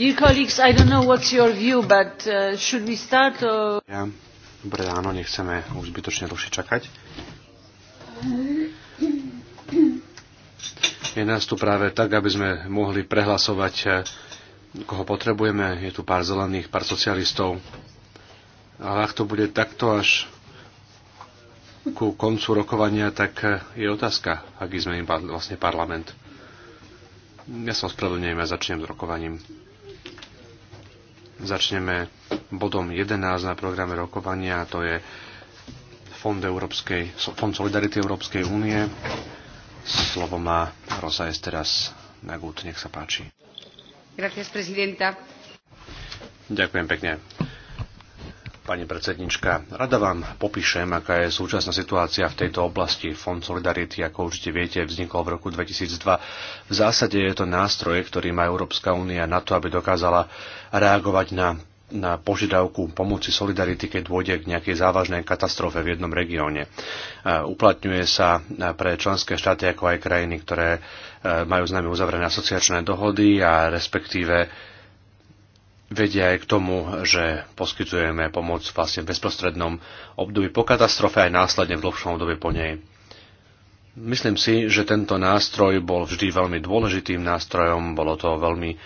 Dear colleagues, I don't know what's your view, but uh, should we start? Or... Ja, dobre ráno, nechceme už zbytočne dlhšie čakať. Je nás tu práve tak, aby sme mohli prehlasovať, eh, koho potrebujeme. Je tu pár zelených, pár socialistov. Ale ak to bude takto až ku koncu rokovania, tak eh, je otázka, aký sme im vlastne parlament. Ja sa ospravedlňujem a začnem s rokovaním. Začneme bodom 11 na programe rokovania, a to je Fond, Európskej, Fond Solidarity Európskej únie. Slovo má Rosa Esteras Nagut, nech sa páči. Gracias, presidenta. Ďakujem pekne, pani predsednička. Rada vám popíšem, aká je súčasná situácia v tejto oblasti. Fond Solidarity, ako určite viete, vznikol v roku 2002. V zásade je to nástroj, ktorý má Európska únia na to, aby dokázala reagovať na na požiadavku pomoci Solidarity, keď dôjde k nejakej závažnej katastrofe v jednom regióne. Uplatňuje sa pre členské štáty, ako aj krajiny, ktoré e, majú s nami uzavrené asociačné dohody a respektíve vedia aj k tomu, že poskytujeme pomoc vlastne v bezprostrednom období po katastrofe aj následne v dlhšom období po nej. Myslím si, že tento nástroj bol vždy veľmi dôležitým nástrojom, bolo to veľmi,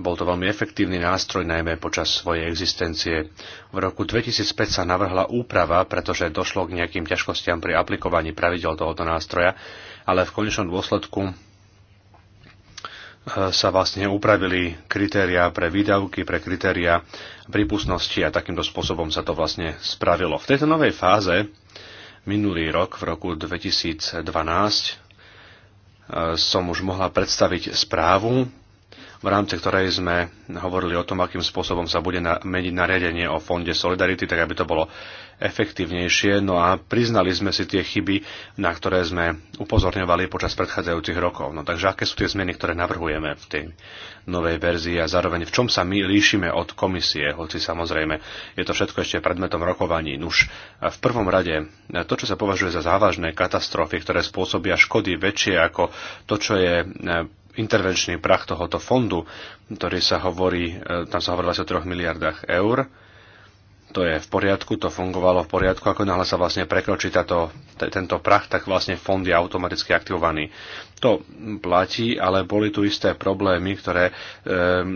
bol to veľmi efektívny nástroj, najmä počas svojej existencie. V roku 2005 sa navrhla úprava, pretože došlo k nejakým ťažkostiam pri aplikovaní pravidel tohoto nástroja, ale v konečnom dôsledku E, sa vlastne upravili kritériá pre výdavky, pre kritéria prípustnosti a takýmto spôsobom sa to vlastne spravilo. V tejto novej fáze minulý rok, v roku 2012, e, som už mohla predstaviť správu v rámci ktorej sme hovorili o tom, akým spôsobom sa bude na, meniť nariadenie o Fonde Solidarity, tak aby to bolo efektívnejšie. No a priznali sme si tie chyby, na ktoré sme upozorňovali počas predchádzajúcich rokov. No takže aké sú tie zmeny, ktoré navrhujeme v tej novej verzii a zároveň v čom sa my líšime od komisie, hoci samozrejme je to všetko ešte predmetom rokovaní. Nuž, v prvom rade to, čo sa považuje za závažné katastrofy, ktoré spôsobia škody väčšie ako to, čo je intervenčný prach tohoto fondu, ktorý sa hovorí, e, tam sa hovorí asi o 3 miliardách eur. To je v poriadku, to fungovalo v poriadku. Ako náhle sa vlastne prekročí t- tento prach, tak vlastne fond je automaticky aktivovaný. To platí, ale boli tu isté problémy, ktoré e,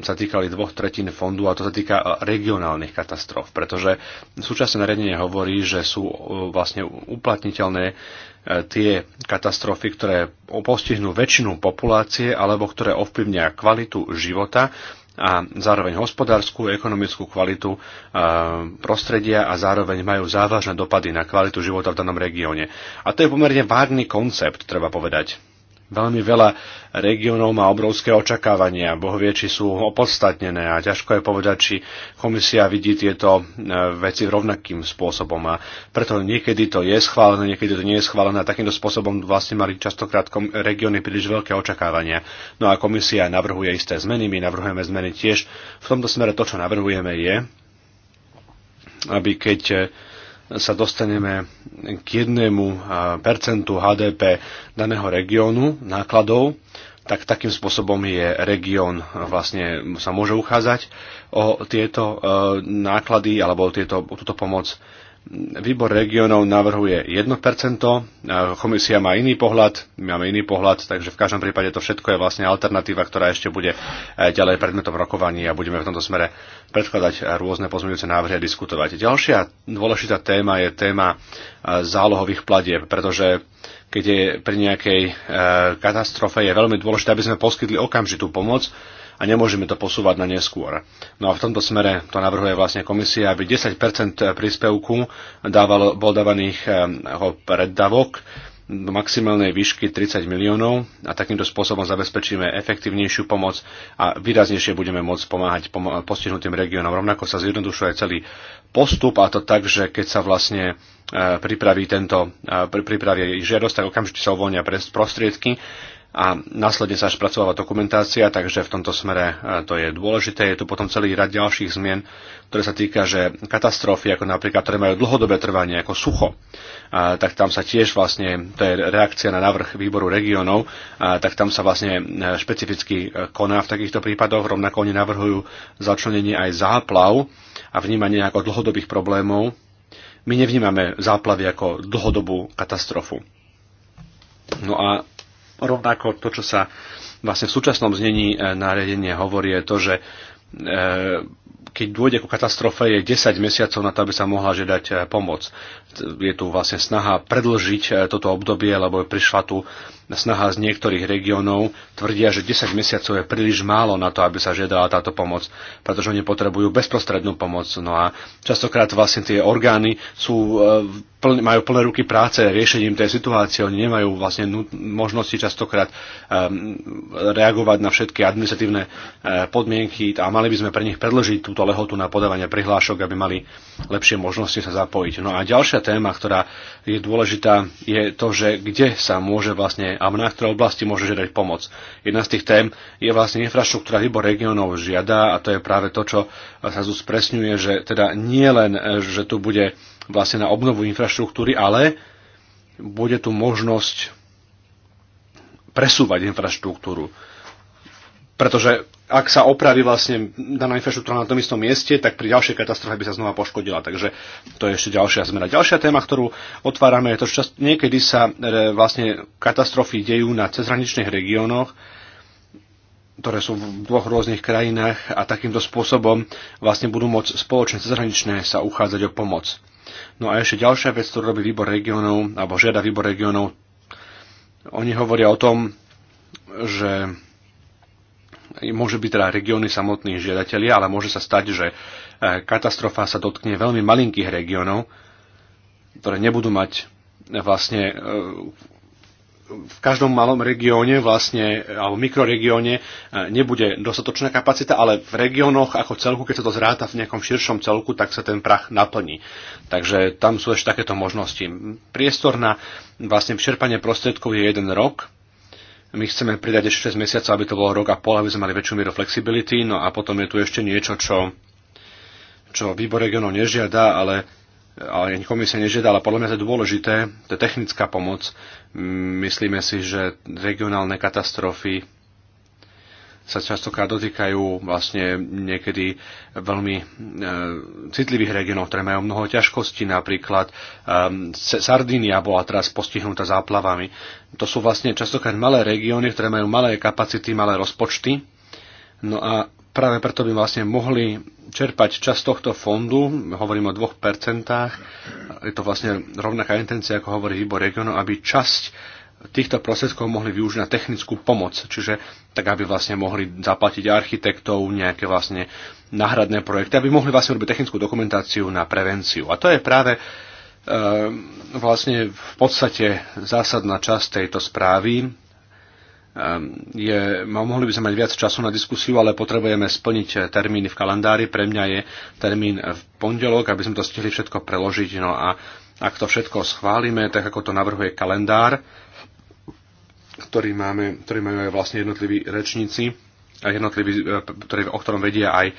sa týkali dvoch tretín fondu a to sa týka e, regionálnych katastrof, pretože súčasné nariadenie hovorí, že sú e, vlastne uplatniteľné tie katastrofy, ktoré postihnú väčšinu populácie alebo ktoré ovplyvnia kvalitu života a zároveň hospodárskú, ekonomickú kvalitu eh, prostredia a zároveň majú závažné dopady na kvalitu života v danom regióne. A to je pomerne vágný koncept, treba povedať. Veľmi veľa regiónov má obrovské očakávania. Boh vie, či sú opodstatnené a ťažko je povedať, či komisia vidí tieto e, veci rovnakým spôsobom. A preto niekedy to je schválené, niekedy to nie je schválené. A takýmto spôsobom vlastne mali častokrát regióny príliš veľké očakávania. No a komisia navrhuje isté zmeny, my navrhujeme zmeny tiež. V tomto smere to, čo navrhujeme, je, aby keď e, sa dostaneme k jednému percentu HDP daného regiónu nákladov, tak takým spôsobom je región vlastne sa môže uchádzať o tieto náklady alebo o, tieto, o túto pomoc Výbor regionov navrhuje 1%, komisia má iný pohľad, my máme iný pohľad, takže v každom prípade to všetko je vlastne alternatíva, ktorá ešte bude e, ďalej predmetom rokovaní a budeme v tomto smere predkladať rôzne pozmeňujúce návrhy a diskutovať. Ďalšia dôležitá téma je téma e, zálohových platieb, pretože keď je pri nejakej e, katastrofe, je veľmi dôležité, aby sme poskytli okamžitú pomoc, a nemôžeme to posúvať na neskôr. No a v tomto smere to navrhuje vlastne komisia, aby 10 príspevku dávalo, bol dávaných eh, ako preddavok do maximálnej výšky 30 miliónov a takýmto spôsobom zabezpečíme efektívnejšiu pomoc a výraznejšie budeme môcť pomáhať postihnutým regiónom. Rovnako sa zjednodušuje celý postup a to tak, že keď sa vlastne eh, pripraví tento, eh, pripraví žiadosť, tak okamžite sa uvoľnia prostriedky a následne sa spracováva dokumentácia, takže v tomto smere e, to je dôležité. Je tu potom celý rad ďalších zmien, ktoré sa týka, že katastrofy, ako napríklad, ktoré majú dlhodobé trvanie, ako sucho, a, e, tak tam sa tiež vlastne, to je reakcia na návrh výboru regiónov, e, tak tam sa vlastne špecificky koná v takýchto prípadoch. Rovnako oni navrhujú začlenenie aj záplav a vnímanie ako dlhodobých problémov. My nevnímame záplavy ako dlhodobú katastrofu. No a Rovnako to, čo sa vlastne v súčasnom znení e, nariadenia hovorí, je to, že e, keď dôjde ku katastrofe, je 10 mesiacov na to, aby sa mohla žiadať e, pomoc. Je tu vlastne snaha predlžiť toto obdobie, lebo prišla tu snaha z niektorých regiónov. Tvrdia, že 10 mesiacov je príliš málo na to, aby sa žiadala táto pomoc, pretože oni potrebujú bezprostrednú pomoc. No a častokrát vlastne tie orgány sú pln, majú plné ruky práce riešením tej situácie. Oni nemajú vlastne možnosti častokrát um, reagovať na všetky administratívne uh, podmienky a mali by sme pre nich predložiť túto lehotu na podávanie prihlášok, aby mali lepšie možnosti sa zapojiť. No a ďalšia téma, ktorá je dôležitá, je to, že kde sa môže vlastne a na ktorej oblasti môže žiadať pomoc. Jedna z tých tém je vlastne infraštruktúra výbor regionov žiada a to je práve to, čo sa zúspresňuje, že teda nie len, eh, že tu bude vlastne na obnovu infraštruktúry, ale bude tu možnosť presúvať infraštruktúru. Pretože ak sa opraví vlastne daná infraštruktúra na tom istom mieste, tak pri ďalšej katastrofe by sa znova poškodila. Takže to je ešte ďalšia zmena. Ďalšia téma, ktorú otvárame, je to, že niekedy sa e, vlastne katastrofy dejú na cezhraničných regiónoch, ktoré sú v dvoch rôznych krajinách a takýmto spôsobom vlastne budú môcť spoločne cezhraničné sa uchádzať o pomoc. No a ešte ďalšia vec, ktorú robí výbor regionov, alebo žiada výbor regionov, oni hovoria o tom, že môže byť teda regióny samotných žiadatelia, ale môže sa stať, že e, katastrofa sa dotkne veľmi malinkých regiónov, ktoré nebudú mať e, vlastne e, v každom malom regióne vlastne, alebo mikroregióne e, nebude dostatočná kapacita, ale v regiónoch ako celku, keď sa to zráta v nejakom širšom celku, tak sa ten prach naplní. Takže tam sú ešte takéto možnosti. Priestor na vlastne čerpanie prostriedkov je jeden rok, my chceme pridať ešte 6 mesiacov, aby to bolo rok a pol, aby sme mali väčšiu mieru flexibility. No a potom je tu ešte niečo, čo, čo výbor regionov nežiada, ale ale komisia nežiadala. Podľa mňa to je dôležité, to je technická pomoc. Myslíme si, že regionálne katastrofy sa častokrát dotýkajú vlastne niekedy veľmi e, citlivých regionov, ktoré majú mnoho ťažkostí, napríklad e, Sardínia bola teraz postihnutá záplavami. To sú vlastne častokrát malé regióny, ktoré majú malé kapacity, malé rozpočty. No a práve preto by vlastne mohli čerpať čas tohto fondu, hovorím o 2%, je to vlastne rovnaká intencia, ako hovorí výbor regionu, aby časť týchto prostriedkov mohli využiť na technickú pomoc, čiže tak, aby vlastne mohli zaplatiť architektov, nejaké vlastne náhradné projekty, aby mohli vlastne robiť technickú dokumentáciu na prevenciu. A to je práve e, vlastne v podstate zásadná časť tejto správy, Ehm, je, mohli by sme mať viac času na diskusiu, ale potrebujeme splniť eh, termíny v kalendári. Pre mňa je termín eh, v pondelok, aby sme to stihli všetko preložiť. No a ak to všetko schválime, tak ako to navrhuje kalendár, ktorý, máme, ktorý majú aj vlastne jednotliví rečníci, a jednotliví, eh, ktorý, o ktorom vedia aj e,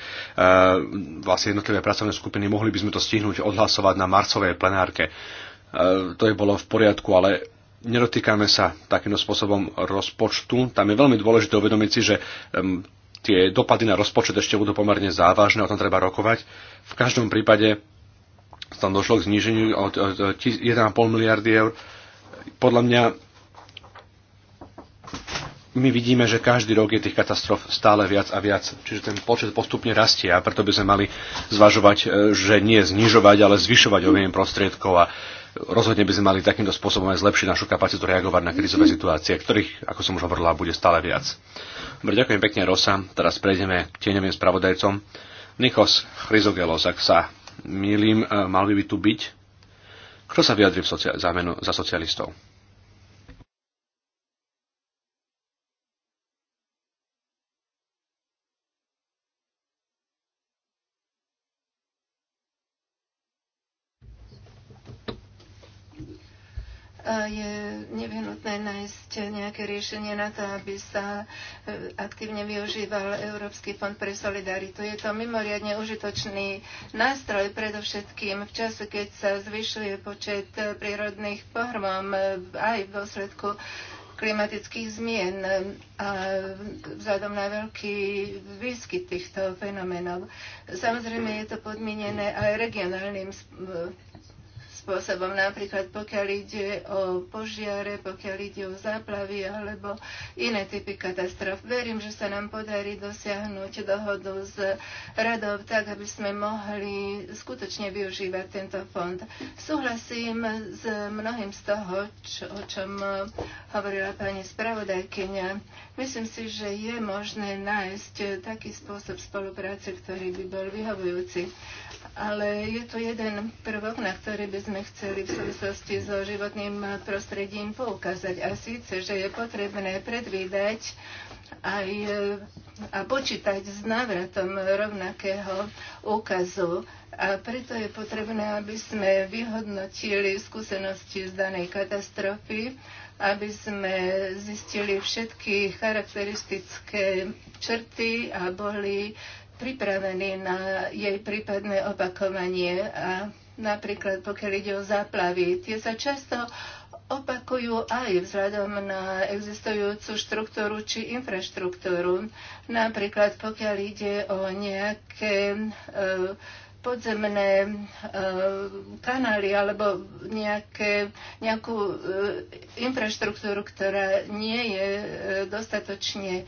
vlastne jednotlivé pracovné skupiny, mohli by sme to stihnúť odhlasovať na marcovej plenárke. E, to je bolo v poriadku, ale nedotýkame sa takýmto spôsobom rozpočtu. Tam je veľmi dôležité uvedomiť si, že tie dopady na rozpočet ešte budú pomerne závažné, o tom treba rokovať. V každom prípade tam došlo k zníženiu od 1,5 miliardy eur. Podľa mňa my vidíme, že každý rok je tých katastrof stále viac a viac, čiže ten počet postupne rastie a preto by sme mali zvažovať, e, že nie znižovať, ale zvyšovať objem prostriedkov a Rozhodne by sme mali takýmto spôsobom aj zlepšiť našu kapacitu reagovať na krizové mhm. situácie, ktorých, ako som už hovorila, bude stále viac. Dobre, ďakujem pekne, Rosa. Teraz prejdeme k tieňovým spravodajcom. Nikos Chryzogelos, ak sa milím, e, mal by, by tu byť. Kto sa vyjadri v socia- za socialistov? je nevyhnutné nájsť nejaké riešenie na to, aby sa e, aktívne využíval Európsky fond pre solidaritu. Je to mimoriadne užitočný nástroj, predovšetkým v čase, keď sa zvyšuje počet prírodných pohrom e, aj v dôsledku klimatických zmien e, a vzhľadom na veľký výskyt týchto fenomenov. Samozrejme je to podmienené aj regionálnym spôsobom. Napríklad pokiaľ ide o požiare, pokiaľ ide o záplavy alebo iné typy katastrof. Verím, že sa nám podarí dosiahnuť dohodu s radou tak, aby sme mohli skutočne využívať tento fond. Súhlasím s mnohým z toho, čo, o čom hovorila pani spravodajkyňa. Myslím si, že je možné nájsť taký spôsob spolupráce, ktorý by bol vyhovujúci. Ale je tu jeden prvok, na ktorý by sme sme chceli v súvislosti so životným prostredím poukázať. A síce, že je potrebné predvídať aj a počítať s návratom rovnakého úkazu. A preto je potrebné, aby sme vyhodnotili skúsenosti z danej katastrofy, aby sme zistili všetky charakteristické črty a boli pripravení na jej prípadné opakovanie a napríklad pokiaľ ide o záplavy. Tie sa často opakujú aj vzhľadom na existujúcu štruktúru či infraštruktúru. Napríklad pokiaľ ide o nejaké e, podzemné eh, kanály alebo nejaké, nejakú eh, infraštruktúru, ktorá nie je eh, dostatočne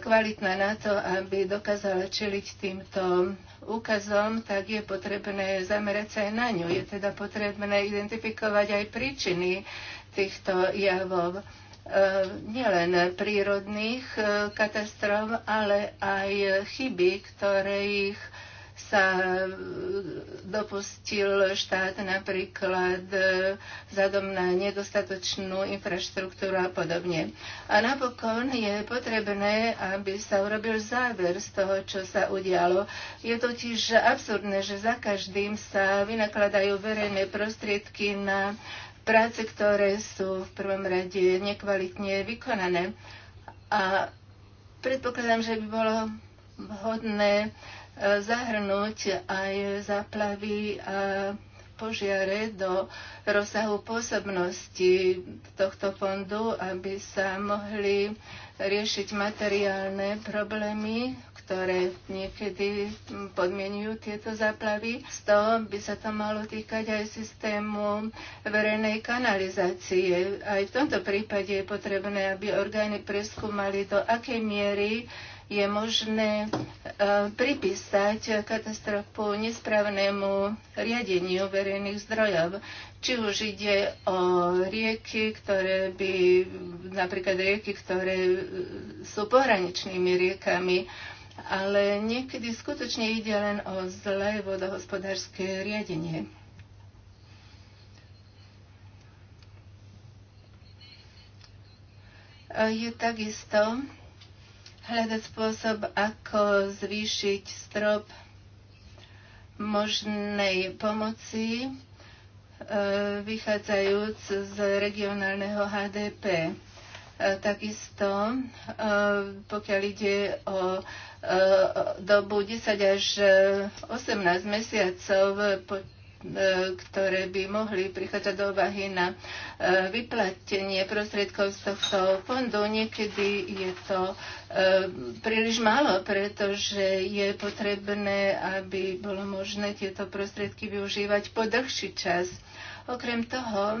kvalitná na to, aby dokázala čeliť týmto úkazom, tak je potrebné zamerať sa aj na ňu. Je teda potrebné identifikovať aj príčiny týchto javov nielen prírodných katastrof, ale aj chyby, ktoré ich sa e, dopustil štát napríklad e, vzhľadom na nedostatočnú infraštruktúru a podobne. A napokon je potrebné, aby sa urobil záver z toho, čo sa udialo. Je totiž absurdné, že za každým sa vynakladajú verejné prostriedky na práce, ktoré sú v prvom rade nekvalitne vykonané. A predpokladám, že by bolo vhodné zahrnúť aj záplavy a požiare do rozsahu pôsobnosti tohto fondu, aby sa mohli riešiť materiálne problémy, ktoré niekedy podmienujú tieto záplavy. Z toho by sa to malo týkať aj systému verejnej kanalizácie. Aj v tomto prípade je potrebné, aby orgány preskúmali, do akej miery je možné e, pripísať katastrofu nesprávnemu riadeniu verejných zdrojov. Či už ide o rieky, ktoré by, napríklad rieky, ktoré sú pohraničnými riekami, ale niekedy skutočne ide len o zlé vodohospodárske riadenie. E, je takisto hľadať spôsob, ako zvýšiť strop možnej pomoci, e, vychádzajúc z regionálneho HDP. E, takisto, e, pokiaľ ide o dobu 10 až 18 mesiacov, ktoré by mohli prichádzať do obahy na e, vyplatenie prostriedkov z tohto fondu. Niekedy je to e, príliš málo, pretože je potrebné, aby bolo možné tieto prostriedky využívať po dlhší čas. Okrem toho um,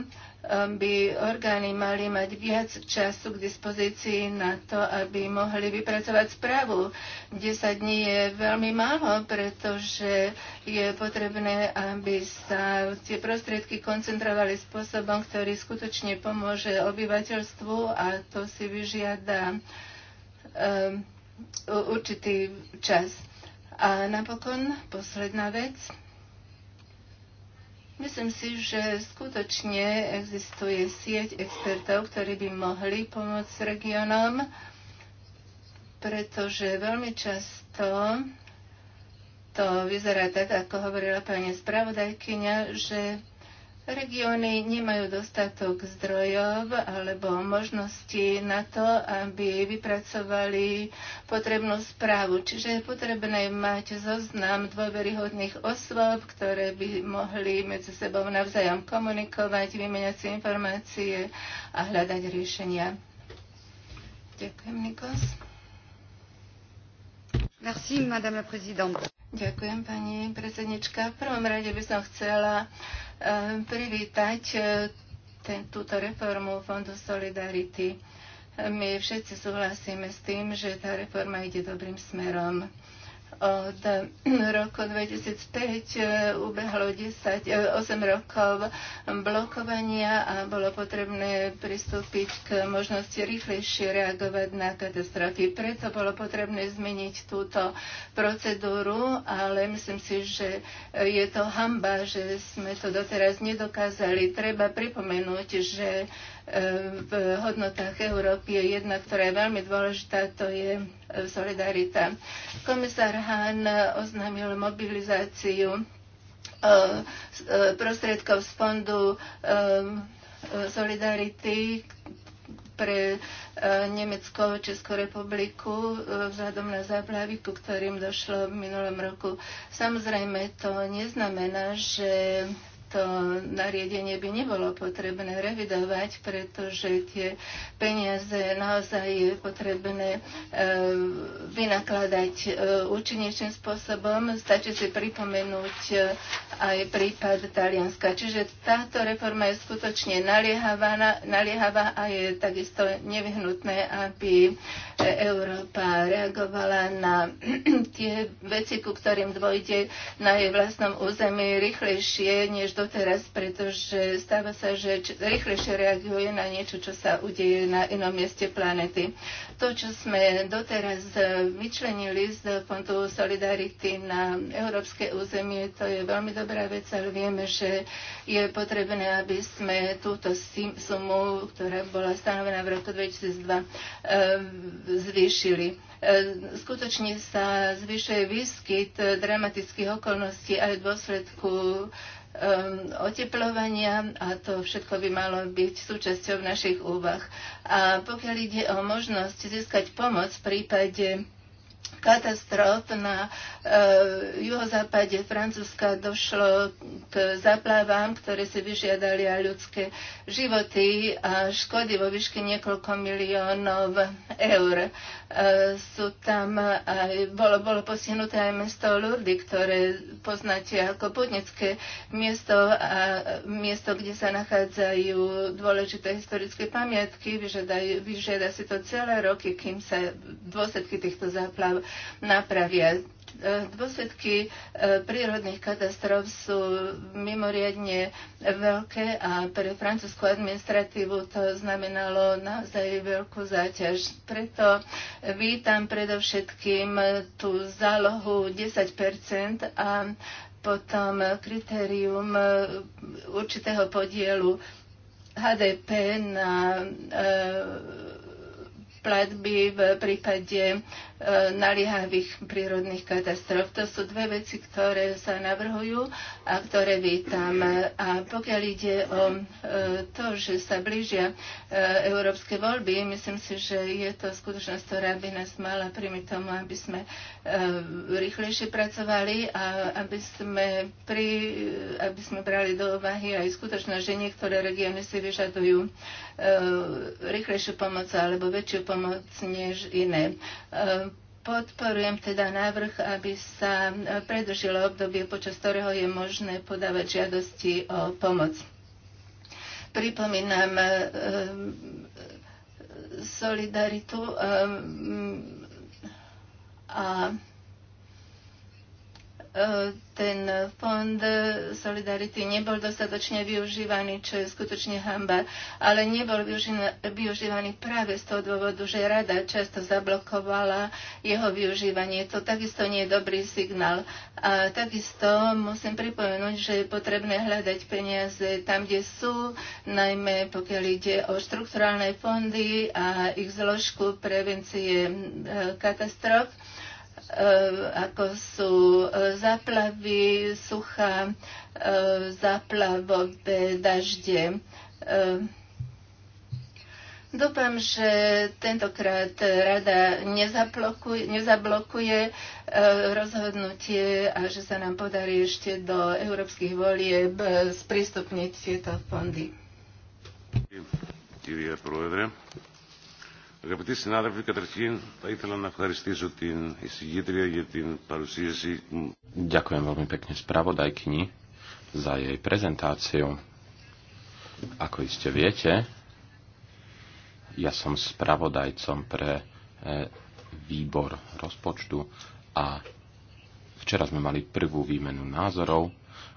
by orgány mali mať viac času k dispozícii na to, aby mohli vypracovať správu. 10 dní je veľmi málo, pretože je potrebné, aby sa tie prostriedky koncentrovali spôsobom, ktorý skutočne pomôže obyvateľstvu a to si vyžiada um, určitý čas. A napokon posledná vec. Myslím si, že skutočne existuje sieť expertov, ktorí by mohli pomôcť regionom, pretože veľmi často to vyzerá tak, ako hovorila pani spravodajkyňa, že Regióny nemajú dostatok zdrojov alebo možnosti na to, aby vypracovali potrebnú správu. Čiže je potrebné mať zoznam dôveryhodných osôb, ktoré by mohli medzi sebou navzájom komunikovať, vymeniať si informácie a hľadať riešenia. Ďakujem, Nikos. Merci, madame la présidente. Ďakujem, pani predsednička. V prvom rade by som chcela Ehm, privítať e, ten, túto reformu Fondu Solidarity. My všetci súhlasíme s tým, že tá reforma ide dobrým smerom od eh, roku 2005 eh, ubehlo 10, 8 eh, rokov blokovania a bolo potrebné pristúpiť k možnosti rýchlejšie reagovať na katastrofy. Preto bolo potrebné zmeniť túto procedúru, ale myslím si, že je to hamba, že sme to doteraz nedokázali. Treba pripomenúť, že E, v hodnotách Európy je jedna, ktorá je veľmi dôležitá, to je e, solidarita. Komisár Hahn e, oznámil mobilizáciu prostriedkov z fondu Solidarity pre Nemecko, Českú republiku vzhľadom na záplavy, ku ktorým došlo v minulom roku. Samozrejme, to neznamená, že to nariadenie by nebolo potrebné revidovať, pretože tie peniaze naozaj je potrebné e, vynakladať e, účinnejším spôsobom. Stačí si pripomenúť e, aj prípad Talianska. Čiže táto reforma je skutočne naliehavá, naliehavá a je takisto nevyhnutné, aby Európa reagovala na tie veci, ku ktorým dôjde na jej vlastnom území rýchlejšie, než do doteraz, pretože stáva sa, že rýchlejšie reaguje na niečo, čo sa udeje na inom mieste planety. To, čo sme doteraz e, vyčlenili z Fondu Solidarity na európske územie, to je veľmi dobrá vec, ale vieme, že je potrebné, aby sme túto sumu, ktorá bola stanovená v roku 2002, e, zvýšili e, skutočne sa zvyšuje výskyt dramatických okolností aj v dôsledku Um, oteplovania a to všetko by malo byť súčasťou našich úvah. A pokiaľ ide o možnosť získať pomoc v prípade katastrof na e, juhozápade Francúzska došlo k zaplavám, ktoré si vyžiadali aj ľudské životy a škody vo výške niekoľko miliónov eur. E, sú tam aj, bolo, bolo postihnuté aj mesto Lurdy, ktoré poznáte ako podnické miesto a miesto, kde sa nachádzajú dôležité historické pamiatky. Vyžiada, vyžiada si to celé roky, kým sa dôsledky týchto záplav napravia. E, dôsledky e, prírodných katastrof sú mimoriadne veľké a pre francúzskú administratívu to znamenalo naozaj veľkú záťaž. Preto vítam predovšetkým tú zálohu 10 a potom kritérium e, určitého podielu HDP na platby v prípade naliehavých prírodných katastrof. To sú dve veci, ktoré sa navrhujú a ktoré vítam. A pokiaľ ide o e, to, že sa blížia e, európske voľby, myslím si, že je to skutočnosť, ktorá by nás mala primi tomu, aby sme e, rýchlejšie pracovali a aby sme, pri, aby sme brali do ovahy aj skutočnosť, že niektoré regióny si vyžadujú rýchlejšiu pomoc alebo väčšiu pomoc než iné. Podporujem teda návrh, aby sa predržilo obdobie, počas ktorého je možné podávať žiadosti o pomoc. Pripomínam eh, solidaritu eh, a ten fond Solidarity nebol dostatočne využívaný, čo je skutočne hamba, ale nebol využívaný práve z toho dôvodu, že rada často zablokovala jeho využívanie. To takisto nie je dobrý signál. A takisto musím pripomenúť, že je potrebné hľadať peniaze tam, kde sú, najmä pokiaľ ide o štrukturálne fondy a ich zložku prevencie e, katastrof E, ako sú e, záplavy, suchá, e, záplavové dažde. Dúfam, že tentokrát rada nezablokuje rozhodnutie a že sa nám podarí ešte do európskych volieb sprístupniť tieto fondy. Ďakujem, Αγαπητοί συνάδελφοι, καταρχήν θα ήθελα να ευχαριστήσω την εισηγήτρια για την παρουσίαση. Ďakujem veľmi pekne spravodajkyni za jej prezentáciu. Ako iste viete, ja som spravodajcom pre e, výbor rozpočtu a včera sme mali prvú výmenu názorov,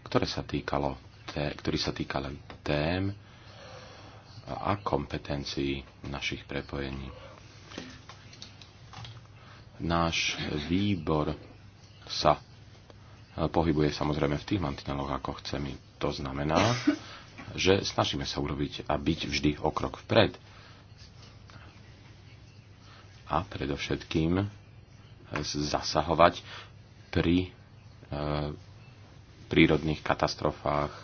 ktoré sa týkalo, ktorý sa týkali tém, a kompetencií našich prepojení. Náš výbor sa e, pohybuje samozrejme v tých mantineloch, ako chceme. To znamená, že snažíme sa urobiť a byť vždy o krok vpred. A predovšetkým zasahovať pri e, prírodných katastrofách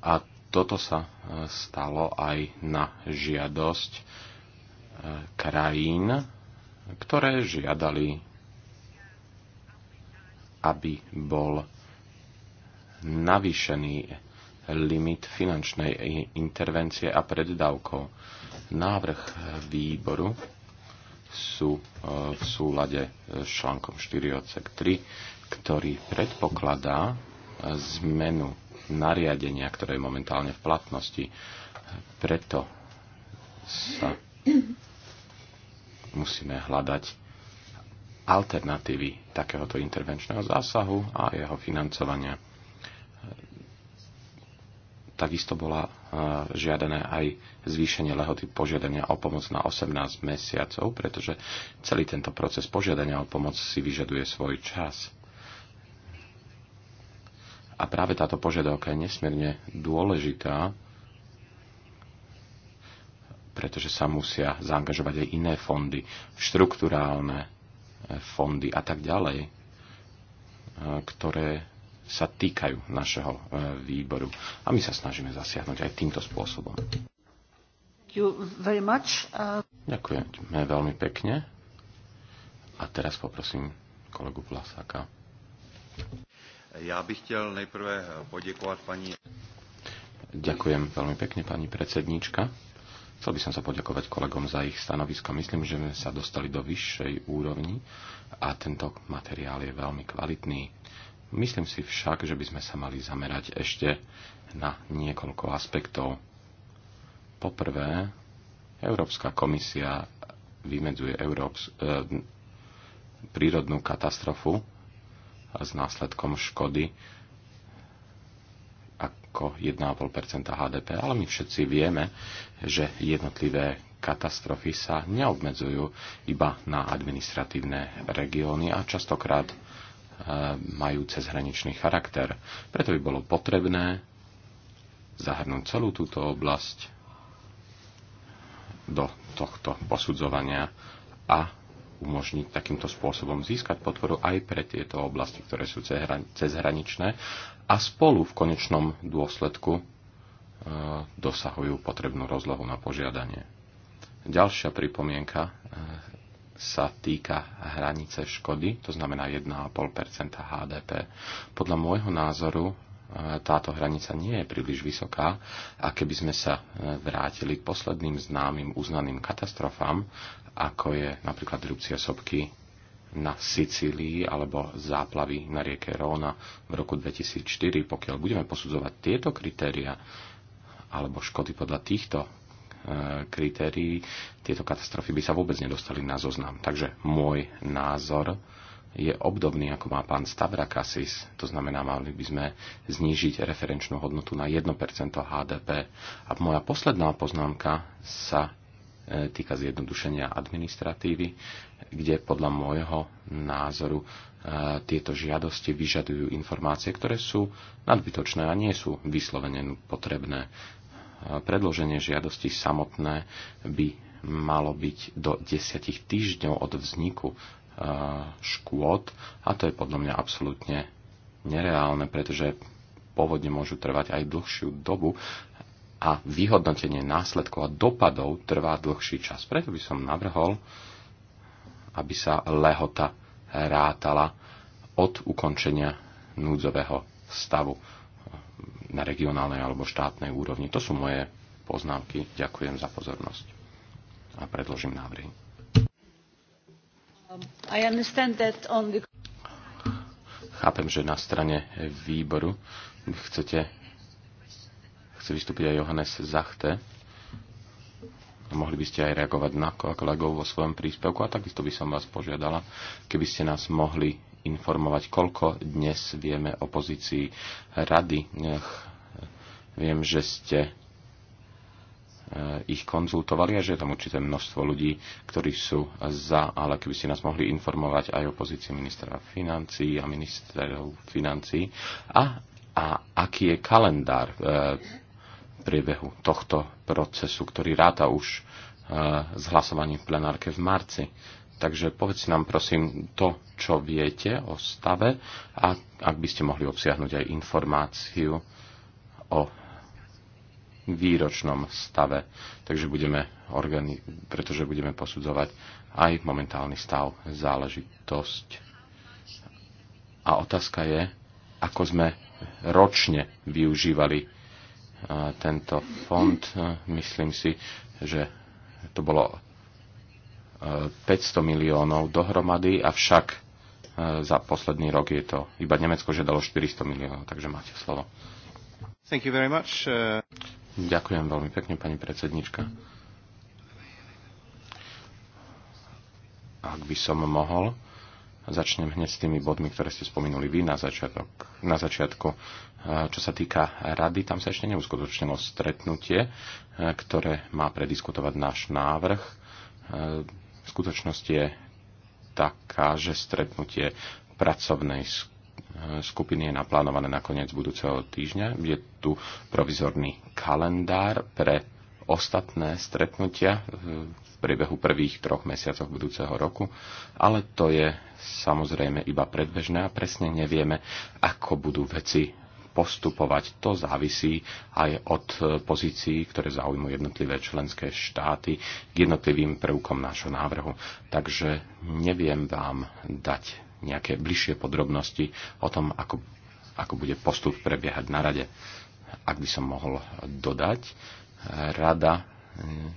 A toto sa e, stalo aj na žiadosť e, krajín, ktoré žiadali, aby bol navýšený limit finančnej intervencie a preddavkov. Návrh výboru sú e, v súlade s článkom 4 odsek 3, ktorý predpokladá zmenu nariadenia, ktoré je momentálne v platnosti. Preto sa musíme hľadať alternatívy takéhoto intervenčného zásahu a jeho financovania. Takisto bola e, žiadané aj zvýšenie lehoty požiadania o pomoc na 18 mesiacov, pretože celý tento proces požiadania o pomoc si vyžaduje svoj čas a práve táto požiadavka je nesmierne dôležitá, pretože sa musia zaangažovať aj iné fondy, štruktúrálne e, fondy a tak ďalej, e, ktoré sa týkajú našeho e, výboru. A my sa snažíme zasiahnuť aj týmto spôsobom. Uh, Ďakujem veľmi pekne. A teraz poprosím kolegu Plasáka. Ja by chcel najprve poděkovať pani... Ďakujem veľmi pekne, pani predsedníčka. Chcel by som sa poďakovať kolegom za ich stanovisko. Myslím, že sme sa dostali do vyššej úrovni a tento materiál je veľmi kvalitný. Myslím si však, že by sme sa mali zamerať ešte na niekoľko aspektov. Poprvé, Európska komisia vymedzuje Európs- e, prírodnú katastrofu s následkom škody ako 1,5 HDP, ale my všetci vieme, že jednotlivé katastrofy sa neobmedzujú iba na administratívne regióny a častokrát e, majú cezhraničný charakter. Preto by bolo potrebné zahrnúť celú túto oblasť do tohto posudzovania a umožniť takýmto spôsobom získať podporu aj pre tieto oblasti, ktoré sú cezhraničné a spolu v konečnom dôsledku e, dosahujú potrebnú rozlohu na požiadanie. Ďalšia pripomienka e, sa týka hranice škody, to znamená 1,5 HDP. Podľa môjho názoru táto hranica nie je príliš vysoká a keby sme sa e, vrátili k posledným známym uznaným katastrofám, ako je napríklad erupcia sopky na Sicílii alebo záplavy na rieke Róna v roku 2004, pokiaľ budeme posudzovať tieto kritéria alebo škody podľa týchto e, kritérií, tieto katastrofy by sa vôbec nedostali na zoznam. Takže môj názor je obdobný, ako má pán Stavrakasis. To znamená, mali by sme znížiť referenčnú hodnotu na 1% HDP. A moja posledná poznámka sa e, týka zjednodušenia administratívy, kde podľa môjho názoru e, tieto žiadosti vyžadujú informácie, ktoré sú nadbytočné a nie sú vyslovene potrebné. E, predloženie žiadosti samotné by malo byť do 10 týždňov od vzniku škôd a to je podľa mňa absolútne nereálne, pretože povodne môžu trvať aj dlhšiu dobu a vyhodnotenie následkov a dopadov trvá dlhší čas. Preto by som navrhol, aby sa lehota rátala od ukončenia núdzového stavu na regionálnej alebo štátnej úrovni. To sú moje poznámky. Ďakujem za pozornosť a predložím návrhy. Um, Chápem, že na strane výboru chcete chce vystúpiť aj Johannes Zachte. Mohli by ste aj reagovať na kolegov vo svojom príspevku a takisto by som vás požiadala, keby ste nás mohli informovať, koľko dnes vieme o pozícii rady. Nech viem, že ste Eh, ich konzultovali a že je tam určité množstvo ľudí, ktorí sú za, ale keby ste nás mohli informovať aj o pozícii ministra financí a ministerov financí a, a aký je kalendár e, priebehu tohto procesu, ktorý ráta už e, s hlasovaním v plenárke v marci. Takže povedz nám prosím to, čo viete o stave a ak by ste mohli obsiahnuť aj informáciu o výročnom stave, takže budeme organi- pretože budeme posudzovať aj momentálny stav, záležitosť. A otázka je, ako sme ročne využívali e, tento fond. E, myslím si, že to bolo 500 e, miliónov dohromady, avšak za posledný rok je to iba Nemecko, že dalo 400 miliónov, takže máte slovo. Thank you very much. Uh, Ďakujem veľmi pekne, pani predsednička. Ak by som mohol, začnem hneď s tými bodmi, ktoré ste spomenuli vy na, začiatok, na začiatku. E, čo sa týka rady, tam sa ešte neuskutočnilo stretnutie, e, ktoré má prediskutovať náš návrh. E, Skutočnosť je taká, že stretnutie pracovnej skupiny skupiny je naplánované na koniec budúceho týždňa. Je tu provizorný kalendár pre ostatné stretnutia e, v priebehu prvých troch mesiacov budúceho roku, ale to je samozrejme iba predbežné a presne nevieme, ako budú veci postupovať. To závisí aj od e, pozícií, ktoré zaujímujú jednotlivé členské štáty k jednotlivým prvkom nášho návrhu. Takže neviem vám dať nejaké bližšie podrobnosti o tom, ako, ako bude postup prebiehať na rade. Ak by som mohol dodať, rada mm,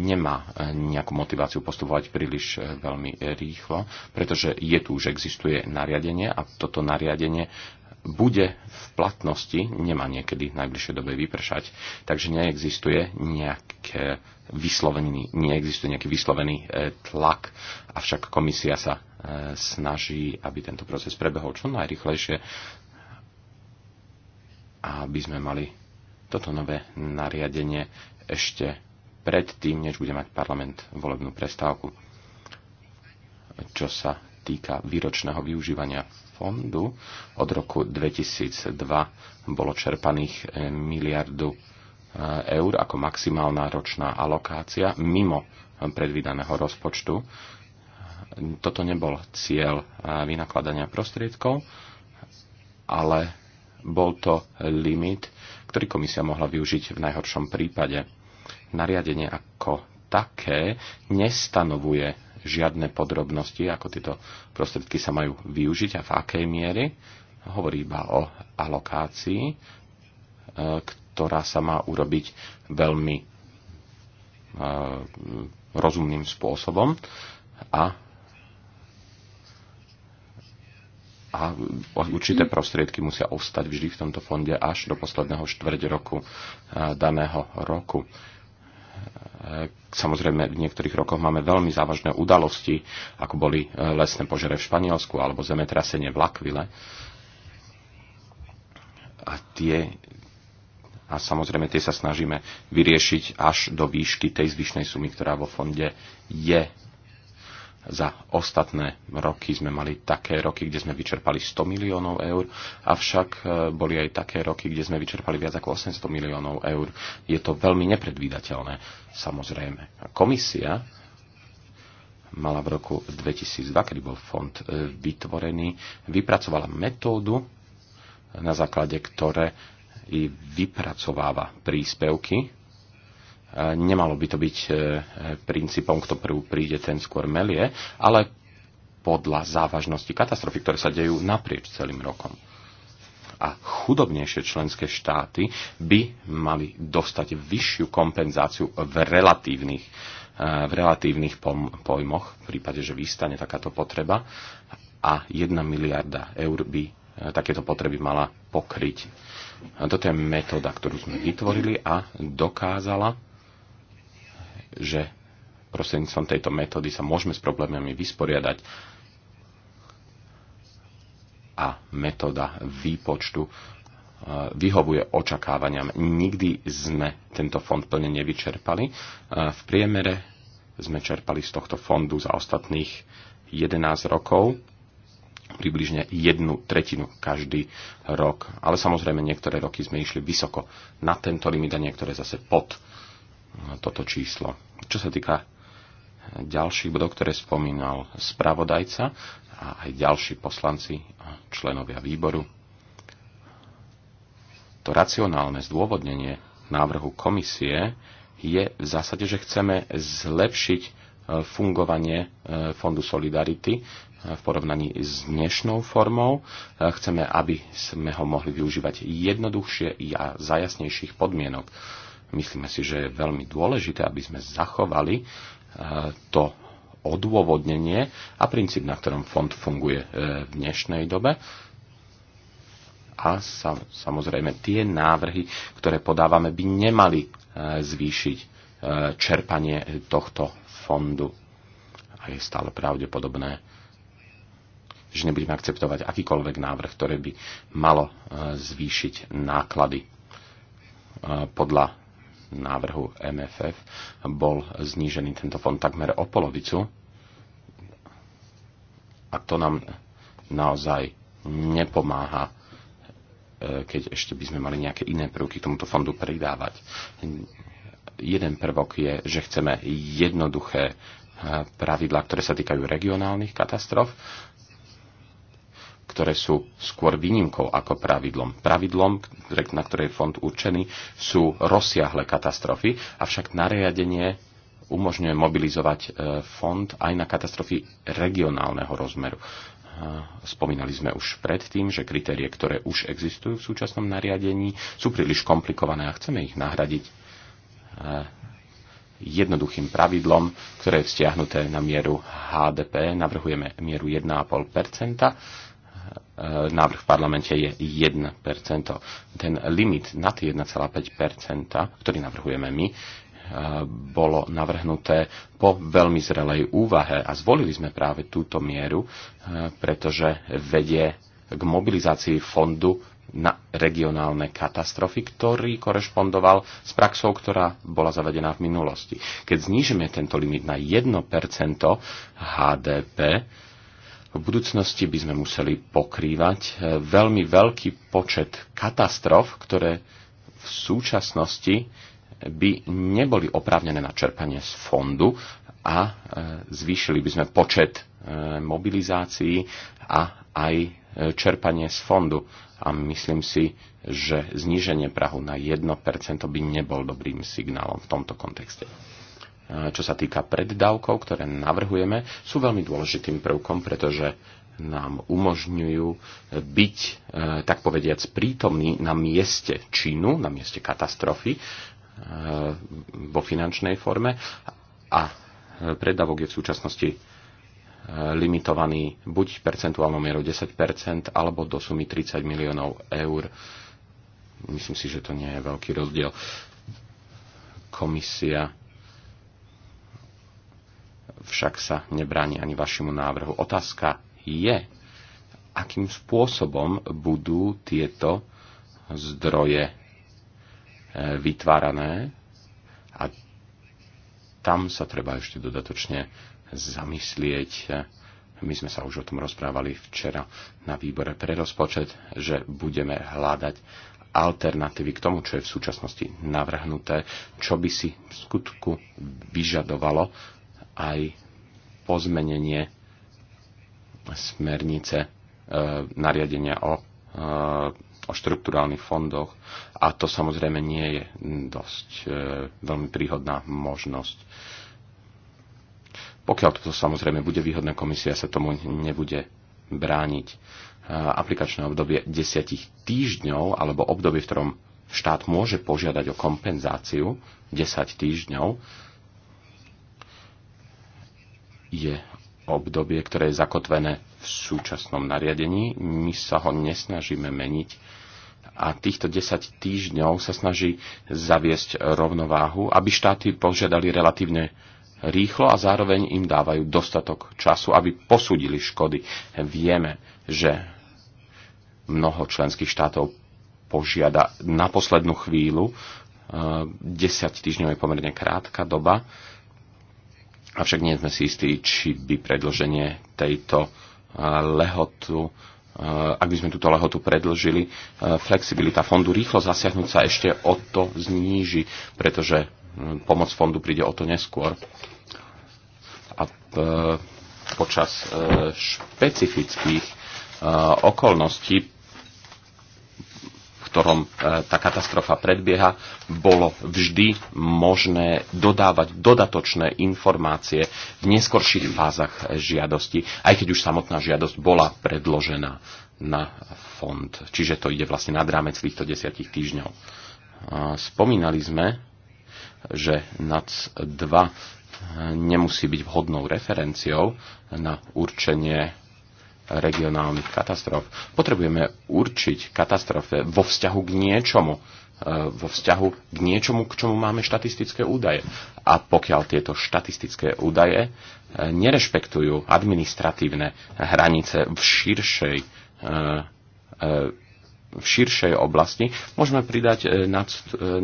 nemá e, nejakú motiváciu postupovať príliš e, veľmi rýchlo, pretože je tu už existuje nariadenie a toto nariadenie bude v platnosti, nemá niekedy v najbližšej dobe vypršať, takže neexistuje nejaké vyslovený, neexistuje nejaký vyslovený e, tlak, avšak komisia sa snaží, aby tento proces prebehol čo najrychlejšie a aby sme mali toto nové nariadenie ešte predtým, než bude mať parlament volebnú prestávku, čo sa týka výročného využívania fondu. Od roku 2002 bolo čerpaných e, miliardu e, eur ako maximálna ročná alokácia mimo predvídaného rozpočtu toto nebol cieľ e, vynakladania prostriedkov, ale bol to limit, ktorý komisia mohla využiť v najhoršom prípade. Nariadenie ako také nestanovuje žiadne podrobnosti, ako tieto prostriedky sa majú využiť a v akej miery. Hovorí iba o alokácii, e, ktorá sa má urobiť veľmi e, rozumným spôsobom a a určité prostriedky musia ostať vždy v tomto fonde až do posledného štvrť roku eh, daného roku. Eh, samozrejme, v niektorých rokoch máme veľmi závažné udalosti, ako boli eh, lesné požere v Španielsku alebo zemetrasenie v Lakvile. A tie a samozrejme tie sa snažíme vyriešiť až do výšky tej zvyšnej sumy, ktorá vo fonde je za ostatné roky sme mali také roky, kde sme vyčerpali 100 miliónov eur, avšak e, boli aj také roky, kde sme vyčerpali viac ako 800 miliónov eur. Je to veľmi nepredvídateľné, samozrejme. Komisia mala v roku 2002, kedy bol fond e, vytvorený, vypracovala metódu, na základe ktoré vypracováva príspevky Nemalo by to byť e, princípom, kto prvú príde, ten skôr melie, ale podľa závažnosti katastrofy, ktoré sa dejú naprieč celým rokom. A chudobnejšie členské štáty by mali dostať vyššiu kompenzáciu v relatívnych, e, v relatívnych pojmoch, v prípade, že vystane takáto potreba, a 1 miliarda eur by e, takéto potreby mala pokryť. Toto je metóda, ktorú sme vytvorili a dokázala že prostredníctvom tejto metódy sa môžeme s problémami vysporiadať a metóda výpočtu e, vyhovuje očakávaniam. Nikdy sme tento fond plne nevyčerpali. E, v priemere sme čerpali z tohto fondu za ostatných 11 rokov približne jednu tretinu každý rok. Ale samozrejme niektoré roky sme išli vysoko na tento limit a niektoré zase pod toto číslo. Čo sa týka eh, ďalších bodov, ktoré spomínal spravodajca a aj ďalší poslanci a členovia výboru. To racionálne zdôvodnenie návrhu komisie je v zásade, že chceme zlepšiť eh, fungovanie eh, Fondu Solidarity v porovnaní s dnešnou formou. Chceme, aby sme ho mohli využívať jednoduchšie a za jasnejších podmienok Myslíme si, že je veľmi dôležité, aby sme zachovali e, to odôvodnenie a princíp, na ktorom fond funguje e, v dnešnej dobe. A samozrejme tie návrhy, ktoré podávame, by nemali e, zvýšiť čerpanie tohto fondu. A je stále pravdepodobné, že nebudeme akceptovať akýkoľvek návrh, ktoré by malo zvýšiť náklady podľa návrhu MFF bol znížený tento fond takmer o polovicu a to nám naozaj nepomáha, e, keď ešte by sme mali nejaké iné prvky k tomuto fondu pridávať. Jeden prvok je, že chceme jednoduché e, pravidlá, ktoré sa týkajú regionálnych katastrof ktoré sú skôr výnimkou ako pravidlom. Pravidlom, na ktoré je fond určený, sú rozsiahle katastrofy, avšak nariadenie umožňuje mobilizovať e, fond aj na katastrofy regionálneho rozmeru. E, spomínali sme už predtým, že kritérie, ktoré už existujú v súčasnom nariadení, sú príliš komplikované a chceme ich nahradiť e, jednoduchým pravidlom, ktoré je vzťahnuté na mieru HDP. Navrhujeme mieru 1,5 Eh, návrh v parlamente je 1%. Ten limit na tie 1,5%, ktorý navrhujeme my, eh, bolo navrhnuté po veľmi zrelej úvahe a zvolili sme práve túto mieru, eh, pretože vedie k mobilizácii fondu na regionálne katastrofy, ktorý korešpondoval s praxou, ktorá bola zavedená v minulosti. Keď znižíme tento limit na 1% HDP, v budúcnosti by sme museli pokrývať eh, veľmi veľký počet katastrof, ktoré v súčasnosti by neboli oprávnené na čerpanie z fondu a eh, zvýšili by sme počet eh, mobilizácií a aj čerpanie z fondu. A myslím si, že zníženie Prahu na 1% by nebol dobrým signálom v tomto kontexte. E, čo sa týka preddávkov, ktoré navrhujeme, sú veľmi dôležitým prvkom, pretože nám umožňujú byť, e, tak povediac, prítomní na mieste činu, na mieste katastrofy e, vo finančnej forme a predávok je v súčasnosti limitovaný buď percentuálnou mierou 10% alebo do sumy 30 miliónov eur. Myslím si, že to nie je veľký rozdiel. Komisia však sa nebráni ani vašemu návrhu. Otázka je, akým spôsobom budú tieto zdroje eh, vytvárané a tam sa treba ešte dodatočne zamyslieť. My sme sa už o tom rozprávali včera na výbore pre rozpočet, že budeme hľadať alternatívy k tomu, čo je v súčasnosti navrhnuté, čo by si v skutku vyžadovalo aj pozmenenie smernice e, nariadenia o, e, o štruktúrálnych fondoch a to samozrejme nie je dosť e, veľmi príhodná možnosť. Pokiaľ toto samozrejme bude výhodné, komisia sa tomu nebude brániť. E, aplikačné obdobie desiatich týždňov alebo obdobie, v ktorom štát môže požiadať o kompenzáciu 10 týždňov, je obdobie, ktoré je zakotvené v súčasnom nariadení. My sa ho nesnažíme meniť a týchto 10 týždňov sa snaží zaviesť rovnováhu, aby štáty požiadali relatívne rýchlo a zároveň im dávajú dostatok času, aby posúdili škody. Vieme, že mnoho členských štátov požiada na poslednú chvíľu, 10 týždňov je pomerne krátka doba, Avšak nie sme si istí, či by predlženie tejto eh, lehotu eh, ak by sme túto lehotu predlžili, eh, flexibilita fondu rýchlo zasiahnuť sa ešte o to zníži, pretože hm, pomoc fondu príde o to neskôr. A počas špecifických okolností ktorom e, tá katastrofa predbieha, bolo vždy možné dodávať dodatočné informácie v neskorších fázach žiadosti, aj keď už samotná žiadosť bola predložená na fond. Čiže to ide vlastne nad rámec týchto desiatich týždňov. E, spomínali sme, že NAC 2 e, nemusí byť vhodnou referenciou na určenie regionálnych katastrof. Potrebujeme určiť katastrofe vo vzťahu k niečomu, e, vo vzťahu k niečomu, k čomu máme štatistické údaje. A pokiaľ tieto štatistické údaje e, nerešpektujú administratívne hranice v širšej, e, v širšej oblasti, môžeme pridať NAC, 2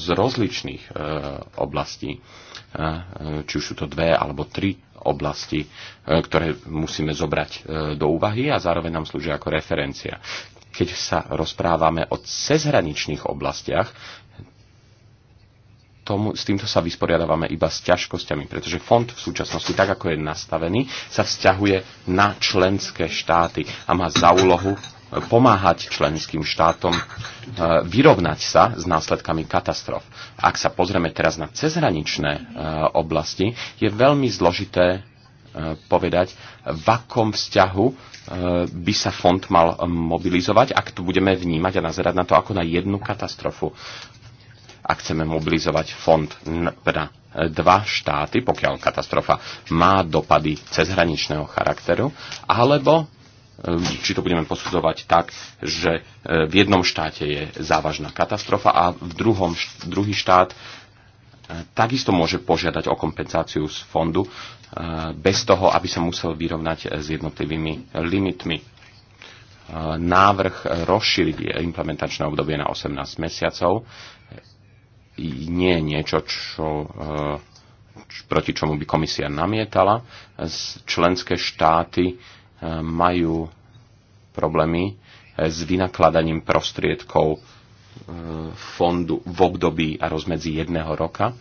z rozličných oblastí. E, či už sú to dve alebo tri oblasti, e, ktoré musíme zobrať e, do úvahy a zároveň nám slúžia ako referencia. Keď sa rozprávame o cezhraničných oblastiach, tomu, s týmto sa vysporiadávame iba s ťažkosťami, pretože fond v súčasnosti, tak ako je nastavený, sa vzťahuje na členské štáty a má za úlohu pomáhať členským štátom e, vyrovnať sa s následkami katastrof. Ak sa pozrieme teraz na cezhraničné e, oblasti, je veľmi zložité e, povedať, v akom vzťahu by sa fond mal mobilizovať, ak tu budeme vnímať a nazerať na to ako na jednu katastrofu. Ak chceme mobilizovať fond na teda, dva štáty, pokiaľ katastrofa má dopady cezhraničného charakteru, alebo E, či to budeme posudzovať tak, že e, v jednom štáte je závažná katastrofa a v druhom, druhý štát e, takisto môže požiadať o kompenzáciu z fondu bez toho, aby sa musel vyrovnať s jednotlivými limitmi. Návrh rozšíriť implementačné obdobie na 18 mesiacov nie je niečo, čo proti čomu by komisia namietala. Členské štáty majú problémy e, s vynakladaním prostriedkov e, fondu v období a rozmedzi jedného roka.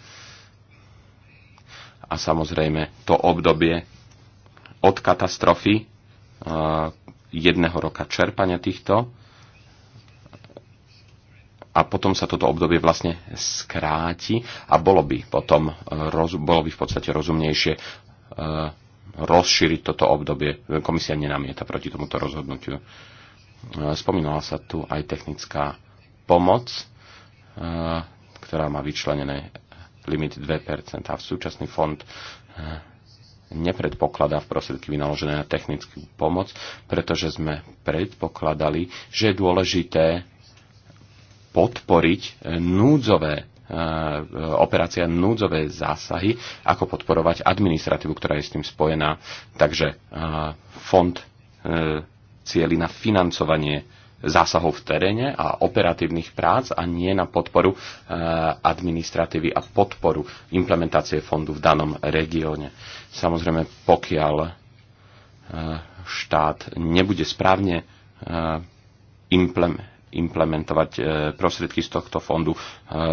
A samozrejme to obdobie od katastrofy e, jedného roka čerpania týchto a potom sa toto obdobie vlastne skráti a bolo by potom bolo by v podstate rozumnejšie rozšíriť toto obdobie. Komisia nenamieta proti tomuto rozhodnutiu. E, spomínala sa tu aj technická pomoc, e, ktorá má vyčlenené limit 2% a v súčasný fond e, nepredpokladá v prostriedky vynaložené na technickú pomoc, pretože sme predpokladali, že je dôležité podporiť núdzové Eh, operácia núdzové zásahy, ako podporovať administratívu, ktorá je s tým spojená. Takže eh, fond eh, cieli na financovanie zásahov v teréne a operatívnych prác a nie na podporu administratívy a podporu implementácie fondu v danom regióne. Samozrejme, pokiaľ štát nebude správne implementovať implementovať e, prostriedky z tohto fondu e,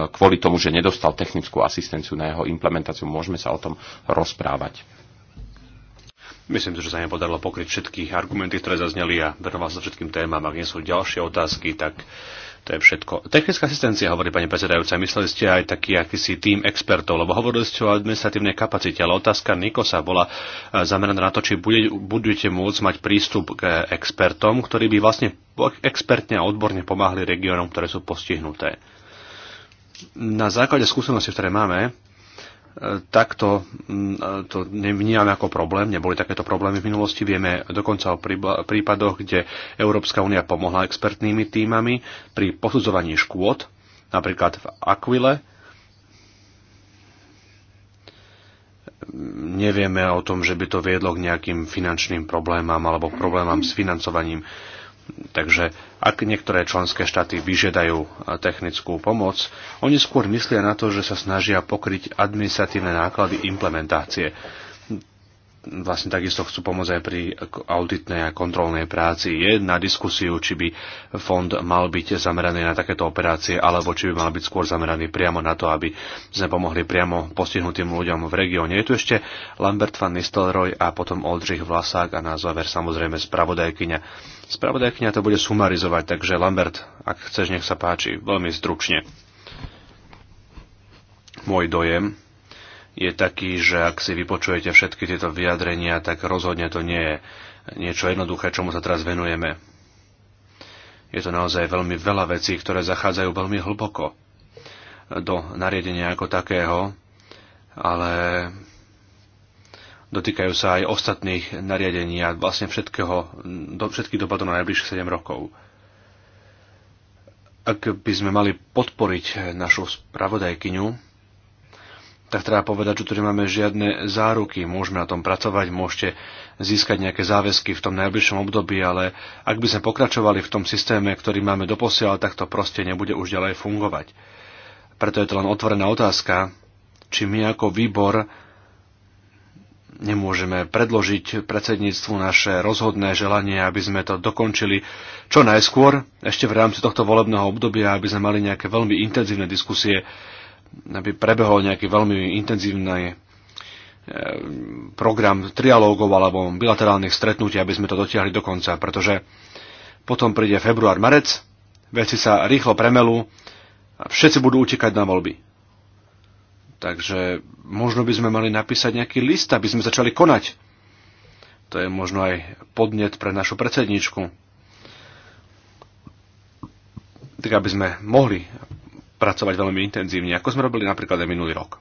kvôli tomu, že nedostal technickú asistenciu na jeho implementáciu. Môžeme sa o tom rozprávať. Myslím si, že sa mi podarilo pokryť všetky argumenty, ktoré zazneli a venovať sa všetkým témam. Ak nie sú ďalšie otázky, tak to je všetko. Technická asistencia, hovorí pani predsedajúca, mysleli ste aj taký akýsi tým expertov, lebo hovorili ste o administratívnej kapacite, ale otázka Nikosa bola e, zameraná na to, či bude, budete môcť mať prístup k expertom, ktorí by vlastne expertne a odborne pomáhali regiónom, ktoré sú postihnuté. Na základe skúsenosti, ktoré máme, takto mm, to nevnímame ako problém, neboli takéto problémy v minulosti. Vieme dokonca o prípadoch, kde Európska únia pomohla expertnými týmami pri posudzovaní škôd, napríklad v Aquile. Nevieme o tom, že by to viedlo k nejakým finančným problémam alebo problémám problémam s financovaním. Takže ak niektoré členské štáty vyžiadajú e, technickú pomoc, oni skôr myslia na to, že sa snažia pokryť administratívne náklady implementácie vlastne takisto chcú pomôcť aj pri auditnej a kontrolnej práci. Je na diskusiu, či by fond mal byť zameraný na takéto operácie, alebo či by mal byť skôr zameraný priamo na to, aby sme pomohli priamo postihnutým ľuďom v regióne. Je tu ešte Lambert van Nistelrooy a potom Oldřich Vlasák a na záver samozrejme spravodajkyňa. Spravodajkyňa to bude sumarizovať, takže Lambert, ak chceš, nech sa páči, veľmi stručne. Môj dojem je taký, že ak si vypočujete všetky tieto vyjadrenia, tak rozhodne to nie je niečo jednoduché, čomu sa teraz venujeme. Je to naozaj veľmi veľa vecí, ktoré zachádzajú veľmi hlboko do nariadenia ako takého, ale dotýkajú sa aj ostatných nariadení a vlastne všetkého, do, všetkých dopadov na najbližších 7 rokov. Ak by sme mali podporiť našu spravodajkyňu, tak treba povedať, že tu nemáme žiadne záruky. Môžeme na tom pracovať, môžete získať nejaké záväzky v tom najbližšom období, ale ak by sme pokračovali v tom systéme, ktorý máme doposiaľ, tak to proste nebude už ďalej fungovať. Preto je to len otvorená otázka, či my ako výbor nemôžeme predložiť predsedníctvu naše rozhodné želanie, aby sme to dokončili čo najskôr, ešte v rámci tohto volebného obdobia, aby sme mali nejaké veľmi intenzívne diskusie aby prebehol nejaký veľmi intenzívny e, program trialógov alebo bilaterálnych stretnutí, aby sme to dotiahli do konca, pretože potom príde február, marec, veci sa rýchlo premelú a všetci budú utekať na voľby. Takže možno by sme mali napísať nejaký list, aby sme začali konať. To je možno aj podnet pre našu predsedničku. Tak aby sme mohli pracovať veľmi intenzívne, ako sme robili napríklad aj minulý rok.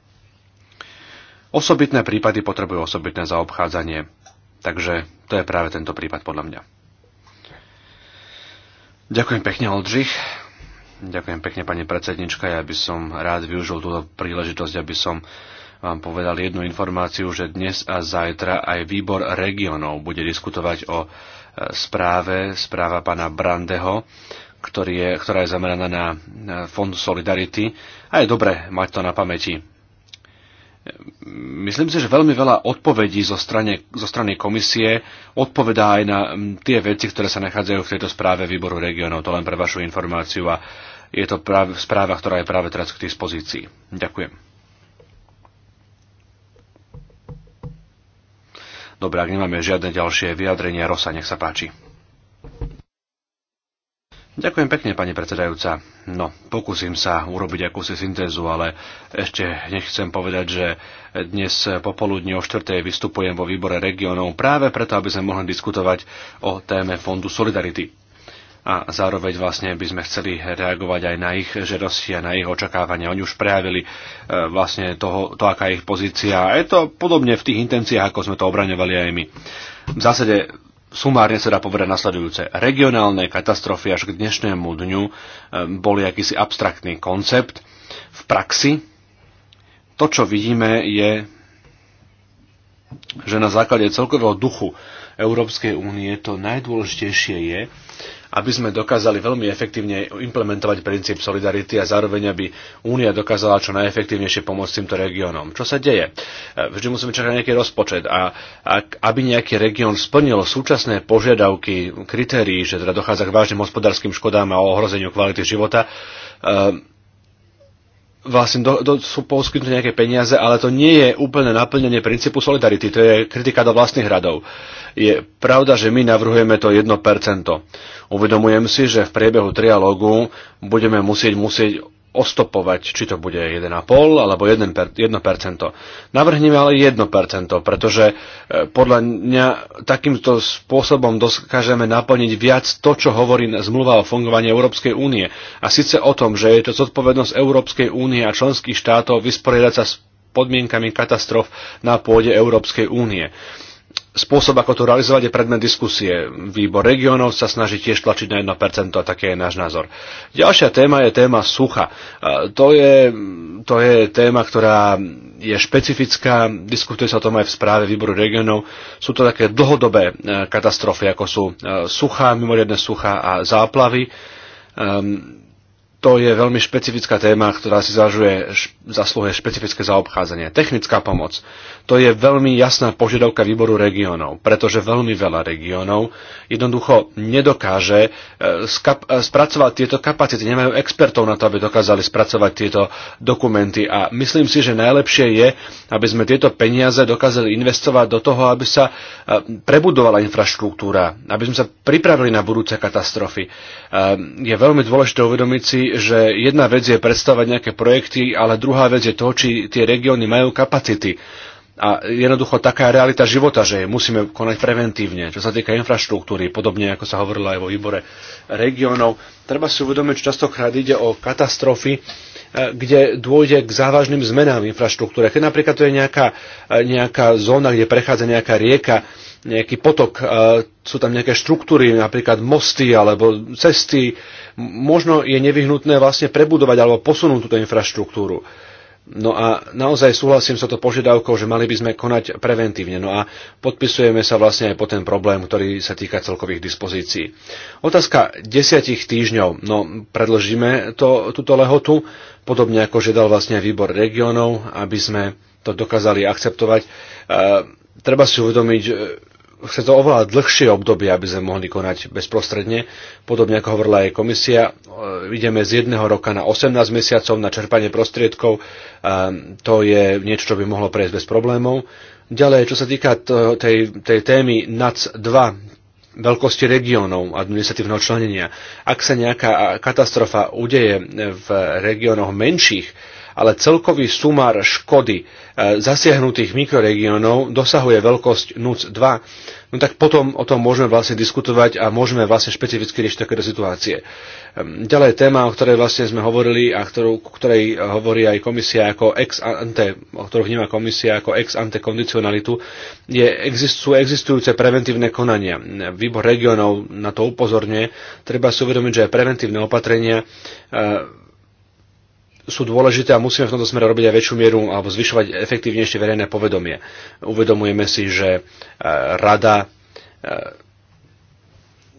Osobitné prípady potrebujú osobitné zaobchádzanie, takže to je práve tento prípad podľa mňa. Ďakujem pekne, Oldřich. Ďakujem pekne, pani predsednička. Ja by som rád využil túto príležitosť, aby som vám povedal jednu informáciu, že dnes a zajtra aj výbor regionov bude diskutovať o e, správe, správa pána Brandeho, ktorý je, ktorá je zameraná na Fond Solidarity a je dobre mať to na pamäti. Myslím si, že veľmi veľa odpovedí zo, strane, zo strany komisie odpovedá aj na tie veci, ktoré sa nachádzajú v tejto správe výboru regionov. To len pre vašu informáciu a je to práve, správa, ktorá je práve teraz k dispozícii. Ďakujem. Dobre, ak nemáme žiadne ďalšie vyjadrenia, Rosa, nech sa páči. Ďakujem pekne, pani predsedajúca. No, pokúsim sa urobiť akúsi syntézu, ale ešte nechcem povedať, že dnes popoludní o 4. vystupujem vo výbore regiónov práve preto, aby sme mohli diskutovať o téme Fondu Solidarity a zároveň vlastne by sme chceli reagovať aj na ich žiadosti a na ich očakávania. Oni už prejavili e, vlastne toho, to, aká je ich pozícia. Je to podobne v tých intenciách, ako sme to obraňovali aj my. V zásade Sumárne sa dá povedať nasledujúce. Regionálne katastrofy až k dnešnému dňu e, boli akýsi abstraktný koncept. V praxi to, čo vidíme, je, že na základe celkového duchu Európskej únie to najdôležitejšie je, aby sme dokázali veľmi efektívne implementovať princíp solidarity a zároveň, aby Únia dokázala čo najefektívnejšie pomôcť týmto regiónom. Čo sa deje? E, vždy musíme čakať nejaký rozpočet a ak, aby nejaký región splnil súčasné požiadavky, kritérií, že teda dochádza k vážnym hospodárskym škodám a ohrozeniu kvality života, e, vlastne do, do, sú poskytnuté nejaké peniaze, ale to nie je úplné naplnenie princípu solidarity. To je kritika do vlastných hradov. Je pravda, že my navrhujeme to 1%. Uvedomujem si, že v priebehu trialógu budeme musieť, musieť ostopovať, či to bude 1,5 alebo 1%. 1%. Navrhneme ale 1%, pretože e, podľa mňa takýmto spôsobom dokážeme naplniť viac to, čo hovorí zmluva o fungovaní Európskej únie. A síce o tom, že je to zodpovednosť Európskej únie a členských štátov vysporiadať sa s podmienkami katastrof na pôde Európskej únie. Spôsob, ako to realizovať, je predmet diskusie. Výbor regionov sa snaží tiež tlačiť na 1% a taký je náš názor. Ďalšia téma je téma sucha. To je, to je téma, ktorá je špecifická, diskutuje sa o tom aj v správe výboru regionov. Sú to také dlhodobé e, katastrofy, ako sú e, suchá, mimoriadne suchá a záplavy. Ehm, to je veľmi špecifická téma, ktorá si zažuje, špecifické zaobchádzanie. Technická pomoc. To je veľmi jasná požiadavka výboru regiónov, pretože veľmi veľa regiónov jednoducho nedokáže e, e, spracovať tieto kapacity, nemajú expertov na to, aby dokázali spracovať tieto dokumenty a myslím si, že najlepšie je, aby sme tieto peniaze dokázali investovať do toho, aby sa e, prebudovala infraštruktúra, aby sme sa pripravili na budúce katastrofy. Je veľmi dôležité uvedomiť si, že jedna vec je predstavať nejaké projekty, ale druhá vec je to, či tie regióny majú kapacity a jednoducho taká realita života, že musíme konať preventívne. Čo sa týka infraštruktúry, podobne ako sa hovorilo aj vo výbore regiónov, treba si uvedomiť, že častokrát ide o katastrofy, e, kde dôjde k závažným zmenám v infraštruktúre. Keď napríklad to je nejaká, e, nejaká zóna, kde prechádza nejaká rieka, nejaký potok, e, sú tam nejaké štruktúry, napríklad mosty alebo cesty, možno je nevyhnutné vlastne prebudovať alebo posunúť túto infraštruktúru No a naozaj súhlasím s to požiadavkou, že mali by sme konať preventívne. No a podpisujeme sa vlastne aj po ten problém, ktorý sa týka celkových dispozícií. Otázka desiatich týždňov. No, predlžíme to, túto lehotu, podobne ako žiadal vlastne výbor regionov, aby sme to dokázali akceptovať. E, treba si uvedomiť, e, chce to oveľa dlhšie obdobie, aby sme mohli konať bezprostredne. Podobne ako hovorila aj komisia, e, ideme z jedného roka na 18 mesiacov na čerpanie prostriedkov. E, to je niečo, čo by mohlo prejsť bez problémov. Ďalej, čo sa týka tej, tej témy NAC 2, veľkosti regiónov administratívneho členenia. Ak sa nejaká katastrofa udeje v regiónoch menších, ale celkový sumár škody e, zasiahnutých mikroregiónov dosahuje veľkosť NUC 2, no tak potom o tom môžeme vlastne diskutovať a môžeme vlastne špecificky riešiť takéto situácie. Ehm, ďalej téma, o ktorej vlastne sme hovorili a ktorú, ktorej hovorí aj komisia ako ex ante, o ktorú vníma komisia ako ex ante kondicionalitu, je, sú existujúce preventívne konania. Výbor regionov na to upozorňuje. Treba si uvedomiť, že aj preventívne opatrenia e, sú dôležité a musíme v tomto smere robiť aj väčšiu mieru alebo zvyšovať efektívnejšie verejné povedomie. Uvedomujeme si, že e, rada e,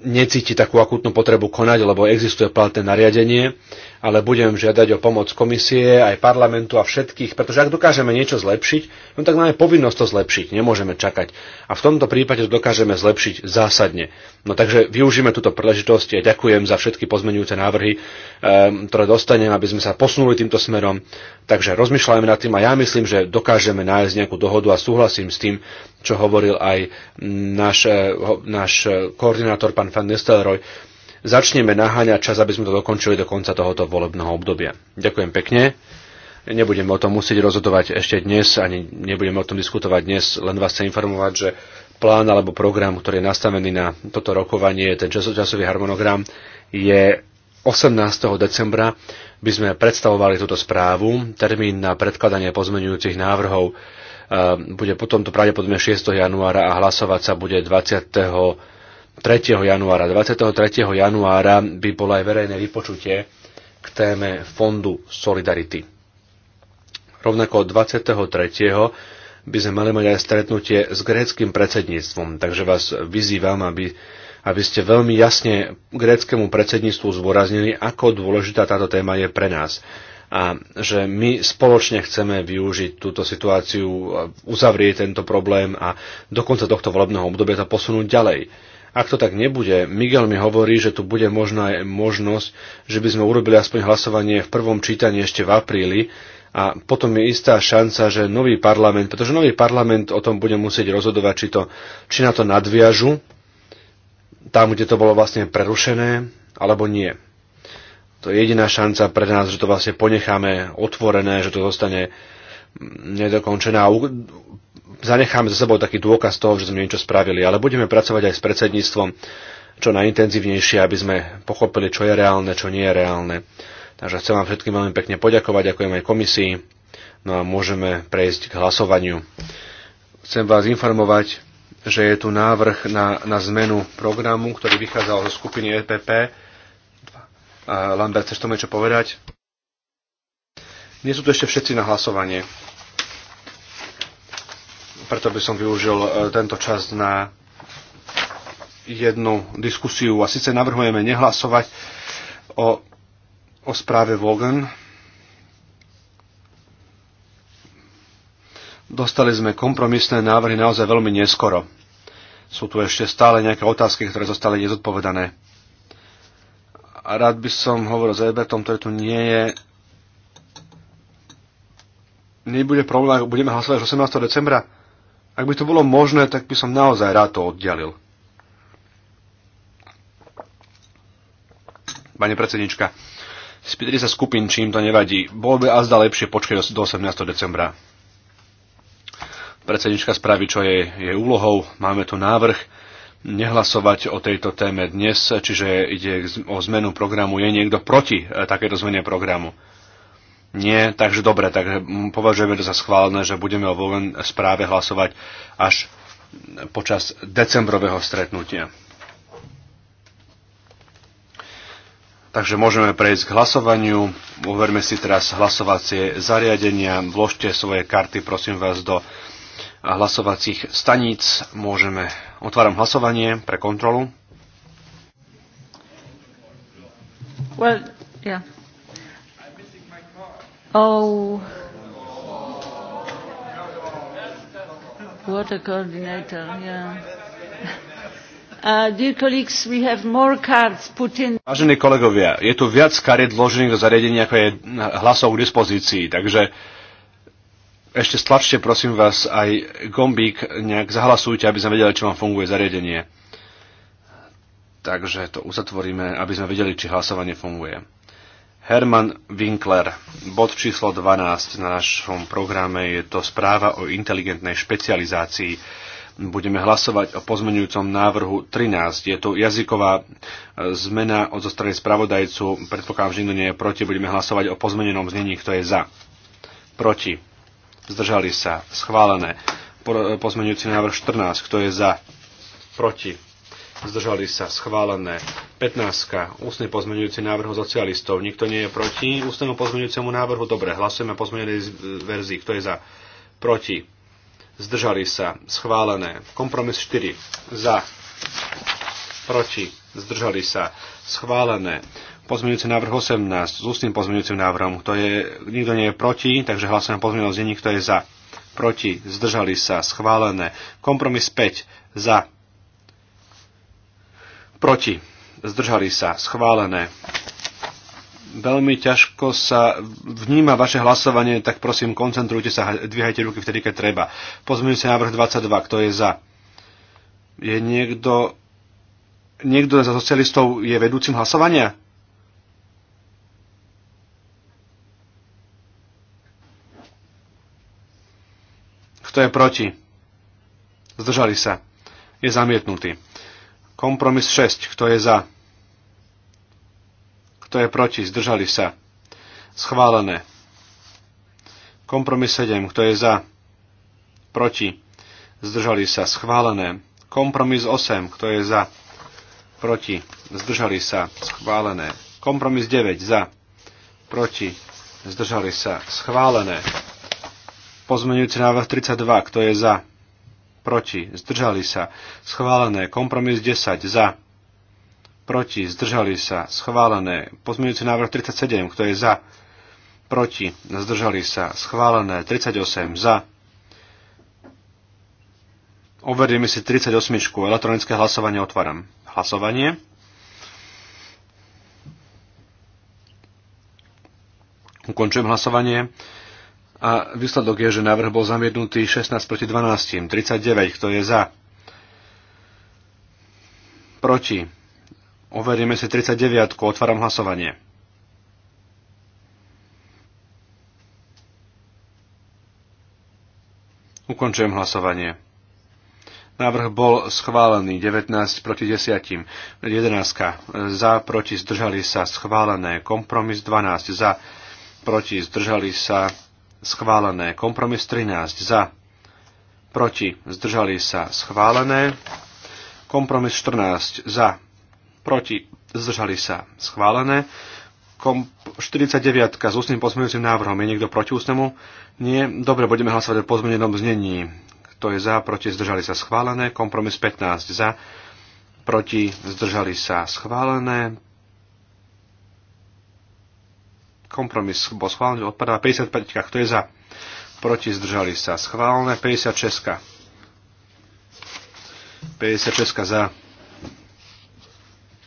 necíti takú akútnu potrebu konať, lebo existuje platné nariadenie ale budem žiadať o pomoc komisie, aj parlamentu a všetkých, pretože ak dokážeme niečo zlepšiť, no tak máme povinnosť to zlepšiť, nemôžeme čakať. A v tomto prípade to dokážeme zlepšiť zásadne. No takže využíme túto príležitosť a ďakujem za všetky pozmenujúce návrhy, ehm, ktoré dostanem, aby sme sa posunuli týmto smerom. Takže rozmýšľajme nad tým a ja myslím, že dokážeme nájsť nejakú dohodu a súhlasím s tým, čo hovoril aj náš, eh, náš eh, koordinátor pán Van Nistelrooy, začneme naháňať čas, aby sme to dokončili do konca tohoto volebného obdobia. Ďakujem pekne. Nebudeme o tom musieť rozhodovať ešte dnes, ani nebudeme o tom diskutovať dnes, len vás chcem informovať, že plán alebo program, ktorý je nastavený na toto rokovanie, ten časový harmonogram, je 18. decembra by sme predstavovali túto správu. Termín na predkladanie pozmenujúcich návrhov eh, bude potom to pravdepodobne 6. januára a hlasovať sa bude 20. 3. januára. 23. januára by bolo aj verejné vypočutie k téme Fondu Solidarity. Rovnako 23. by sme mali mať aj stretnutie s gréckým predsedníctvom, takže vás vyzývam, aby, aby ste veľmi jasne gréckému predsedníctvu zdôraznili, ako dôležitá táto téma je pre nás a že my spoločne chceme využiť túto situáciu, uzavrieť tento problém a do konca tohto volebného obdobia to posunúť ďalej ak to tak nebude, Miguel mi hovorí, že tu bude možná aj možnosť, že by sme urobili aspoň hlasovanie v prvom čítaní ešte v apríli a potom je istá šanca, že nový parlament, pretože nový parlament o tom bude musieť rozhodovať, či, to, či na to nadviažu, tam, kde to bolo vlastne prerušené, alebo nie. To je jediná šanca pre nás, že to vlastne ponecháme otvorené, že to zostane nedokončené. A zanecháme za sebou taký dôkaz toho, že sme niečo spravili, ale budeme pracovať aj s predsedníctvom čo najintenzívnejšie, aby sme pochopili, čo je reálne, čo nie je reálne. Takže chcem vám všetkým veľmi pekne poďakovať, ďakujem aj komisii. No a môžeme prejsť k hlasovaniu. Chcem vás informovať, že je tu návrh na, na zmenu programu, ktorý vychádzal zo skupiny EPP. Lambert, chceš tomu niečo povedať? Nie sú tu ešte všetci na hlasovanie preto by som využil e, tento čas na jednu diskusiu a síce navrhujeme nehlasovať o, o správe Vogan. Dostali sme kompromisné návrhy naozaj veľmi neskoro. Sú tu ešte stále nejaké otázky, ktoré zostali nezodpovedané. A rád by som hovoril s Ebertom, ktorý tu nie je. Nebude problém, ak budeme hlasovať 18. decembra ak by to bolo možné, tak by som naozaj rád to oddialil. Pani predsednička, spýtali sa skupín, čím to nevadí. Bolo by azda lepšie počkať do 18. decembra. Predsednička spraví, čo je, jej úlohou. Máme tu návrh nehlasovať o tejto téme dnes, čiže ide o zmenu programu. Je niekto proti eh, takéto zmene programu? Nie, takže dobre, takže považujeme to za schválené, že budeme o voľnej správe hlasovať až počas decembrového stretnutia. Takže môžeme prejsť k hlasovaniu. Uverme si teraz hlasovacie zariadenia. Vložte svoje karty, prosím vás, do hlasovacích staníc. Môžeme... Otváram hlasovanie pre kontrolu. Well, yeah. Oh. What a coordinator, yeah. Uh, dear colleagues, we have more cards put in. Vážení kolegovia, je tu viac kariet vložených do zariadenia, ako je hlasov k dispozícii, takže ešte stlačte, prosím vás, aj gombík nejak zahlasujte, aby sme vedeli, či vám funguje zariadenie. Takže to uzatvoríme, aby sme vedeli, či hlasovanie funguje. Herman Winkler, bod číslo 12 na našom programe je to správa o inteligentnej špecializácii. Budeme hlasovať o pozmenujúcom návrhu 13. Je to jazyková e, zmena od zo strany spravodajcu. Predpokladám, že nikto nie je proti. Budeme hlasovať o pozmenenom znení, kto je za. Proti. Zdržali sa. Schválené. E, Pozmenujúci návrh 14. Kto je za? Proti zdržali sa schválené. 15. Ústne pozmeňujúci návrh socialistov. Nikto nie je proti ústnemu pozmeňujúcemu návrhu? Dobre, hlasujeme pozmeňujúcej verzii. Kto je za? Proti. Zdržali sa. Schválené. Kompromis 4. Za. Proti. Zdržali sa. Schválené. Pozmeňujúci návrh 18 s ústnym pozmeňujúcim návrhom. Kto je, nikto nie je proti, takže hlasujeme o znení. Kto je za? Proti. Zdržali sa. Schválené. Kompromis 5. Za proti, zdržali sa, schválené. Veľmi ťažko sa vníma vaše hlasovanie, tak prosím, koncentrujte sa, dvíhajte ruky vtedy, keď treba. sa návrh 22, kto je za? Je niekto, niekto za socialistov je vedúcim hlasovania? Kto je proti? Zdržali sa. Je zamietnutý. Kompromis 6. Kto je za? Kto je proti? Zdržali sa. Schválené. Kompromis 7. Kto je za? Proti. Zdržali sa. Schválené. Kompromis 8. Kto je za? Proti. Zdržali sa. Schválené. Kompromis 9. Za. Proti. Zdržali sa. Schválené. Pozmenujúci návrh 32. Kto je za? proti, zdržali sa, schválené. Kompromis 10 za, proti, zdržali sa, schválené. Pozmeňujúci návrh 37, kto je za, proti, zdržali sa, schválené. 38 za. Overíme si 38. Elektronické hlasovanie otváram. Hlasovanie. Ukončujem hlasovanie a výsledok je, že návrh bol zamietnutý 16 proti 12, 39, kto je za, proti, overíme si 39, otváram hlasovanie. Ukončujem hlasovanie. Návrh bol schválený 19 proti 10, 11 za, proti, zdržali sa, schválené, kompromis 12 za, proti, zdržali sa, schválené. Kompromis 13 za, proti, zdržali sa, schválené. Kompromis 14 za, proti, zdržali sa, schválené. Kom 49 s ústnym pozmeňujúcim návrhom. Je niekto proti ústnemu? Nie. Dobre, budeme hlasovať o pozmenenom znení. Kto je za, proti, zdržali sa, schválené. Kompromis 15 za, proti, zdržali sa, schválené kompromis bol schválený, odpadá 55, kto je za, proti, zdržali sa, schválené, 56, 56 za,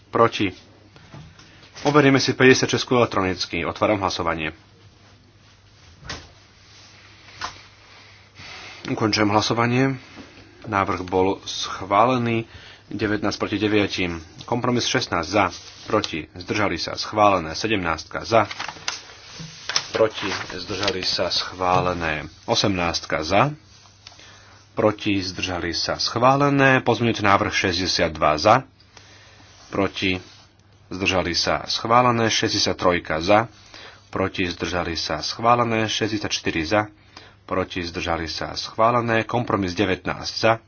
proti. Overíme si 56 elektronicky, otváram hlasovanie. Ukončujem hlasovanie. Návrh bol schválený 19 proti 9. Kompromis 16 za, proti, zdržali sa, schválené 17 za, proti, zdržali sa schválené. 18 za, proti, zdržali sa schválené. Pozmeňujúci návrh 62 za, proti, zdržali sa schválené. 63 za, proti, zdržali sa schválené. 64 za, proti, zdržali sa schválené. Kompromis 19 za,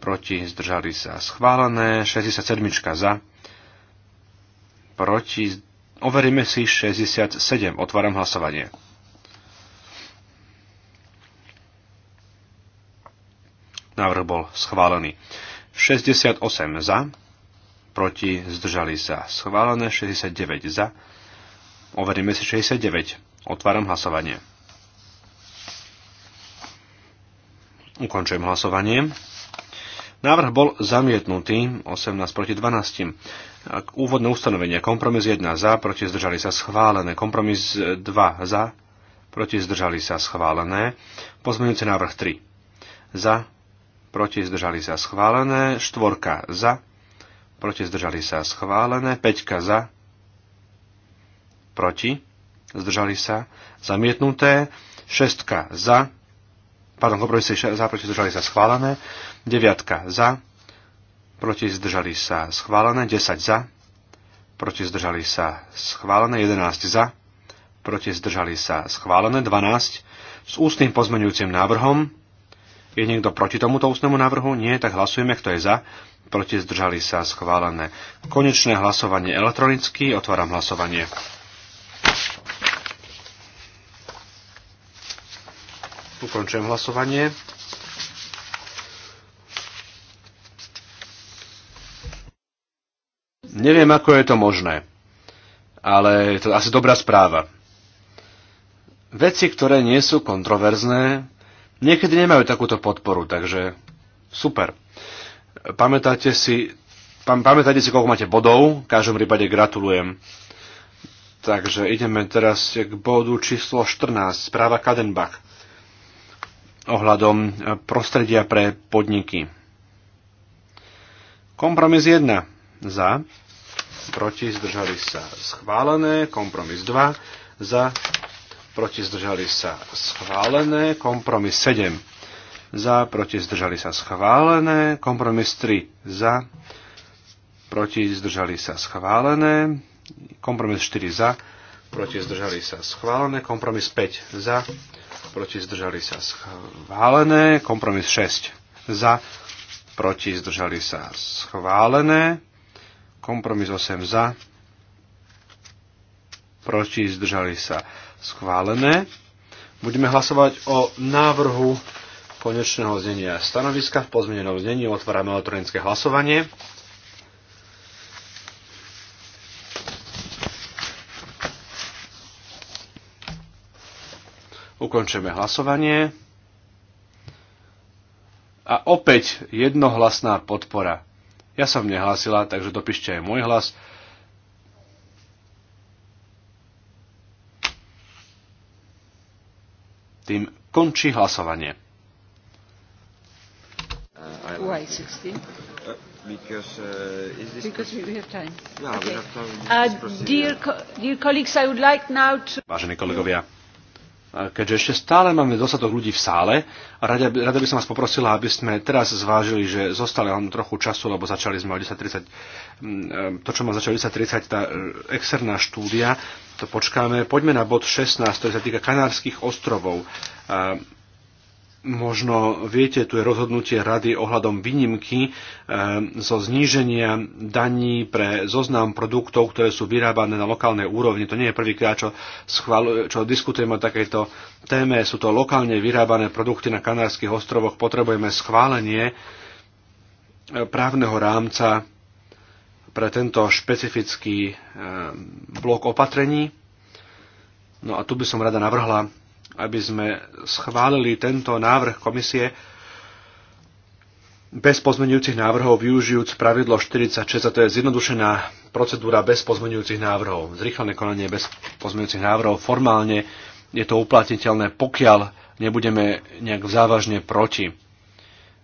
proti, zdržali sa schválené. 67 za, proti, zdržali Overíme si 67. Otváram hlasovanie. Návrh bol schválený. 68 za, proti zdržali sa schválené, 69 za. Overíme si 69. Otváram hlasovanie. Ukončujem hlasovanie. Návrh bol zamietnutý 18 proti 12. Úvodné ustanovenie. Kompromis 1 za, proti zdržali sa schválené. Kompromis 2 e, za, proti zdržali sa schválené. Pozmeňujúci návrh 3 za, proti zdržali sa schválené. Štvorka za, proti zdržali sa schválené. Peťka za, proti zdržali sa zamietnuté. Šestka za, pardon, kompromisy za, proti zdržali sa schválené. Deviatka za, proti zdržali sa schválené, 10 za, proti zdržali sa schválené, 11 za, proti zdržali sa schválené, 12 s ústnym pozmeňujúcim návrhom. Je niekto proti tomuto ústnemu návrhu? Nie, tak hlasujeme, kto je za, proti zdržali sa schválené. Konečné hlasovanie elektronicky, otváram hlasovanie. Ukončujem hlasovanie. Neviem, ako je to možné, ale je to asi dobrá správa. Veci, ktoré nie sú kontroverzné, niekedy nemajú takúto podporu, takže super. Pamätáte si, pam, pamätáte si, koľko máte bodov? V každom prípade gratulujem. Takže ideme teraz k bodu číslo 14, správa Kadenbach ohľadom prostredia pre podniky. Kompromis 1. Za proti, zdržali sa schválené, kompromis 2 za, proti, zdržali sa schválené, kompromis 7 za, proti, zdržali sa schválené, kompromis 3 za, proti, zdržali sa schválené, kompromis 4 za, proti, zdržali sa schválené, kompromis 5 za, proti, zdržali sa schválené, kompromis 6 za, proti, zdržali sa schválené, Kompromis 8 za. Proti zdržali sa schválené. Budeme hlasovať o návrhu konečného znenia stanoviska v pozmenenom znení. Otvárame elektronické hlasovanie. Ukončíme hlasovanie. A opäť jednohlasná podpora. Ja som nehlásila, takže dopíšte aj môj hlas. Tým končí hlasovanie. Uh, Why 16? Uh, because uh, is this because we have time. Yeah, okay. we have time. Uh, dear, co dear colleagues, I would like now to. Vážení kolegovia, keďže ešte stále máme dostatok ľudí v sále. Rada, rada by som vás poprosila, aby sme teraz zvážili, že zostali vám trochu času, lebo začali sme o 10.30, mm, e, to, čo ma začalo 10.30, tá e, externá štúdia, to počkáme. Poďme na bod 16, ktorý sa týka Kanárskych ostrovov. Možno viete, tu je rozhodnutie rady ohľadom výnimky eh, zo zníženia daní pre zoznam produktov, ktoré sú vyrábané na lokálnej úrovni. To nie je prvýkrát, čo, čo diskutujeme o takejto téme. Sú to lokálne vyrábané produkty na Kanárskych ostrovoch. Potrebujeme schválenie eh, právneho rámca pre tento špecifický eh, blok opatrení. No a tu by som rada navrhla aby sme schválili tento návrh komisie bez pozmenujúcich návrhov využijúc pravidlo 46, a to je zjednodušená procedúra bez pozmenujúcich návrhov. Zrýchlené konanie bez pozmenujúcich návrhov. Formálne je to uplatniteľné, pokiaľ nebudeme nejak závažne proti.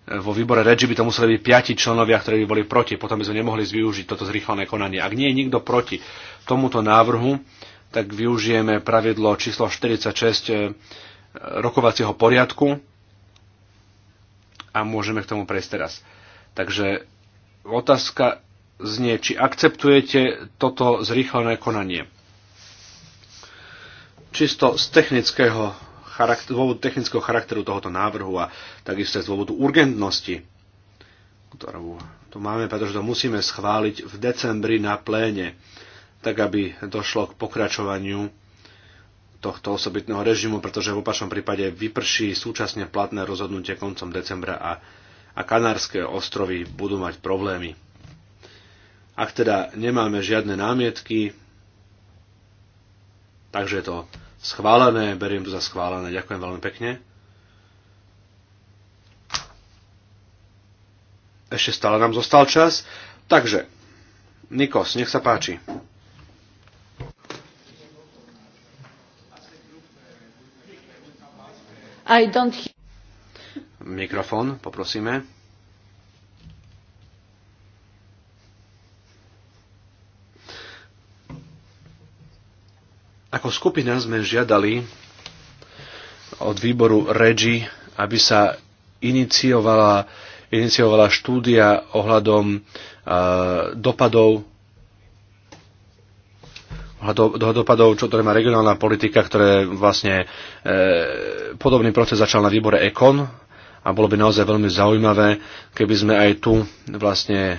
Vo výbore REGI by to museli byť piati členovia, ktorí by boli proti. Potom by sme nemohli využiť toto zrýchlené konanie. Ak nie je nikto proti tomuto návrhu, tak využijeme pravidlo číslo 46 e, rokovacieho poriadku a môžeme k tomu prejsť teraz. Takže otázka znie, či akceptujete toto zrýchlené konanie. Čisto z technického charakteru, dôvodu technického charakteru tohoto návrhu a takisto z dôvodu urgentnosti, ktorú tu máme, pretože to musíme schváliť v decembri na pléne tak aby došlo k pokračovaniu tohto osobitného režimu, pretože v opačnom prípade vyprší súčasne platné rozhodnutie koncom decembra a, a Kanárske ostrovy budú mať problémy. Ak teda nemáme žiadne námietky, takže je to schválené, beriem to za schválené. Ďakujem veľmi pekne. Ešte stále nám zostal čas. Takže, Nikos, nech sa páči. I don't Mikrofón, poprosíme. Ako skupina sme žiadali od výboru REGI, aby sa iniciovala, iniciovala štúdia ohľadom uh, dopadov do, do dopadov, čo, ktoré má regionálna politika, ktoré vlastne e, podobný proces začal na výbore EKON a bolo by naozaj veľmi zaujímavé, keby sme aj tu vlastne e,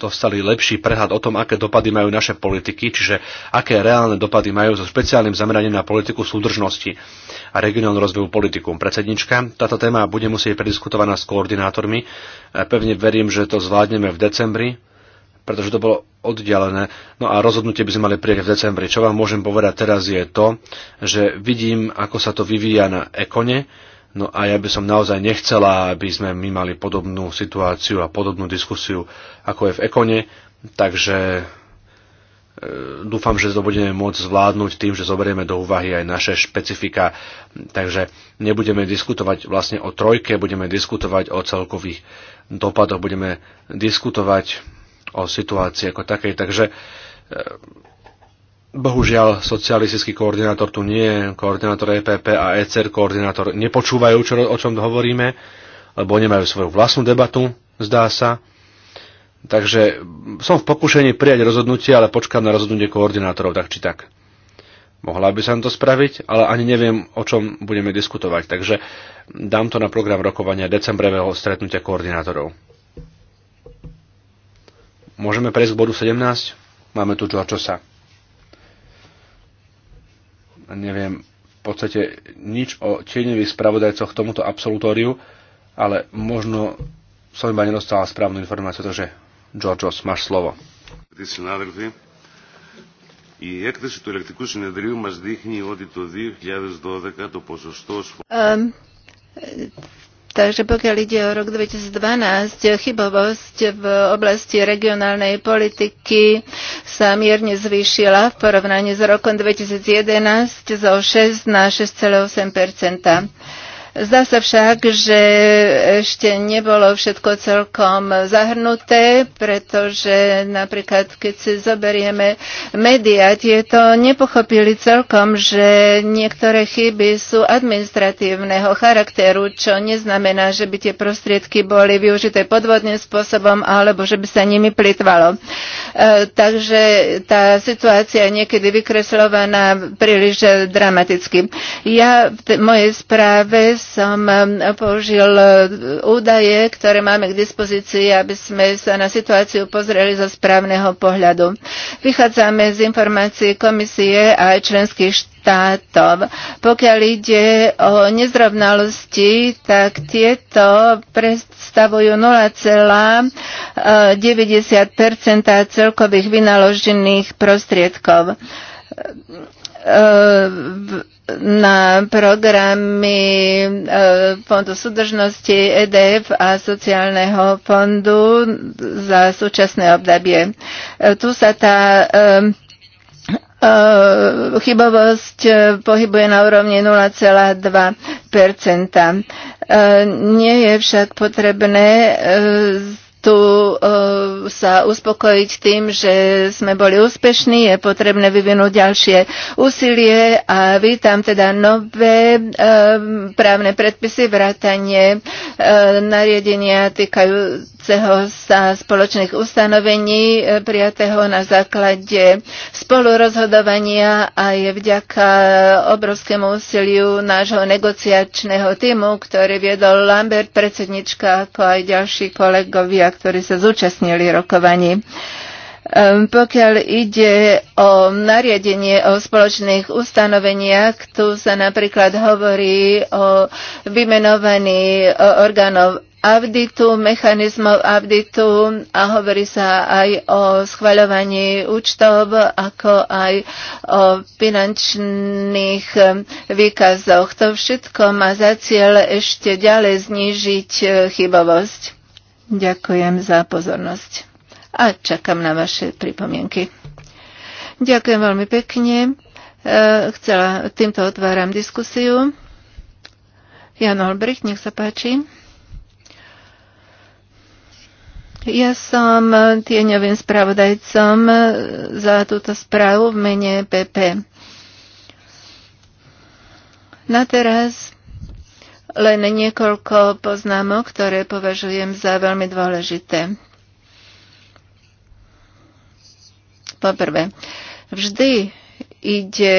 dostali lepší prehľad o tom, aké dopady majú naše politiky, čiže aké reálne dopady majú so špeciálnym zameraním na politiku súdržnosti a regionálnu rozvoju politiku. Predsednička, táto téma bude musieť prediskutovaná s koordinátormi. E, pevne verím, že to zvládneme v decembri pretože to bolo oddialené. No a rozhodnutie by sme mali prijať v decembri. Čo vám môžem povedať teraz je to, že vidím, ako sa to vyvíja na ekone, No a ja by som naozaj nechcela, aby sme my mali podobnú situáciu a podobnú diskusiu, ako je v Ekone, takže e, dúfam, že to budeme môcť zvládnuť tým, že zoberieme do úvahy aj naše špecifika. Takže nebudeme diskutovať vlastne o trojke, budeme diskutovať o celkových dopadoch, budeme diskutovať o situácii ako takej. Takže e, Bohužiaľ, socialistický koordinátor tu nie je, koordinátor EPP a ECR koordinátor nepočúvajú, čo, o čom hovoríme, lebo nemajú svoju vlastnú debatu, zdá sa. Takže som v pokušení prijať rozhodnutie, ale počkám na rozhodnutie koordinátorov, tak či tak. Mohla by sa to spraviť, ale ani neviem, o čom budeme diskutovať. Takže dám to na program rokovania decembrového stretnutia koordinátorov. Môžeme prejsť k bodu 17? Máme tu sa. Neviem v podstate nič o tieňových spravodajcoch k tomuto absolutóriu, ale možno som iba nedostala správnu informáciu, takže Georgios, máš slovo. Η έκθεση του ελεκτικού συνεδρίου μας δείχνει ότι το 2012 το ποσοστό... Um, Takže pokiaľ ide o rok 2012, chybovosť v oblasti regionálnej politiky sa mierne zvýšila v porovnaní s rokom 2011 zo 6 na 6,8 Zdá sa však, že ešte nebolo všetko celkom zahrnuté, pretože napríklad, keď si zoberieme médiá, tieto nepochopili celkom, že niektoré chyby sú administratívneho charakteru, čo neznamená, že by tie prostriedky boli využité podvodným spôsobom alebo že by sa nimi plitvalo. E, takže tá situácia je niekedy vykreslovaná príliš dramaticky. Ja v mojej správe som um, použil uh, údaje, ktoré máme k dispozícii, aby sme sa na situáciu pozreli zo správneho pohľadu. Vychádzame z informácií komisie a aj členských štátov štátov. Pokiaľ ide o nezrovnalosti, tak tieto predstavujú 0,90 uh, celkových vynaložených prostriedkov na programy e, Fondu súdržnosti EDF a sociálneho fondu za súčasné obdobie. E, tu sa tá e, chybovosť pohybuje na úrovni 0,2 Nie je však potrebné tu eh, sa uspokojiť tým, že sme boli úspešní, je potrebné vyvinúť ďalšie úsilie a vítam teda nové eh, právne predpisy, vrátanie eh, nariadenia týkajúceho sa spoločných ustanovení prijatého na základe spolurozhodovania a je vďaka obrovskému úsiliu nášho negociačného týmu, ktorý viedol Lambert, predsednička, ako aj ďalší kolegovia ktorí sa zúčastnili rokovaní. Ehm, pokiaľ ide o nariadenie o spoločných ustanoveniach, tu sa napríklad hovorí o vymenovaní e, orgánov auditu, mechanizmov auditu a hovorí sa aj o schvaľovaní účtov, ako aj o finančných e, výkazoch. To všetko má za cieľ ešte ďalej znížiť e, chybovosť. Ďakujem za pozornosť a čakám na vaše pripomienky. Ďakujem veľmi pekne. E, chcela, týmto otváram diskusiu. Jan Olbricht, nech sa páči. Ja som tieňovým spravodajcom za túto správu v mene PP. Na teraz len niekoľko poznámok, ktoré považujem za veľmi dôležité. Poprvé, vždy ide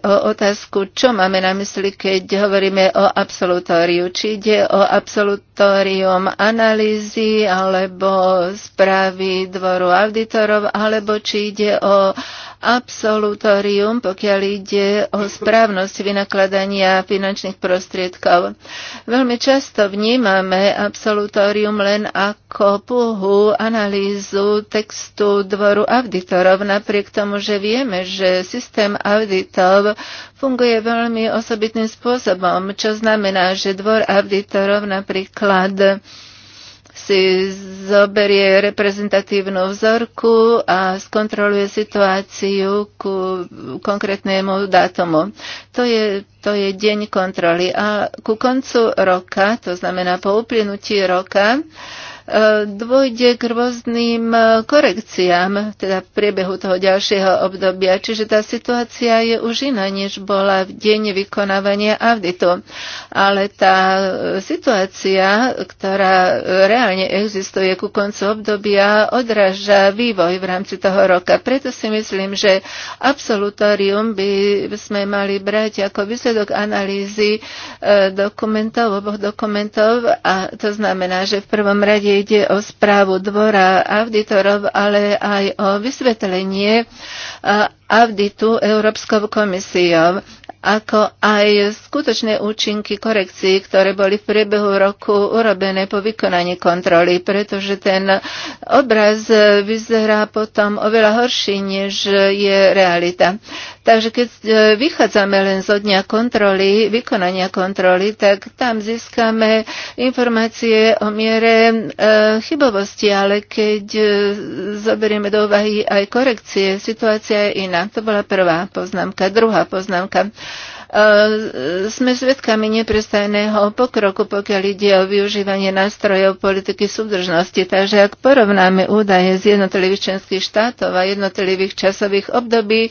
o otázku, čo máme na mysli, keď hovoríme o absolutóriu. Či ide o absolutórium analýzy alebo správy dvoru auditorov, alebo či ide o Absolutorium, pokiaľ ide o správnosť vynakladania finančných prostriedkov. Veľmi často vnímame absolutorium len ako púhu analýzu textu dvoru auditorov, napriek tomu, že vieme, že systém auditov funguje veľmi osobitným spôsobom, čo znamená, že dvor auditorov napríklad si zoberie reprezentatívnu vzorku a skontroluje situáciu ku konkrétnemu dátumu. To je, to je deň kontroly. A ku koncu roka, to znamená po uplynutí roka, uh, dôjde k rôznym e, korekciám teda v priebehu toho ďalšieho obdobia. Čiže tá situácia je už iná, než bola v deň vykonávania auditu. Ale tá e, situácia, ktorá e, reálne existuje ku koncu obdobia, odráža vývoj v rámci toho roka. Preto si myslím, že absolutorium by sme mali brať ako výsledok analýzy dokumentov, oboch dokumentov a to znamená, že v prvom rade ide o správu Dvora auditorov, ale aj o vysvetlenie e, auditu Európskou komisiou ako aj skutočné účinky korekcií, ktoré boli v priebehu roku urobené po vykonaní kontroly, pretože ten obraz vyzerá potom oveľa horší, než je realita. Takže keď e, vychádzame len zo dňa kontroly, vykonania kontroly, tak tam získame informácie o miere e, chybovosti, ale keď e, zoberieme do úvahy aj korekcie, situácia je iná. To bola prvá poznámka. Druhá poznámka. E, sme svedkami neprestajného pokroku, pokiaľ ide o využívanie nástrojov politiky súdržnosti. Takže ak porovnáme údaje z jednotlivých členských štátov a jednotlivých časových období, e,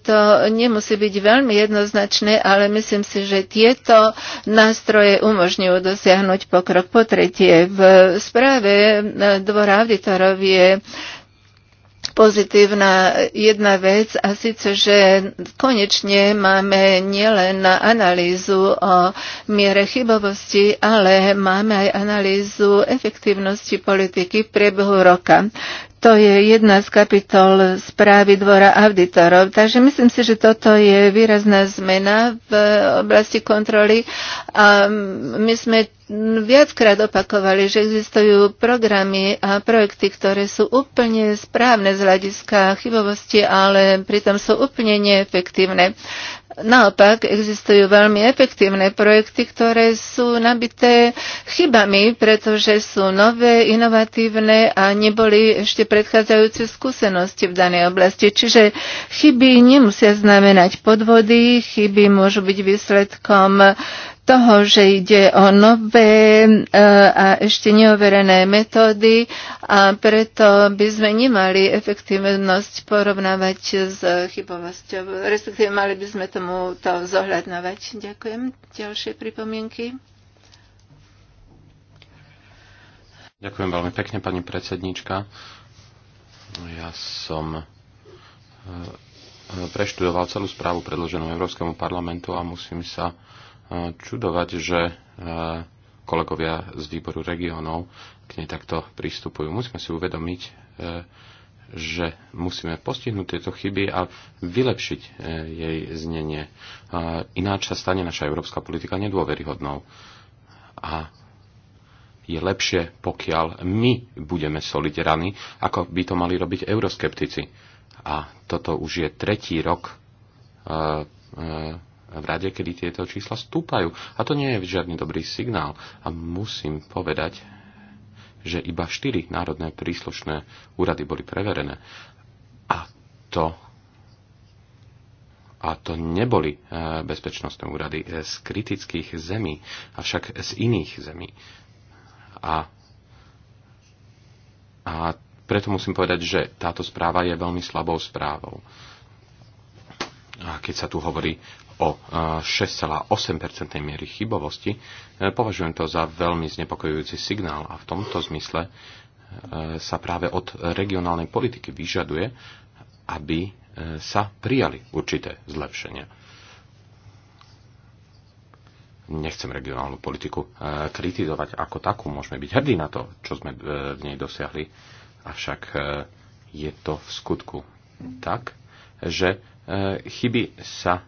to nemusí byť veľmi jednoznačné, ale myslím si, že tieto nástroje umožňujú dosiahnuť pokrok. Po tretie, v správe e, Dvora auditorov je pozitívna jedna vec a síce, že konečne máme nielen analýzu o miere chybovosti, ale máme aj analýzu efektívnosti politiky v priebehu roka. To je jedna z kapitol správy dvora auditorov. Takže myslím si, že toto je výrazná zmena v oblasti kontroly a my sme viackrát opakovali, že existujú programy a projekty, ktoré sú úplne správne z hľadiska chybovosti, ale pritom sú úplne neefektívne. Naopak existujú veľmi efektívne projekty, ktoré sú nabité chybami, pretože sú nové, inovatívne a neboli ešte predchádzajúce skúsenosti v danej oblasti. Čiže chyby nemusia znamenať podvody, chyby môžu byť výsledkom toho, že ide o nové e, a ešte neoverené metódy a preto by sme nemali efektívnosť porovnávať s chybovosťou. Respektíve mali by sme tomu to zohľadnovať. Ďakujem. Ďalšie pripomienky? Ďakujem veľmi pekne, pani predsednička. Ja som e, e, preštudoval celú správu predloženú Európskemu parlamentu a musím sa čudovať, že e, kolegovia z výboru regiónov k nej takto pristupujú. Musíme si uvedomiť, e, že musíme postihnúť tieto chyby a vylepšiť e, jej znenie. Ináč sa stane naša európska politika nedôveryhodnou. A je lepšie, pokiaľ my budeme soliť rany, ako by to mali robiť euroskeptici. A toto už je tretí rok v rade, kedy tieto čísla stúpajú. A to nie je žiadny dobrý signál. A musím povedať, že iba štyri národné príslušné úrady boli preverené. A to a to neboli e, bezpečnostné úrady z kritických zemí, avšak z iných zemí. A, a preto musím povedať, že táto správa je veľmi slabou správou keď sa tu hovorí o 6,8% e, miery chybovosti, e, považujem to za veľmi znepokojujúci signál a v tomto zmysle e, sa práve od regionálnej politiky vyžaduje, aby sa prijali určité zlepšenia. Nechcem regionálnu politiku kritizovať ako takú, môžeme byť hrdí na to, čo sme v nej dosiahli, avšak je to v skutku tak, že e, chyby sa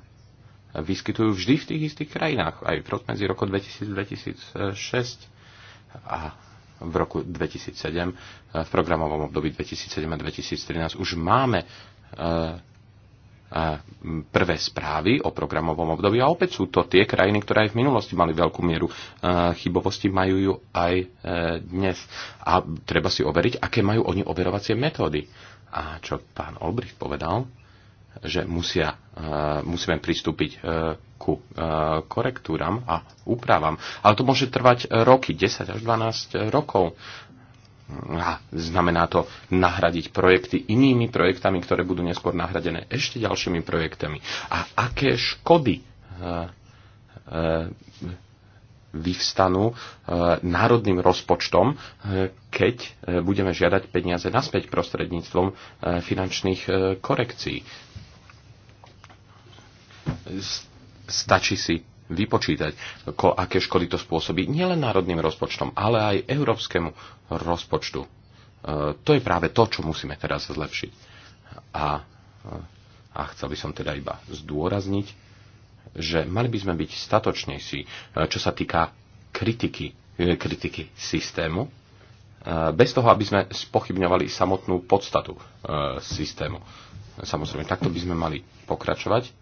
vyskytujú vždy v tých istých krajinách. Aj v roku medzi roku 2000-2006 a v roku 2007, e, v programovom období 2007 a 2013 už máme e, prvé správy o programovom období a opäť sú to tie krajiny, ktoré aj v minulosti mali veľkú mieru chybovosti, majú ju aj dnes. A treba si overiť, aké majú oni overovacie metódy. A čo pán Olbrich povedal, že musia, eh, musíme pristúpiť eh, ku eh, korektúram a úpravám. Ale to môže trvať roky, 10 až 12 rokov. A znamená to nahradiť projekty inými projektami, ktoré budú neskôr nahradené ešte ďalšími projektami. A aké škody vyvstanú národným rozpočtom, keď budeme žiadať peniaze naspäť prostredníctvom finančných korekcií stačí si vypočítať, ko, aké škody to spôsobí nielen národným rozpočtom, ale aj európskemu rozpočtu. E, to je práve to, čo musíme teraz zlepšiť. A, a chcel by som teda iba zdôrazniť, že mali by sme byť statočnejší, e, čo sa týka kritiky, e, kritiky systému, bez toho, aby sme spochybňovali samotnú podstatu systému. Samozrejme, takto by sme mali pokračovať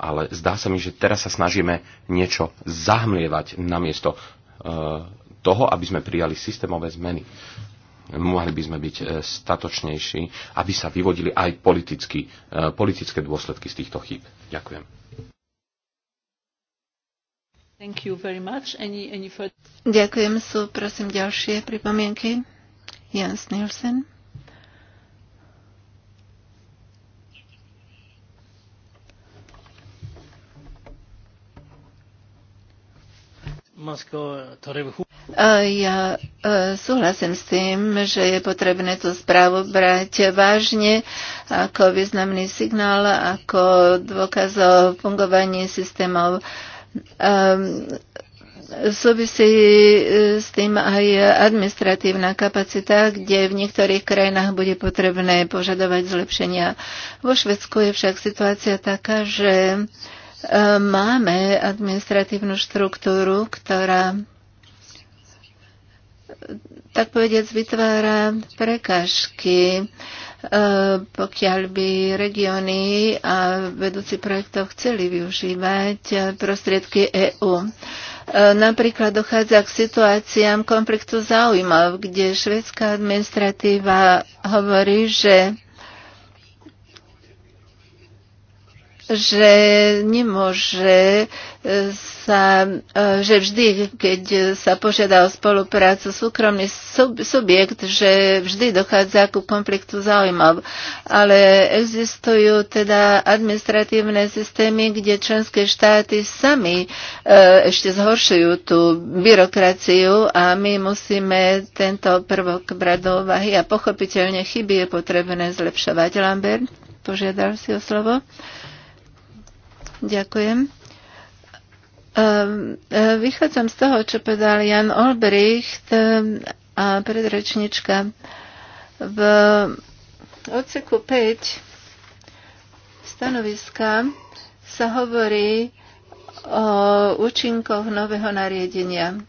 ale zdá sa mi, že teraz sa snažíme niečo zahmlievať namiesto e, toho, aby sme prijali systémové zmeny. Mohli by sme byť e, statočnejší, aby sa vyvodili aj politicky, e, politické dôsledky z týchto chýb. Ďakujem. Thank you very much. Any, any further... Ďakujem. Sú prosím ďalšie pripomienky. Jens Nielsen. Eh, ja eh, súhlasím s tým, že je potrebné tú správu brať vážne ako významný signál, ako dôkaz o fungovaní systémov. Ehm, súvisí eh, s tým aj administratívna kapacita, kde v niektorých krajinách bude potrebné požadovať zlepšenia. Vo Švedsku je však situácia taká, že máme administratívnu štruktúru, ktorá tak povediac vytvára prekažky, e, pokiaľ by regióny a vedúci projektov chceli využívať prostriedky EÚ. E, napríklad dochádza k situáciám konfliktu záujmov, kde švedská administratíva hovorí, že že nemôže e, sa, e, že vždy, keď sa požiada o spoluprácu súkromný subjekt, že vždy dochádza ku konfliktu záujmov. Ale existujú teda administratívne systémy, kde členské štáty sami e, ešte zhoršujú tú byrokraciu a my musíme tento prvok brať do úvahy a pochopiteľne chyby je potrebné zlepšovať. Lambert, požiadal si o slovo. Uh, Ďakujem. Ehm, e, vychádzam z toho, čo povedal Jan Olbricht ehm, a predrečnička. V odseku 5 stanoviska sa hovorí o účinkoch nového nariadenia.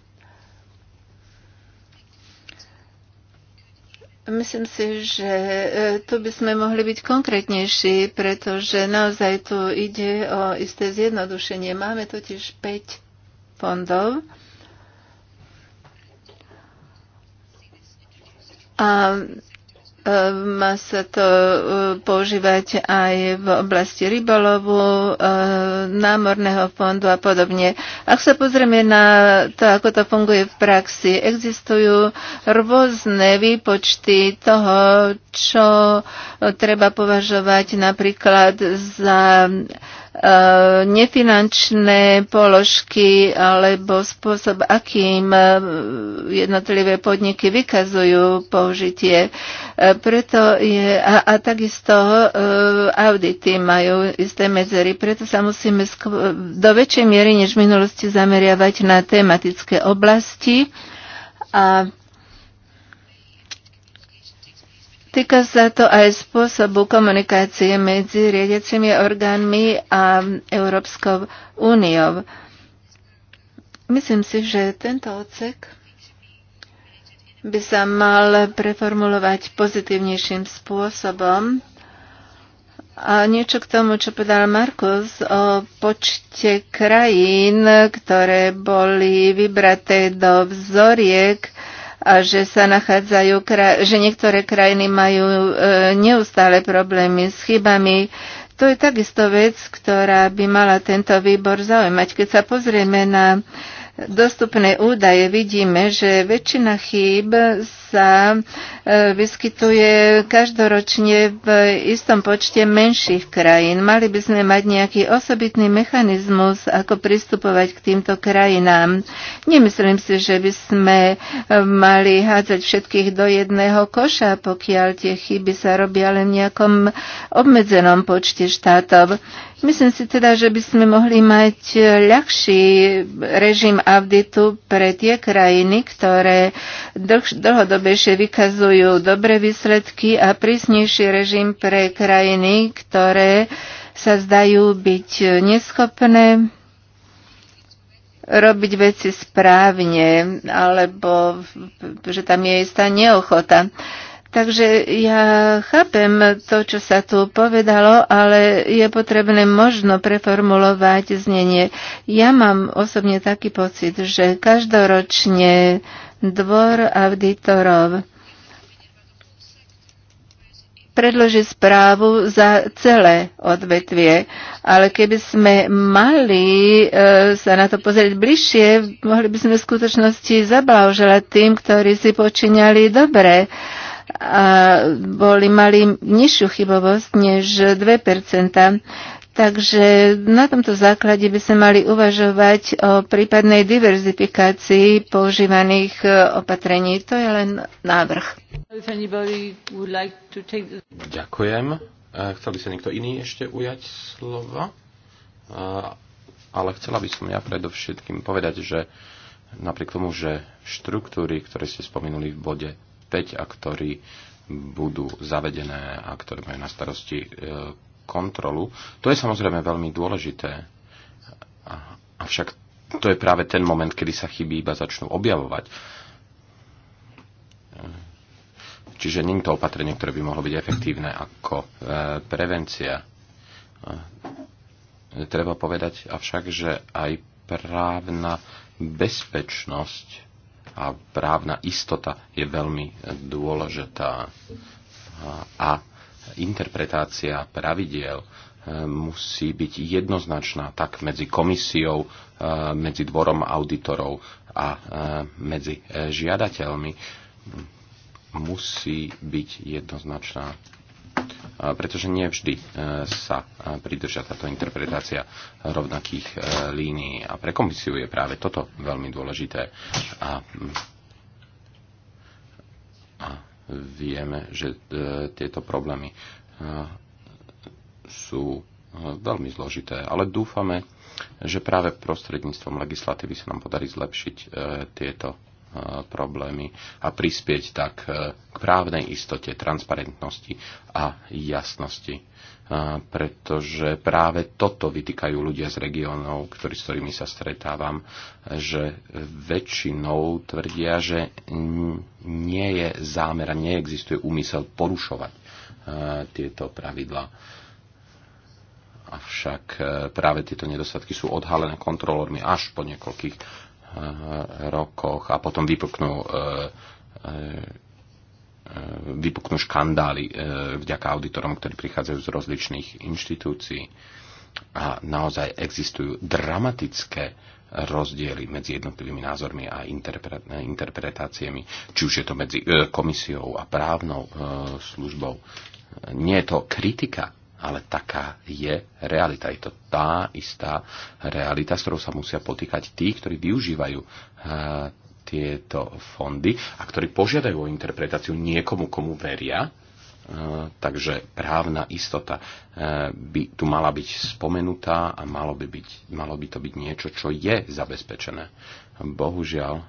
Myslím si, že e, tu by sme mohli byť konkrétnejší, pretože naozaj tu ide o isté zjednodušenie. Máme totiž 5 fondov. A má sa to e, používať aj v oblasti rybolovu, e, námorného fondu a podobne. Ak sa pozrieme na to, ako to funguje v praxi, existujú rôzne výpočty toho, čo treba považovať napríklad za Eh, nefinančné položky alebo spôsob, akým eh, jednotlivé podniky vykazujú použitie. Eh, preto je, a, a takisto audity majú isté medzery, preto sa musíme do väčšej miery než v minulosti zameriavať na tematické oblasti a Týka sa to aj spôsobu komunikácie medzi riadiacimi orgánmi a Európskou úniou. Myslím si, že tento odsek by sa mal preformulovať pozitívnejším spôsobom. A niečo k tomu, čo povedal Markus o počte krajín, ktoré boli vybraté do vzoriek, a že sa nachádzajú, že niektoré krajiny majú e, neustále problémy s chybami. To je takisto vec, ktorá by mala tento výbor zaujímať. Keď sa pozrieme na dostupné údaje vidíme, že väčšina chýb sa e, vyskytuje každoročne v istom počte menších krajín. Mali by sme mať nejaký osobitný mechanizmus, ako pristupovať k týmto krajinám. Nemyslím si, že by sme e, mali hádzať všetkých do jedného koša, pokiaľ tie chyby sa robia len v nejakom obmedzenom počte štátov. Myslím si teda, že by sme mohli mať e, ľahší režim auditu pre tie krajiny, ktoré dlh, dlhodobejšie vykazujú dobré výsledky a prísnejší režim pre krajiny, ktoré sa zdajú byť neschopné robiť veci správne, alebo že tam je istá neochota. Uh, Takže ja chápem to, čo sa tu povedalo, ale je potrebné možno preformulovať znenie. Ja mám osobne taký pocit, že každoročne dvor auditorov predloží správu za celé odvetvie. Ale keby sme mali e, sa na to pozrieť bližšie, mohli by sme v skutočnosti zablahoželať tým, ktorí si počínali dobre. E, a boli, mali nižšiu chybovosť než 2%. Takže na tomto základe by sme mali uvažovať o prípadnej diverzifikácii používaných e, opatrení. To je len návrh. Ďakujem. E, chcel by sa niekto iný ešte ujať slova? E, ale chcela by som ja predovšetkým povedať, že napriek tomu, že štruktúry, ktoré ste spomenuli v bode a ktorí budú zavedené a ktoré majú na starosti e, kontrolu. To je samozrejme veľmi dôležité. Avšak to je práve ten moment, kedy sa chyby iba začnú objavovať. E, čiže nie je to opatrenie, ktoré by mohlo byť efektívne ako e, prevencia. Treba povedať avšak, že aj právna bezpečnosť a právna istota je veľmi dôležitá. A interpretácia pravidiel eh, musí byť jednoznačná tak medzi komisiou, eh, medzi dvorom auditorov a eh, medzi žiadateľmi musí byť jednoznačná pretože nie vždy e, sa e, pridržia táto interpretácia rovnakých e, línií. A pre komisiu je práve toto veľmi dôležité. A, a vieme, že tieto problémy sú veľmi zložité, ale dúfame, že práve prostredníctvom legislatívy sa nám podarí zlepšiť tieto E, problémy a prispieť tak e, k právnej istote, transparentnosti a jasnosti. E, pretože práve toto vytýkajú ľudia z regiónov, ktorý, s ktorými sa stretávam, že väčšinou tvrdia, že nie je zámer a neexistuje úmysel porušovať tieto pravidlá. Avšak práve tieto nedostatky sú odhalené kontrolormi až po niekoľkých Eh, rokoch a potom vypuknú eh, eh, vypuknú škandály vďaka auditorom, ktorí prichádzajú z rozličných inštitúcií. A naozaj existujú dramatické rozdiely medzi jednotlivými názormi a interpretáciami, či už je to medzi komisiou a právnou službou. Nie je to kritika ale taká je realita. Je to tá istá realita, s ktorou sa musia potýkať tí, ktorí využívajú eh, tieto fondy a ktorí požiadajú o interpretáciu niekomu, komu veria. Eh, takže právna istota eh, by tu mala byť spomenutá a malo by, byť, malo by to byť niečo, čo je zabezpečené. Bohužiaľ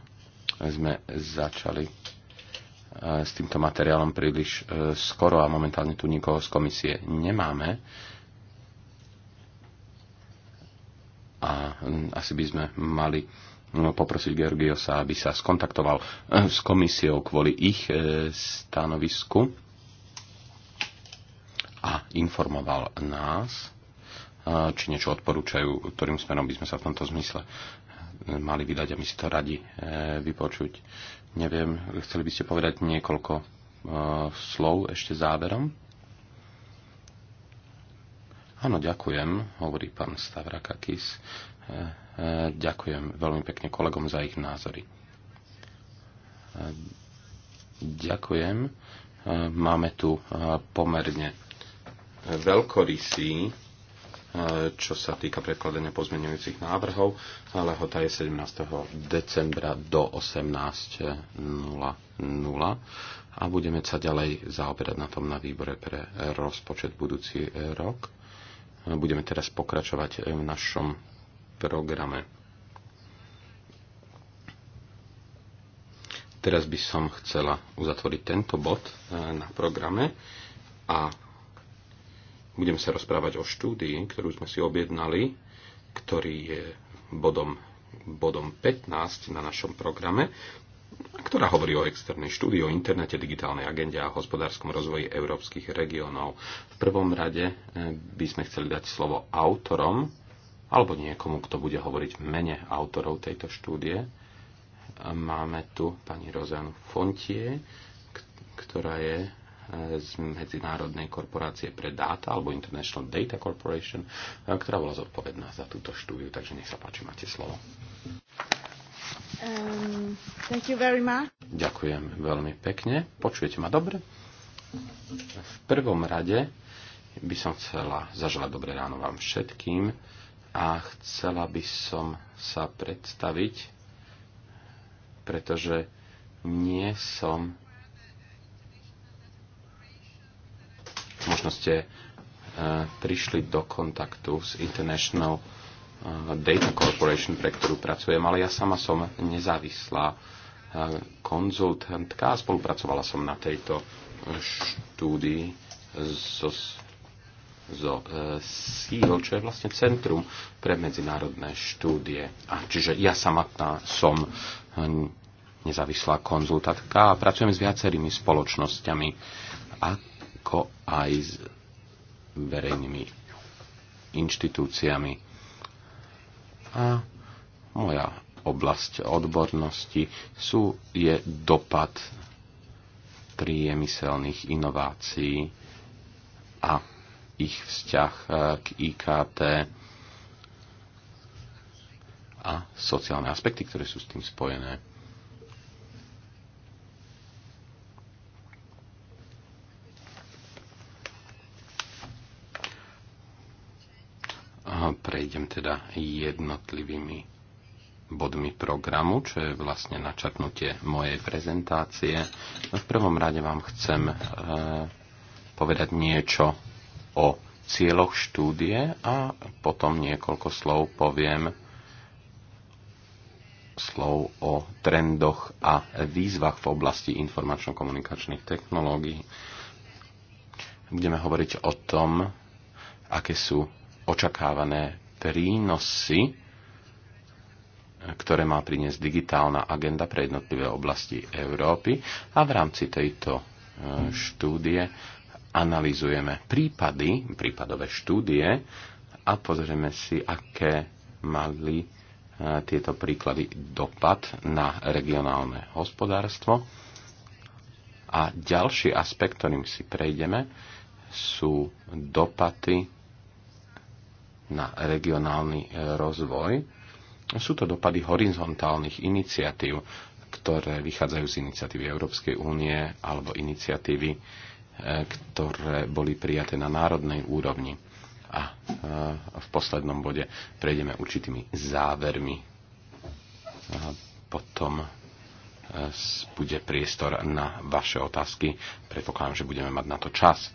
sme začali s týmto materiálom príliš e, skoro a momentálne tu nikoho z komisie nemáme. A asi by sme mali poprosiť Georgiosa, aby sa skontaktoval e, s komisiou kvôli ich e, stanovisku a informoval nás, či niečo odporúčajú, ktorým smerom by sme sa v tomto zmysle mali vydať a my si to radi vypočuť Neviem, chceli by ste povedať niekoľko uh, slov ešte záverom? Áno, ďakujem, hovorí pán Stavrakakis. Uh, uh, ďakujem veľmi pekne kolegom za ich názory. Uh, ďakujem. Máme tu pomerne veľkorysý čo sa týka predkladania pozmeňujúcich návrhov. Lehota je 17. decembra do 18.00 a budeme sa ďalej zaoberať na tom na výbore pre rozpočet budúci rok. Budeme teraz pokračovať v našom programe. Teraz by som chcela uzatvoriť tento bod eh, na programe a budem sa rozprávať o štúdii, ktorú sme si objednali, ktorý je bodom, bodom 15 na našom programe, ktorá hovorí o externej štúdii, o internete, digitálnej agende a hospodárskom rozvoji európskych regiónov. V prvom rade eh, by sme chceli dať slovo autorom, alebo niekomu, kto bude hovoriť mene autorov tejto štúdie. Máme tu pani Rozanu Fontie, ktorá je z Medzinárodnej korporácie pre dáta alebo International Data Corporation, e, ktorá bola zodpovedná za túto štúdiu. Takže nech sa páči, máte slovo. Um, thank you very much. Ďakujem veľmi pekne. Počujete ma dobre? V prvom rade by som chcela zaželať dobré ráno vám všetkým a chcela by som sa predstaviť, pretože nie som možno ste e, prišli do kontaktu s International e, Data Corporation, pre ktorú pracujem, ale ja sama som nezávislá e, konzultantka a spolupracovala som na tejto štúdii so, so SEAL, čo je vlastne Centrum pre medzinárodné štúdie. A čiže ja samotná som nezávislá konzultantka a pracujem s viacerými spoločnosťami. A ako aj s verejnými inštitúciami. A moja oblasť odbornosti sú, je dopad priemyselných inovácií a ich vzťah e, k IKT a sociálne aspekty, ktoré sú s tým spojené. prejdem teda jednotlivými bodmi programu, čo je vlastne načrtnutie mojej prezentácie. No, v prvom rade vám chcem e, povedať niečo o cieľoch štúdie a potom niekoľko slov poviem slov o trendoch a výzvach v oblasti informačno-komunikačných technológií. Budeme hovoriť o tom, aké sú očakávané prínosy, ktoré má priniesť digitálna agenda pre jednotlivé oblasti Európy a v rámci tejto e, štúdie analizujeme prípady, prípadové štúdie a pozrieme si, aké mali e, tieto príklady dopad na regionálne hospodárstvo. A ďalší aspekt, ktorým si prejdeme, sú dopady na regionálny e, rozvoj. Sú to dopady horizontálnych iniciatív, ktoré vychádzajú z iniciatívy Európskej únie alebo iniciatívy, e, ktoré boli prijaté na národnej úrovni. A e, v poslednom bode prejdeme určitými závermi. A potom bude priestor na vaše otázky. Predpokladám, že budeme mať na to čas.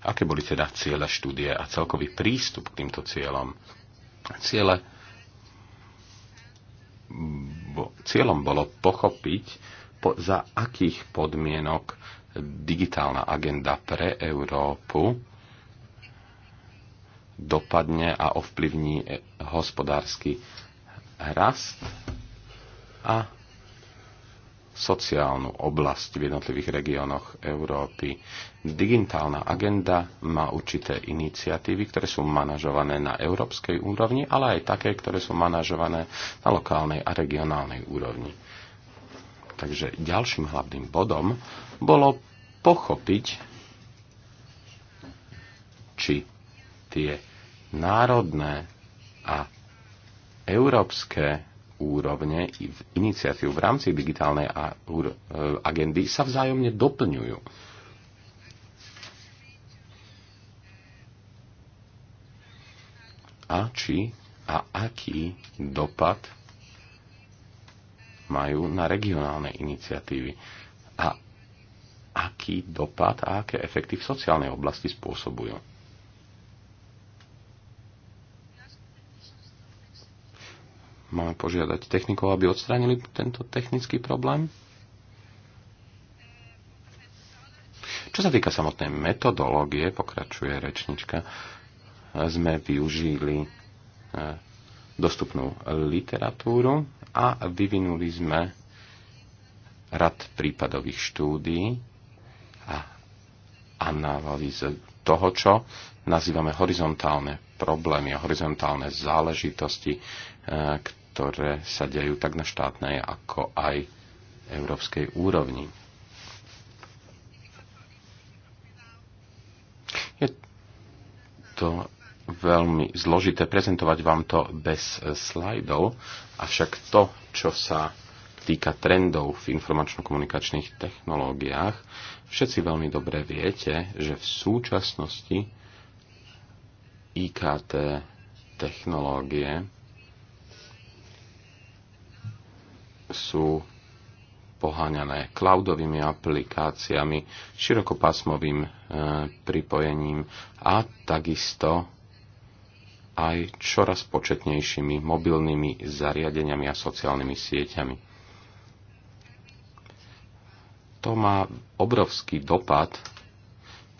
Aké boli teda ciele štúdie a celkový prístup k týmto cieľom? Ciele, bo, cieľom bolo pochopiť, po, za akých podmienok digitálna agenda pre Európu dopadne a ovplyvní hospodársky rast a sociálnu oblasť v jednotlivých regiónoch Európy. Digitálna agenda má určité iniciatívy, ktoré sú manažované na európskej úrovni, ale aj také, ktoré sú manažované na lokálnej a regionálnej úrovni. Takže ďalším hlavným bodom bolo pochopiť, či tie národné a európske úrovne i v iniciatív v rámci digitálnej e, agendy sa vzájomne doplňujú. A či a aký dopad majú na regionálne iniciatívy a aký dopad a aké efekty v sociálnej oblasti spôsobujú. Máme požiadať technikov, aby odstránili tento technický problém. Čo sa týka samotnej metodológie, pokračuje rečnička, sme využili e, dostupnú literatúru a vyvinuli sme rad prípadových štúdií a analýzy toho, čo nazývame horizontálne problémy a horizontálne záležitosti, e, ktoré sa dejú tak na štátnej, ako aj európskej úrovni. Je to veľmi zložité prezentovať vám to bez slajdov, avšak to, čo sa týka trendov v informačno-komunikačných technológiách, všetci veľmi dobre viete, že v súčasnosti IKT technológie sú poháňané cloudovými aplikáciami, širokopásmovým e, pripojením a takisto aj čoraz početnejšími mobilnými zariadeniami a sociálnymi sieťami. To má obrovský dopad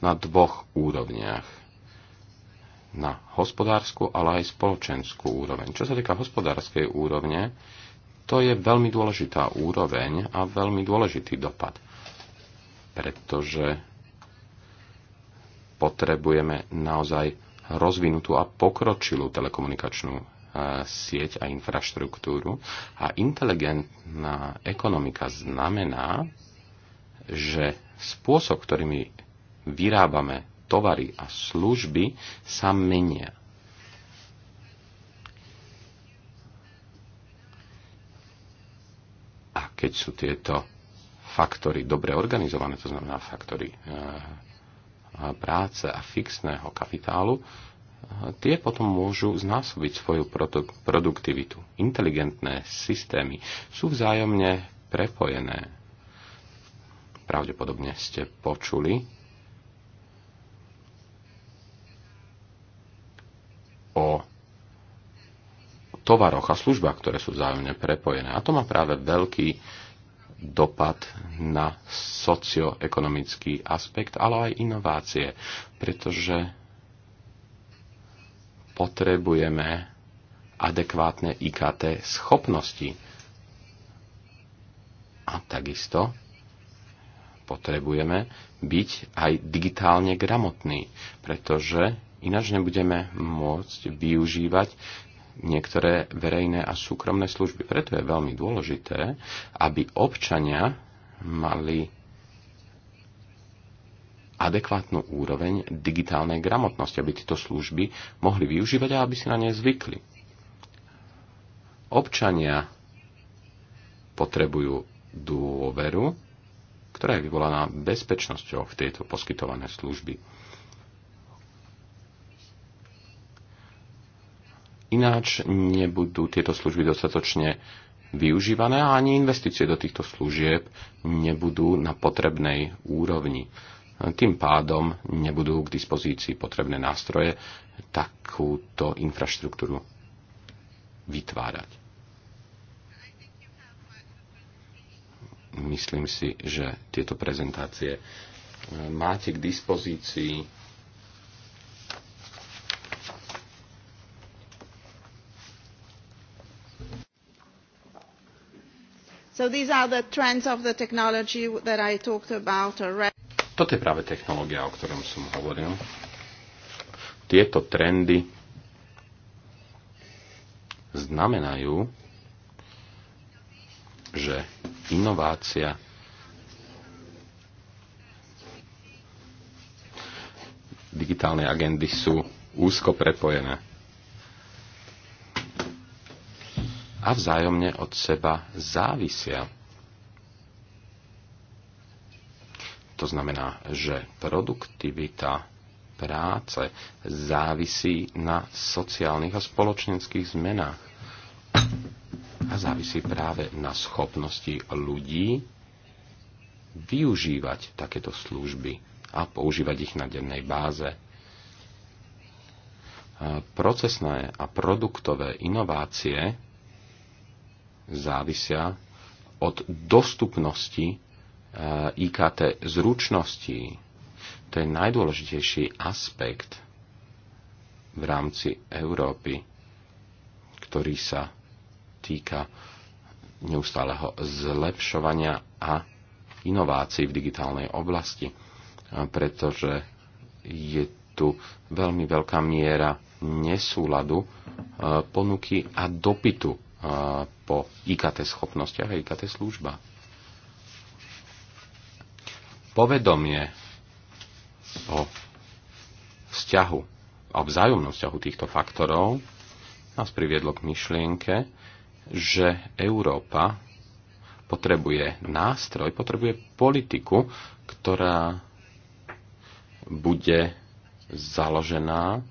na dvoch úrovniach. Na hospodárskú, ale aj spoločenskú úroveň. Čo sa týka hospodárskej úrovne, to je veľmi dôležitá úroveň a veľmi dôležitý dopad, pretože potrebujeme naozaj rozvinutú a pokročilú telekomunikačnú e, sieť a infraštruktúru. A inteligentná ekonomika znamená, že spôsob, ktorými vyrábame tovary a služby, sa menia. keď sú tieto faktory dobre organizované, to znamená faktory eh, práce a fixného kapitálu, eh, tie potom môžu znásobiť svoju produktivitu. Inteligentné systémy sú vzájomne prepojené. Pravdepodobne ste počuli o tovaroch a službách, ktoré sú vzájomne prepojené. A to má práve veľký dopad na socioekonomický aspekt, ale aj inovácie, pretože potrebujeme adekvátne IKT schopnosti. A takisto potrebujeme byť aj digitálne gramotní, pretože ináč nebudeme môcť využívať niektoré verejné a súkromné služby. Preto je veľmi dôležité, aby občania mali adekvátnu úroveň digitálnej gramotnosti, aby tieto služby mohli využívať a aby si na ne zvykli. Občania potrebujú dôveru, ktorá je vyvolaná bezpečnosťou v tejto poskytované služby Ináč nebudú tieto služby dostatočne využívané a ani investície do týchto služieb nebudú na potrebnej úrovni. Tým pádom nebudú k dispozícii potrebné nástroje takúto infraštruktúru vytvárať. Myslím si, že tieto prezentácie máte k dispozícii So these are the trends of the technology that I talked about already. Toto je práve technológia, o ktorom som hovoril. Tieto trendy znamenajú, že inovácia digitálnej agendy sú úzko prepojené. a vzájomne od seba závisia. To znamená, že produktivita práce závisí na sociálnych a spoločenských zmenách a závisí práve na schopnosti ľudí využívať takéto služby a používať ich na dennej báze. Procesné a produktové inovácie závisia od dostupnosti e, IKT zručností. To je najdôležitejší aspekt v rámci Európy, ktorý sa týka neustáleho zlepšovania a inovácií v digitálnej oblasti, e, pretože je tu veľmi veľká miera nesúladu e, ponuky a dopytu po IKT schopnostiach a IKT služba. Povedomie o vzťahu a vzájomnom vzťahu týchto faktorov nás priviedlo k myšlienke, že Európa potrebuje nástroj, potrebuje politiku, ktorá bude založená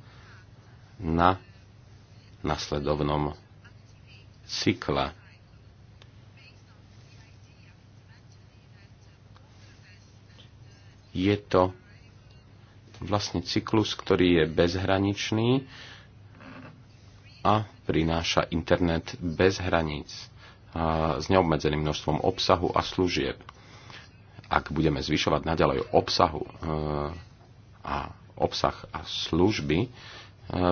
na nasledovnom cykla. Je to vlastne cyklus, ktorý je bezhraničný a prináša internet bez hraníc s neobmedzeným množstvom obsahu a služieb. Ak budeme zvyšovať naďalej obsahu e, a obsah a služby, e,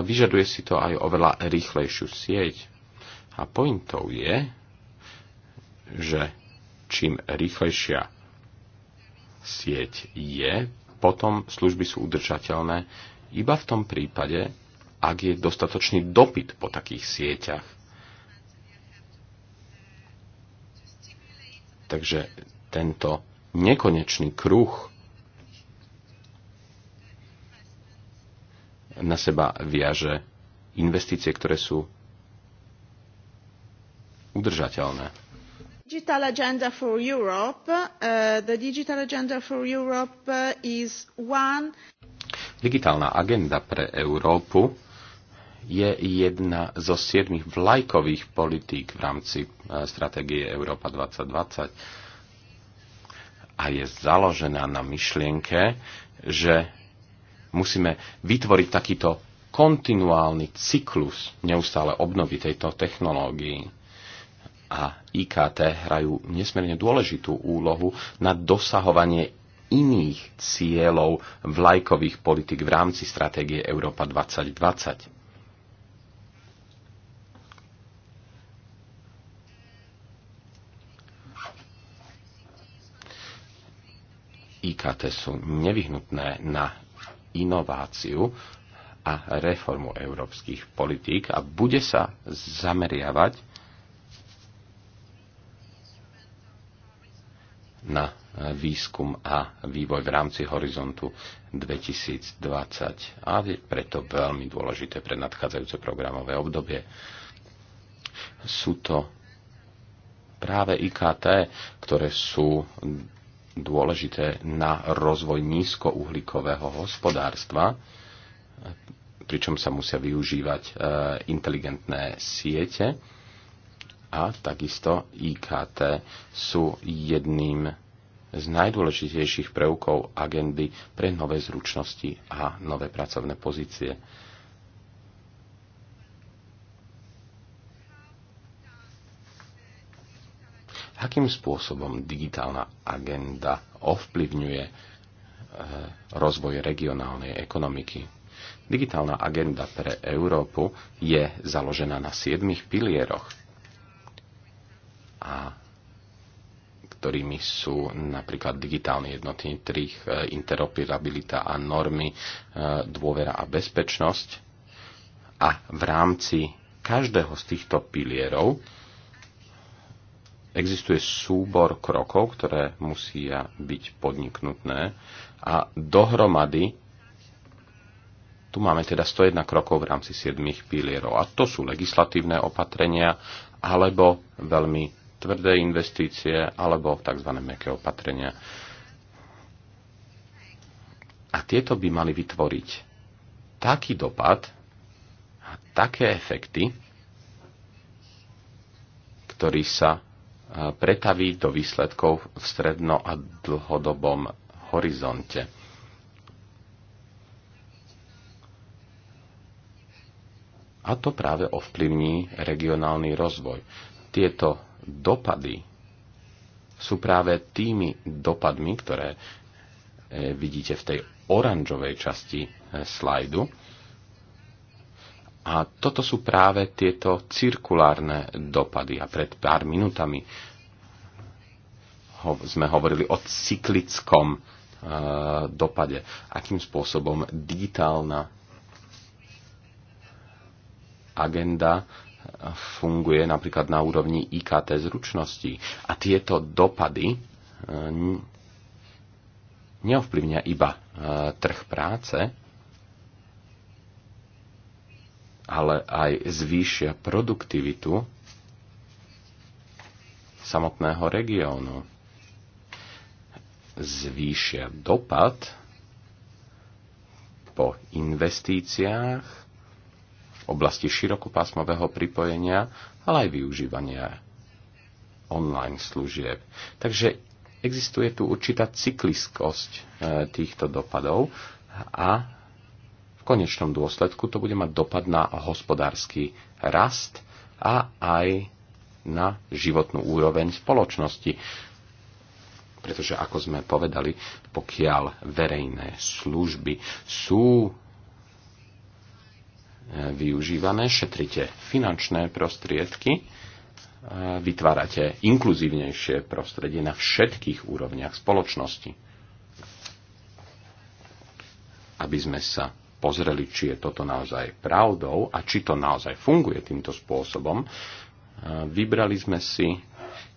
vyžaduje si to aj oveľa rýchlejšiu sieť, a pointou je, že čím rýchlejšia sieť je, potom služby sú udržateľné iba v tom prípade, ak je dostatočný dopyt po takých sieťach. Takže tento nekonečný kruh na seba viaže investície, ktoré sú udržateľné. Digital Agenda for Europe, uh, the Digital Agenda for Europe eh, is one Digitálna agenda pre Európu je jedna zo siedmých vlajkových politík v rámci eh, stratégie Európa 2020 a je založená na myšlienke, že musíme vytvoriť takýto kontinuálny cyklus neustále obnovy tejto technológii a IKT hrajú nesmierne dôležitú úlohu na dosahovanie iných cieľov vlajkových politik v rámci stratégie Európa 2020. IKT sú nevyhnutné na inováciu a reformu európskych politík a bude sa zameriavať na výskum a vývoj v rámci horizontu 2020 a je preto veľmi dôležité pre nadchádzajúce programové obdobie. Sú to práve IKT, ktoré sú dôležité na rozvoj nízkouhlíkového hospodárstva, pričom sa musia využívať e, inteligentné siete a takisto IKT sú jedným z najdôležitejších prvkov agendy pre nové zručnosti a nové pracovné pozície. Akým spôsobom digitálna agenda ovplyvňuje eh, rozvoj regionálnej ekonomiky? Digitálna agenda pre Európu je založená na siedmých pilieroch a ktorými sú napríklad digitálny jednotný trich, e, interoperabilita a normy, e, dôvera a bezpečnosť. A v rámci každého z týchto pilierov existuje súbor krokov, ktoré musia byť podniknutné a dohromady tu máme teda 101 krokov v rámci 7 pilierov a to sú legislatívne opatrenia alebo veľmi tvrdé investície alebo tzv. meké opatrenia. A tieto by mali vytvoriť taký dopad a také efekty, ktorý sa e, pretaví do výsledkov v stredno- a dlhodobom horizonte. A to práve ovplyvní regionálny rozvoj. Tieto dopady sú práve tými dopadmi, ktoré e, vidíte v tej oranžovej časti e, slajdu. A toto sú práve tieto cirkulárne dopady. A pred pár minutami sme hovorili o cyklickom e, dopade. Akým spôsobom digitálna agenda funguje napríklad na úrovni IKT zručnosti. A tieto dopady e, neovplyvňa iba e, trh práce, ale aj zvýšia produktivitu samotného regiónu. Zvýšia dopad po investíciách oblasti širokopásmového pripojenia, ale aj využívania online služieb. Takže existuje tu určitá cykliskosť e, týchto dopadov a v konečnom dôsledku to bude mať dopad na hospodársky rast a aj na životnú úroveň spoločnosti. Pretože, ako sme povedali, pokiaľ verejné služby sú využívané, šetrite finančné prostriedky, vytvárate inkluzívnejšie prostredie na všetkých úrovniach spoločnosti. Aby sme sa pozreli, či je toto naozaj pravdou a či to naozaj funguje týmto spôsobom, vybrali sme si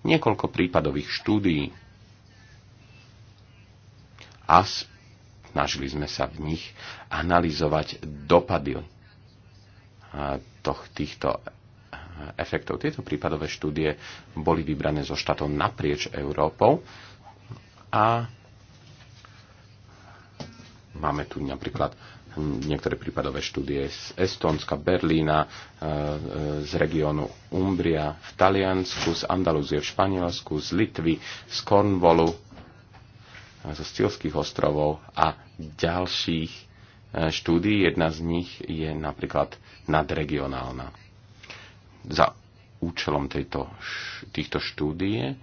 niekoľko prípadových štúdií a snažili sme sa v nich analyzovať dopady toh, týchto efektov. Tieto prípadové štúdie boli vybrané zo štátov naprieč Európou a máme tu napríklad niektoré prípadové štúdie z Estónska, Berlína, e, e, z regiónu Umbria v Taliansku, z Andalúzie v Španielsku, z Litvy, z Cornwallu, zo Stilských ostrovov a ďalších štúdií. Jedna z nich je napríklad nadregionálna. Za účelom tejto, týchto štúdie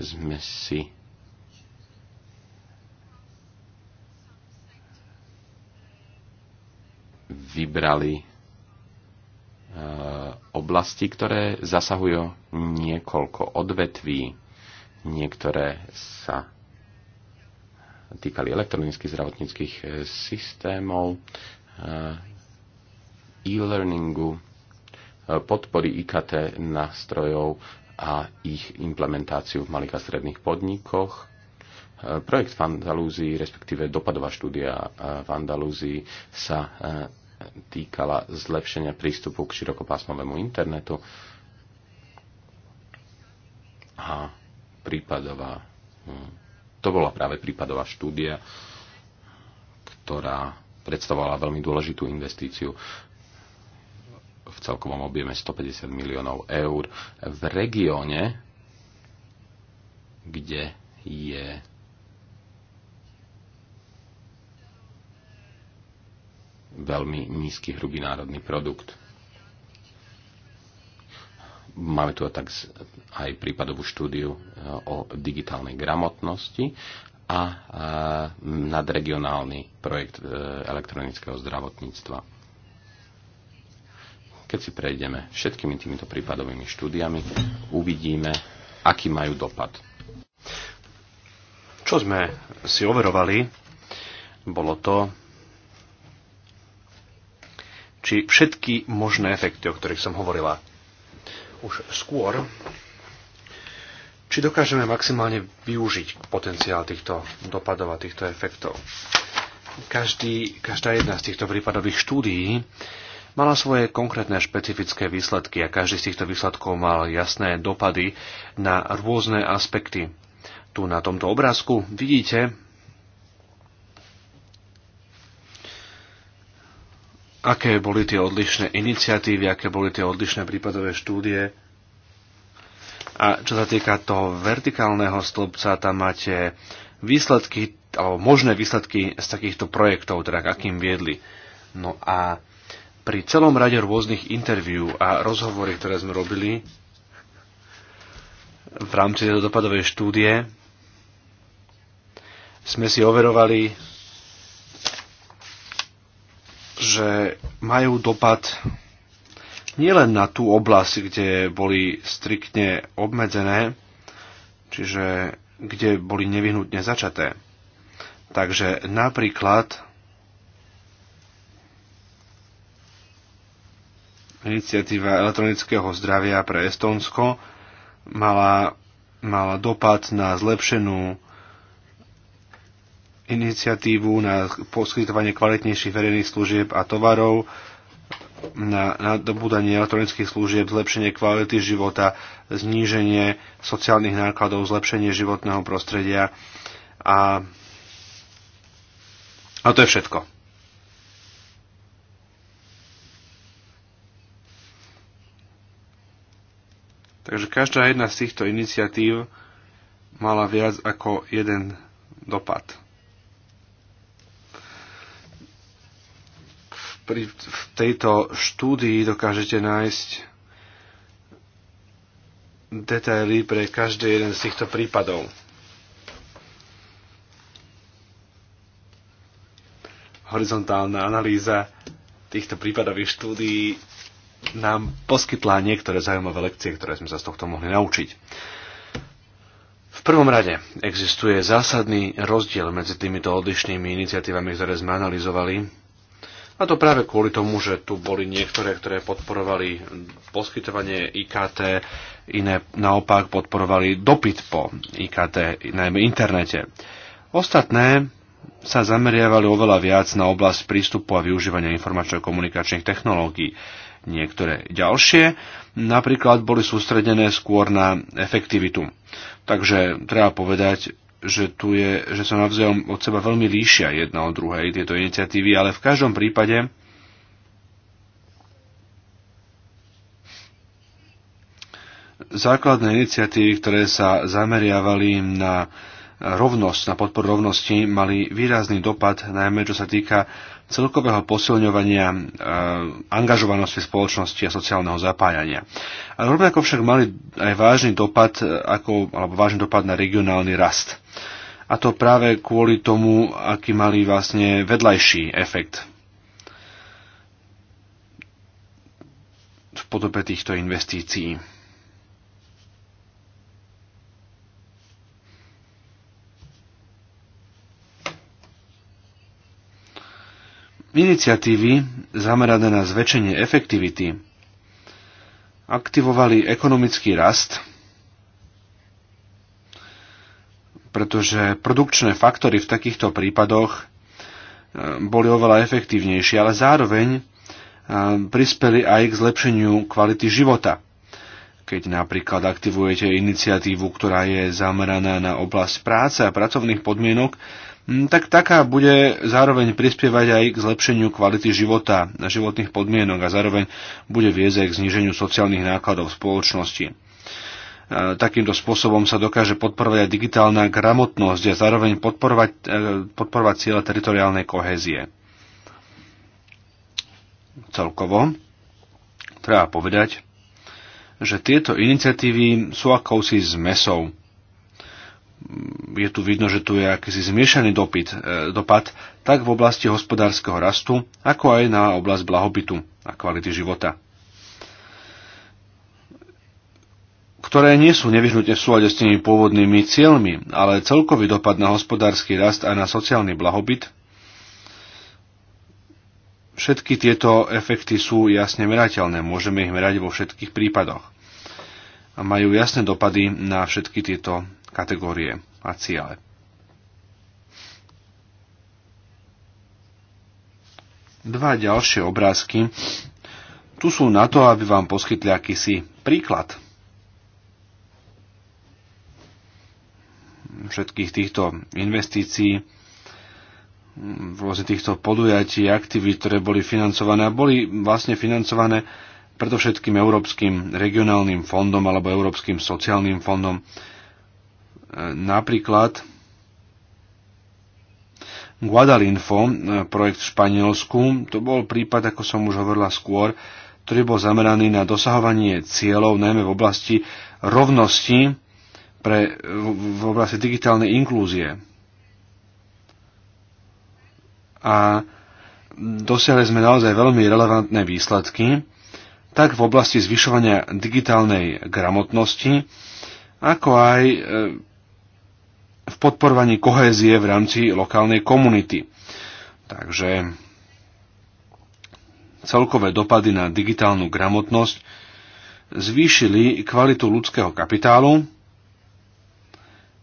sme si vybrali e, oblasti, ktoré zasahujú niekoľko odvetví. Niektoré sa týkali elektronických zdravotníckých e, systémov, e, e-learningu, e, podpory IKT nástrojov a ich implementáciu v malých a stredných podnikoch. Projekt v Andalúzii, respektíve dopadová štúdia v Andalúzii sa týkala zlepšenia prístupu k širokopásmovému internetu a prípadová hm, to bola práve prípadová štúdia, ktorá predstavovala veľmi dôležitú investíciu v celkovom objeme 150 miliónov eur v regióne, kde je veľmi nízky hrubý národný produkt. Máme tu tak aj prípadovú štúdiu e, o digitálnej gramotnosti a e, nadregionálny projekt e, elektronického zdravotníctva. Keď si prejdeme všetkými týmito prípadovými štúdiami, uvidíme, aký majú dopad. Čo sme si overovali, bolo to, či všetky možné efekty, o ktorých som hovorila, už skôr, či dokážeme maximálne využiť potenciál týchto dopadov a týchto efektov. Každý, každá jedna z týchto prípadových štúdií mala svoje konkrétne špecifické výsledky a každý z týchto výsledkov mal jasné dopady na rôzne aspekty. Tu na tomto obrázku vidíte aké boli tie odlišné iniciatívy, aké boli tie odlišné prípadové štúdie. A čo sa týka toho vertikálneho stĺpca, tam máte výsledky, alebo možné výsledky z takýchto projektov, teda akým viedli. No a pri celom rade rôznych interviú a rozhovory, ktoré sme robili v rámci tejto dopadovej štúdie, sme si overovali že majú dopad nielen na tú oblasť, kde boli striktne obmedzené, čiže kde boli nevyhnutne začaté. Takže napríklad iniciatíva elektronického zdravia pre Estónsko mala, mala dopad na zlepšenú iniciatívu na poskytovanie kvalitnejších verejných služieb a tovarov, na nadobúdanie elektronických služieb, zlepšenie kvality života, zníženie sociálnych nákladov, zlepšenie životného prostredia a, a to je všetko. Takže každá jedna z týchto iniciatív mala viac ako jeden dopad. pri, v tejto štúdii dokážete nájsť detaily pre každý jeden z týchto prípadov. Horizontálna analýza týchto prípadových štúdií nám poskytla niektoré zaujímavé lekcie, ktoré sme sa z tohto mohli naučiť. V prvom rade existuje zásadný rozdiel medzi týmito odlišnými iniciatívami, ktoré sme analyzovali a to práve kvôli tomu, že tu boli niektoré, ktoré podporovali poskytovanie IKT, iné naopak podporovali dopyt po IKT, najmä internete. Ostatné sa zameriavali oveľa viac na oblasť prístupu a využívania informačno-komunikačných technológií. Niektoré ďalšie napríklad boli sústredené skôr na efektivitu. Takže treba povedať, že, tu je, že sa navzájom od seba veľmi líšia jedna od druhej tieto iniciatívy, ale v každom prípade základné iniciatívy, ktoré sa zameriavali na rovnosť, na podporu rovnosti mali výrazný dopad, najmä čo sa týka celkového posilňovania e, angažovanosti spoločnosti a sociálneho zapájania. A rovnako však mali aj vážny dopad, e, ako, alebo vážny dopad na regionálny rast. A to práve kvôli tomu, aký mali vlastne vedľajší efekt v podobe týchto investícií. Iniciatívy zamerané na zväčšenie efektivity aktivovali ekonomický rast, pretože produkčné faktory v takýchto prípadoch eh, boli oveľa efektívnejšie, ale zároveň eh, prispeli aj k zlepšeniu kvality života. Keď napríklad aktivujete iniciatívu, ktorá je zameraná na oblasť práce a pracovných podmienok, Mm, tak taká bude zároveň prispievať aj k zlepšeniu kvality života a životných podmienok a zároveň bude viesť aj k zníženiu sociálnych nákladov spoločnosti. Takýmto spôsobom sa dokáže podporovať aj digitálna gramotnosť a zároveň podporovať, e, podporovať cieľa teritoriálnej kohézie. Celkovo treba povedať, že tieto iniciatívy sú akousi zmesou je tu vidno, že tu je akýsi zmiešaný dopyt, e, dopad tak v oblasti hospodárskeho rastu, ako aj na oblasť blahobytu a kvality života, ktoré nie sú nevyhnutne v súlade s tými pôvodnými cieľmi, ale celkový dopad na hospodársky rast a na sociálny blahobyt. Všetky tieto efekty sú jasne merateľné, môžeme ich merať vo všetkých prípadoch a majú jasné dopady na všetky tieto kategórie a ciele. Dva ďalšie obrázky tu sú na to, aby vám poskytli akýsi príklad všetkých týchto investícií, vlastne týchto podujatí, aktivít, ktoré boli financované a boli vlastne financované predovšetkým Európskym regionálnym fondom alebo Európskym sociálnym fondom, Napríklad Guadalinfo, e, projekt v Španielsku, to bol prípad, ako som už hovorila skôr, ktorý bol zameraný na dosahovanie cieľov, najmä v oblasti rovnosti pre, v oblasti digitálnej inklúzie. A dosiahli sme naozaj veľmi relevantné výsledky, tak v oblasti zvyšovania digitálnej gramotnosti, ako aj e, v podporovaní kohézie v rámci lokálnej komunity. Takže celkové dopady na digitálnu gramotnosť zvýšili kvalitu ľudského kapitálu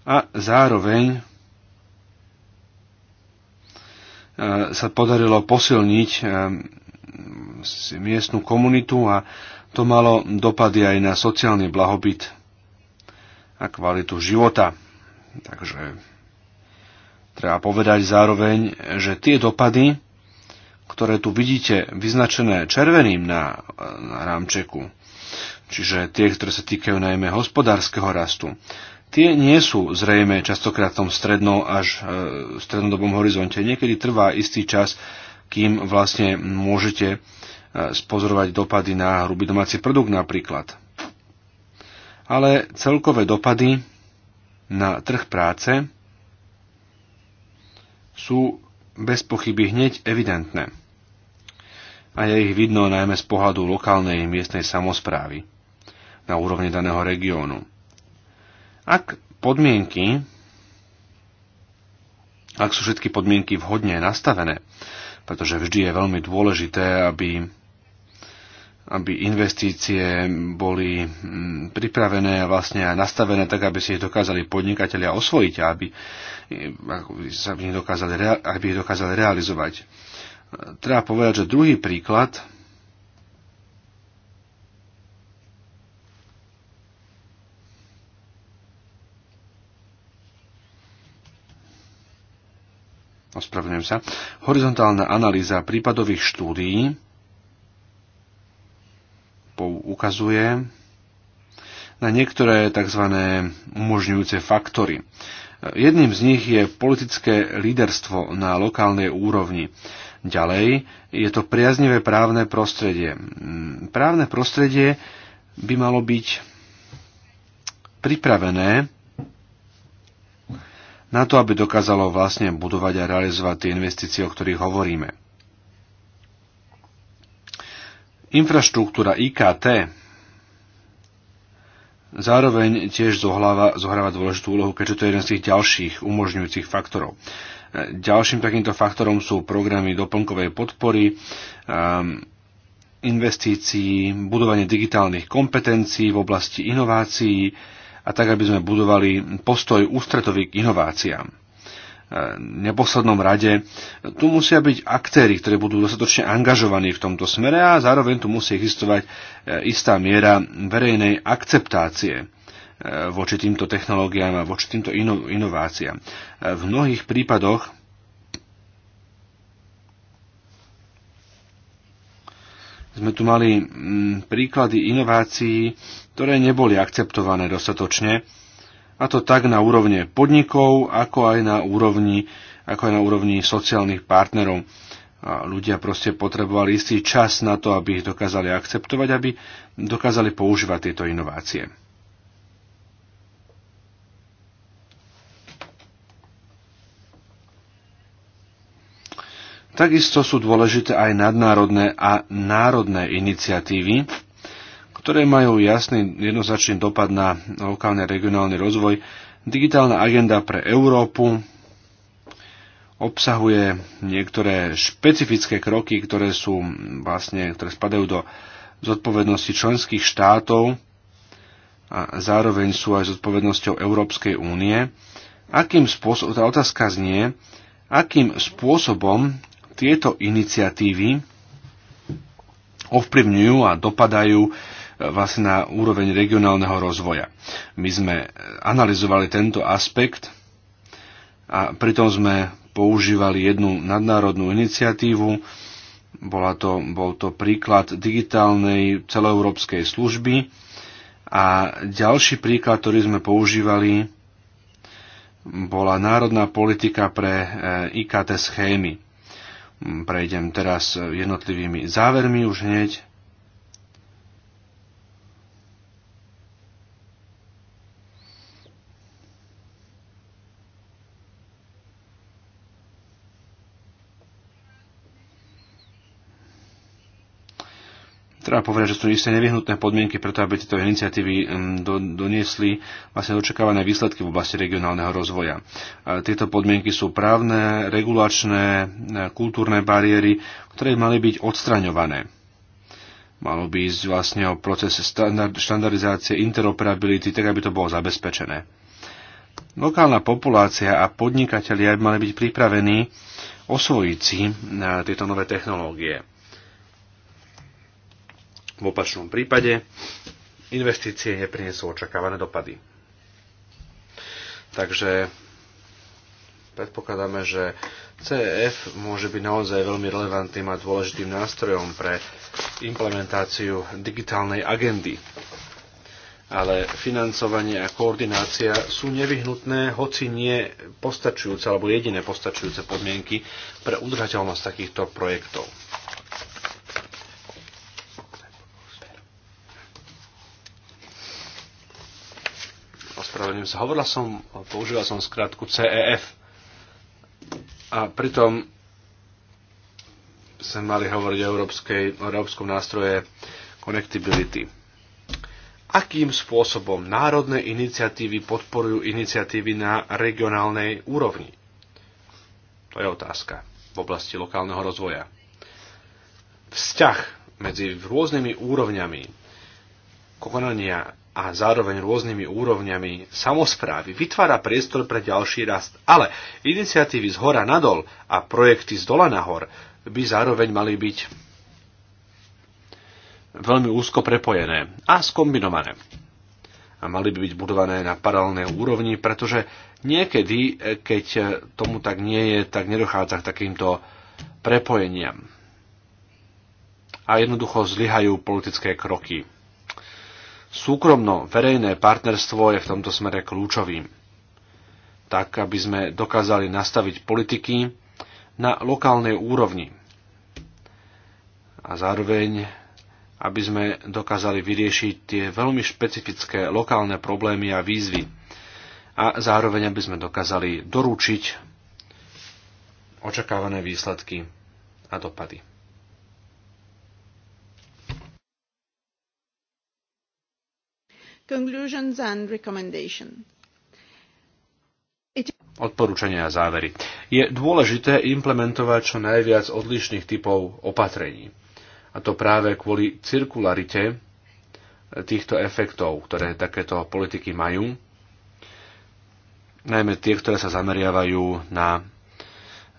a zároveň eh, sa podarilo posilniť eh, miestnu komunitu a to malo dopady aj na sociálny blahobyt a kvalitu života Takže treba povedať zároveň, že tie dopady, ktoré tu vidíte vyznačené červeným na, na rámčeku, čiže tie, ktoré sa týkajú najmä hospodárskeho rastu, tie nie sú zrejme častokrát v tom strednom až e, strednodobom horizonte. Niekedy trvá istý čas, kým vlastne môžete e, spozorovať dopady na hrubý domáci produkt napríklad. Ale celkové dopady na trh práce sú bez pochyby hneď evidentné. A je ich vidno najmä z pohľadu lokálnej miestnej samozprávy na úrovni daného regiónu. Ak podmienky, ak sú všetky podmienky vhodne nastavené, pretože vždy je veľmi dôležité, aby aby investície boli mm, pripravené a vlastne aj nastavené tak, aby si ich dokázali podnikatelia osvojiť a aby, eh, aby, ich, dokázali, aby ich dokázali realizovať. Eh, treba povedať, že druhý príklad ospravedlňujem sa, horizontálna analýza prípadových štúdií poukazuje na niektoré tzv. umožňujúce faktory. Jedným z nich je politické líderstvo na lokálnej úrovni. Ďalej je to priaznivé právne prostredie. Právne prostredie by malo byť pripravené na to, aby dokázalo vlastne budovať a realizovať tie investície, o ktorých hovoríme. Infraštruktúra IKT zároveň tiež zohláva, zohráva dôležitú úlohu, keďže to je jeden z tých ďalších umožňujúcich faktorov. Ďalším takýmto faktorom sú programy doplnkovej podpory, ehm, investícií, budovanie digitálnych kompetencií v oblasti inovácií a tak, aby sme budovali postoj ústretový k inováciám neposlednom rade, tu musia byť aktéry, ktorí budú dostatočne angažovaní v tomto smere a zároveň tu musí existovať e, istá miera verejnej akceptácie e, voči týmto technológiám a voči týmto inováciám. E, v mnohých prípadoch sme tu mali mm, príklady inovácií, ktoré neboli akceptované dostatočne a to tak na úrovne podnikov, ako aj na úrovni, ako aj na úrovni sociálnych partnerov. A ľudia proste potrebovali istý čas na to, aby ich dokázali akceptovať, aby dokázali používať tieto inovácie. Takisto sú dôležité aj nadnárodné a národné iniciatívy, ktoré majú jasný jednoznačný dopad na lokálny a regionálny rozvoj. Digitálna agenda pre Európu obsahuje niektoré špecifické kroky, ktoré sú vlastne, ktoré spadajú do zodpovednosti členských štátov a zároveň sú aj zodpovednosťou Európskej únie. Akým spôsobom, tá otázka znie, akým spôsobom tieto iniciatívy ovplyvňujú a dopadajú vlastne na úroveň regionálneho rozvoja. My sme analyzovali tento aspekt a pritom sme používali jednu nadnárodnú iniciatívu, bola to, bol to príklad digitálnej celoeurópskej služby a ďalší príklad, ktorý sme používali, bola národná politika pre eh, IKT schémy. Prejdem teraz jednotlivými závermi už hneď. Treba povedať, že sú isté nevyhnutné podmienky preto, aby tieto iniciatívy mm, do, doniesli vlastne očakávané výsledky v oblasti regionálneho rozvoja. Tieto podmienky sú právne, regulačné, e, kultúrne bariéry, ktoré mali byť odstraňované. Malo by ísť vlastne o proces standard, štandardizácie interoperability, tak aby to bolo zabezpečené. Lokálna populácia a podnikatelia by mali byť pripravení osvojiť si e, tieto nové technológie v opačnom prípade investície neprinesú očakávané dopady. Takže predpokladáme, že CEF môže byť naozaj veľmi relevantným a dôležitým nástrojom pre implementáciu digitálnej agendy. Ale financovanie a koordinácia sú nevyhnutné, hoci nie postačujúce alebo jediné postačujúce podmienky pre udržateľnosť takýchto projektov. ospravedlňujem sa. Hovorila som, používal som skrátku CEF. A pritom sme mali hovoriť o, európskej, o európskom nástroje connectability. Akým spôsobom národné iniciatívy podporujú iniciatívy na regionálnej úrovni? To je otázka v oblasti lokálneho rozvoja. Vzťah medzi rôznymi úrovňami konania a zároveň rôznymi úrovňami samozprávy vytvára priestor pre ďalší rast. Ale iniciatívy z hora nadol a projekty z dola nahor by zároveň mali byť veľmi úzko prepojené a skombinované. A mali by byť budované na paralelnej úrovni, pretože niekedy, keď tomu tak nie je, tak nedochádza k takýmto prepojeniam. A jednoducho zlyhajú politické kroky Súkromno-verejné partnerstvo je v tomto smere kľúčovým, tak aby sme dokázali nastaviť politiky na lokálnej úrovni a zároveň aby sme dokázali vyriešiť tie veľmi špecifické lokálne problémy a výzvy a zároveň aby sme dokázali doručiť očakávané výsledky a dopady. Conclusions and recommendations. Odporúčania a závery. Je dôležité implementovať čo najviac odlišných typov opatrení. A to práve kvôli cirkularite týchto efektov, ktoré takéto politiky majú, najmä tie, ktoré sa zameriavajú na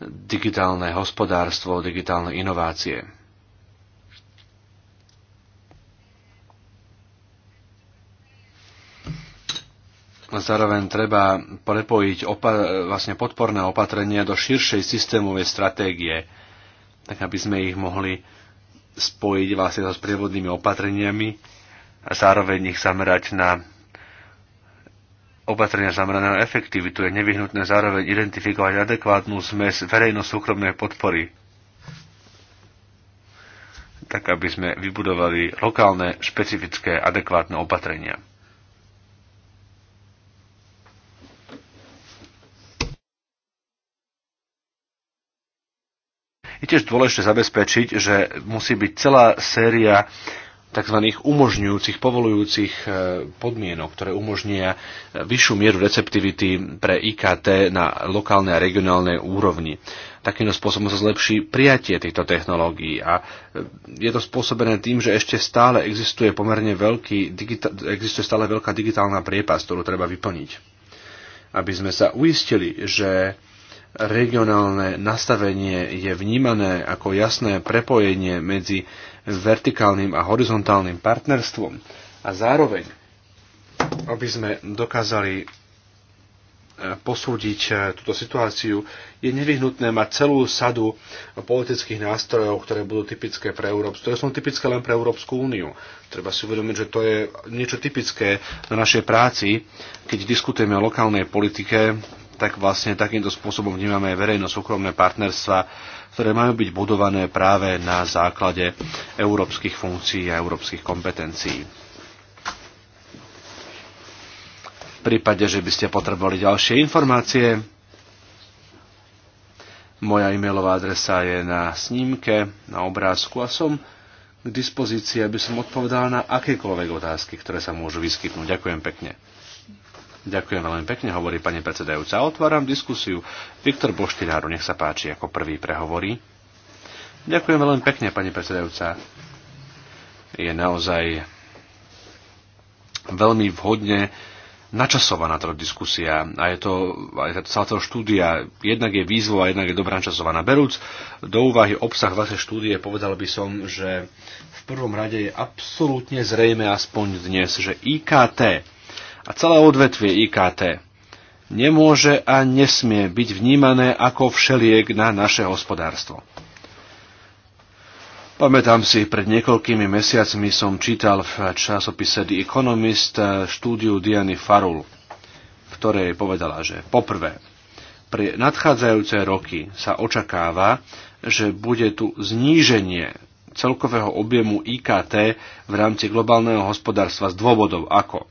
digitálne hospodárstvo, digitálne inovácie. Zároveň treba prepojiť opa- vlastne podporné opatrenia do širšej systémovej stratégie, tak aby sme ich mohli spojiť vlastne so sprievodnými opatreniami a zároveň ich zamerať na opatrenia zamerané na efektivitu. Je nevyhnutné zároveň identifikovať adekvátnu zmes verejno-súkromnej podpory, tak aby sme vybudovali lokálne, špecifické, adekvátne opatrenia. Je tiež dôležité zabezpečiť, že musí byť celá séria tzv. umožňujúcich, povolujúcich e, podmienok, ktoré umožnia e, vyššiu mieru receptivity pre IKT na lokálnej a regionálnej úrovni. Takýmto spôsobom sa zlepší prijatie týchto technológií a e, je to spôsobené tým, že ešte stále existuje pomerne veľký, existuje stále veľká digitálna priepas, ktorú treba vyplniť. Aby sme sa uistili, že regionálne nastavenie je vnímané ako jasné prepojenie medzi vertikálnym a horizontálnym partnerstvom a zároveň, aby sme dokázali e, posúdiť e, túto situáciu, je nevyhnutné mať celú sadu politických nástrojov, ktoré budú typické pre Európsku, ktoré sú typické len pre Európsku úniu. Treba si uvedomiť, že to je niečo typické na našej práci, keď diskutujeme o lokálnej politike tak vlastne takýmto spôsobom vnímame aj verejno-súkromné partnerstva, ktoré majú byť budované práve na základe európskych funkcií a európskych kompetencií. V prípade, že by ste potrebovali ďalšie informácie, moja e-mailová adresa je na snímke, na obrázku a som k dispozícii, aby som odpovedal na akékoľvek otázky, ktoré sa môžu vyskytnúť. Ďakujem pekne. Ďakujem veľmi pekne, hovorí pani predsedajúca. Otváram diskusiu. Viktor Boštináru, nech sa páči, ako prvý prehovorí. Ďakujem veľmi pekne, pani predsedajúca. Je naozaj veľmi vhodne načasovaná tá diskusia a je to aj celá toho štúdia jednak je výzvou a jednak je dobrá načasovaná. Berúc do úvahy obsah vašej štúdie, povedal by som, že v prvom rade je absolútne zrejme aspoň dnes, že IKT a celé odvetvie IKT nemôže a nesmie byť vnímané ako všeliek na naše hospodárstvo. Pamätám si, pred niekoľkými mesiacmi som čítal v časopise The Economist eh, štúdiu Diany Farul, v ktorej povedala, že poprvé, pre nadchádzajúce roky sa očakáva, že bude tu zníženie celkového objemu IKT v rámci globálneho hospodárstva z dôvodov ako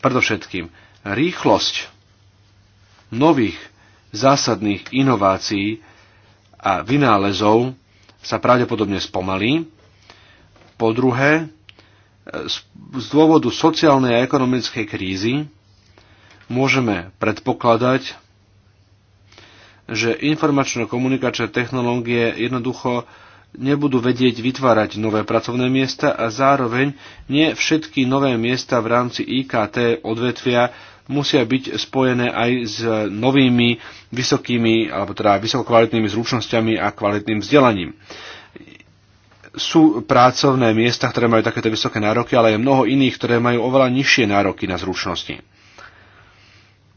Predovšetkým rýchlosť nových zásadných inovácií a vynálezov sa pravdepodobne spomalí. Po druhé, z dôvodu sociálnej a ekonomickej krízy môžeme predpokladať, že informačno-komunikačné technológie jednoducho nebudú vedieť vytvárať nové pracovné miesta a zároveň nie všetky nové miesta v rámci IKT odvetvia musia byť spojené aj s novými vysokými, alebo teda vysokokvalitnými zručnosťami a kvalitným vzdelaním sú pracovné miesta, ktoré majú takéto vysoké nároky, ale je mnoho iných, ktoré majú oveľa nižšie nároky na zručnosti.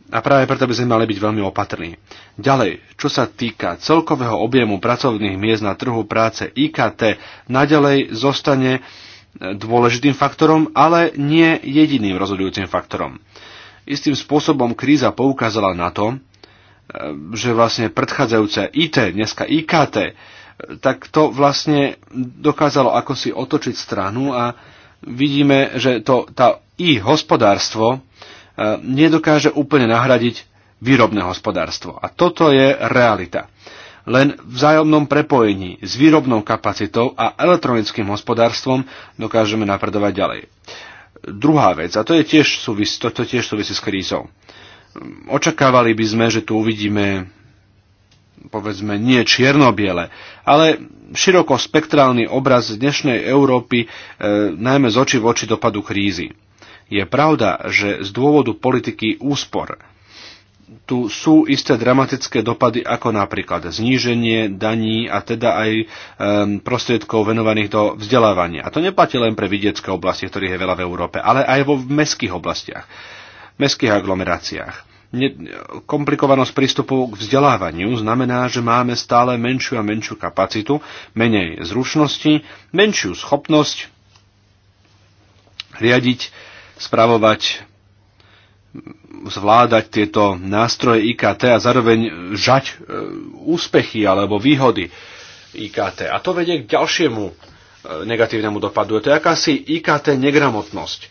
A práve preto by sme mali byť veľmi opatrní. Ďalej, čo sa týka celkového objemu pracovných miest na trhu práce IKT, naďalej zostane e, dôležitým faktorom, ale nie jediným rozhodujúcim faktorom. Istým spôsobom kríza poukázala na to, e, že vlastne predchádzajúce IT, dneska IKT, e, tak to vlastne dokázalo ako si otočiť stranu a vidíme, že to, tá i hospodárstvo E, nedokáže úplne nahradiť výrobné hospodárstvo. A toto je realita. Len v vzájomnom prepojení s výrobnou kapacitou a elektronickým hospodárstvom dokážeme napredovať ďalej. Druhá vec, a to je tiež súvis, to tiež súvisí s krízou. Očakávali by sme, že tu uvidíme povedzme nie čierno-biele, ale široko spektrálny obraz dnešnej Európy, e, najmä z oči v oči dopadu krízy je pravda, že z dôvodu politiky úspor tu sú isté dramatické dopady, ako napríklad zníženie daní a teda aj um, prostriedkov venovaných do vzdelávania. A to neplatí len pre vidiecké oblasti, ktorých je veľa v Európe, ale aj vo mestských oblastiach, mestských aglomeráciách komplikovanosť prístupu k vzdelávaniu znamená, že máme stále menšiu a menšiu kapacitu, menej zručnosti, menšiu schopnosť riadiť spravovať, zvládať tieto nástroje IKT a zároveň žať e, úspechy alebo výhody IKT. A to vedie k ďalšiemu e, negatívnemu dopadu. Je to jakási IKT negramotnosť.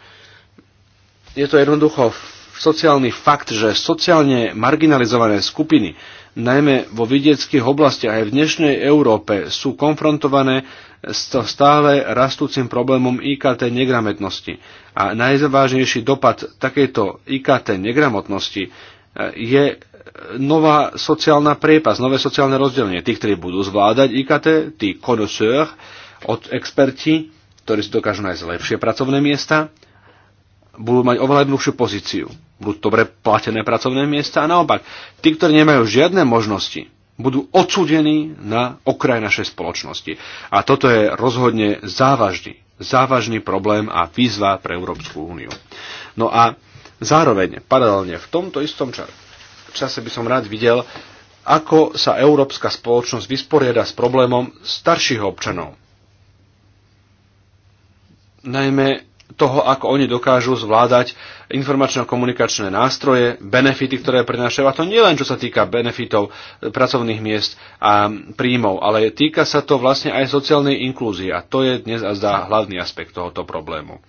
Je to jednoducho sociálny fakt, že sociálne marginalizované skupiny, najmä vo vidieckých oblastiach aj v dnešnej Európe, sú konfrontované s stále rastúcim problémom IKT negramotnosti. A najzávažnejší dopad takejto IKT negramotnosti e, je nová sociálna priepas, nové sociálne rozdelenie. Tí, ktorí budú zvládať IKT, tí connoisseurs, od experti, ktorí si dokážu nájsť lepšie pracovné miesta, budú mať oveľa jednoduchšiu pozíciu budú dobre platené pracovné miesta a naopak, tí, ktorí nemajú žiadne možnosti, budú odsúdení na okraj našej spoločnosti. A toto je rozhodne závažný, závažný problém a výzva pre Európsku úniu. No a zároveň, paralelne, v tomto istom čase by som rád videl, ako sa európska spoločnosť vysporiada s problémom starších občanov. Najmä toho, ako oni dokážu zvládať informačno-komunikačné nástroje, benefity, ktoré prinášajú. A to nie len čo sa týka benefitov e, pracovných miest a príjmov, ale týka sa to vlastne aj sociálnej inklúzie. A to je dnes a zdá hlavný aspekt tohoto problému.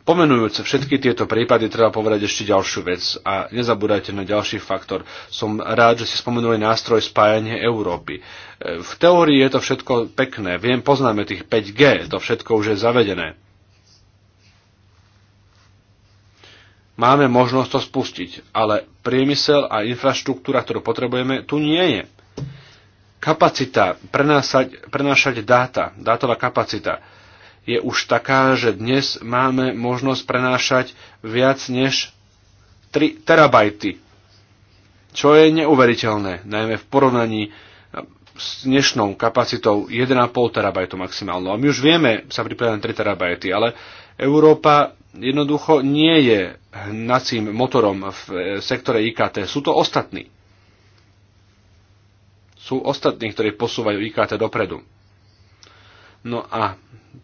Pomenujúc všetky tieto prípady, treba povedať ešte ďalšiu vec a nezabúdajte na ďalší faktor. Som rád, že ste spomenuli nástroj spájania Európy. E, v teórii je to všetko pekné, viem, poznáme tých 5G, to všetko už je zavedené. máme možnosť to spustiť, ale priemysel a infraštruktúra, ktorú potrebujeme, tu nie je. Kapacita prenášať, prenášať dáta, dátová kapacita je už taká, že dnes máme možnosť prenášať viac než 3 terabajty, čo je neuveriteľné, najmä v porovnaní s dnešnou kapacitou 1,5 terabajtu maximálno. A my už vieme sa pripravať na 3 terabajty, ale Európa jednoducho nie je hnacím motorom v eh, sektore IKT. Sú to ostatní. Sú ostatní, ktorí posúvajú IKT dopredu. No a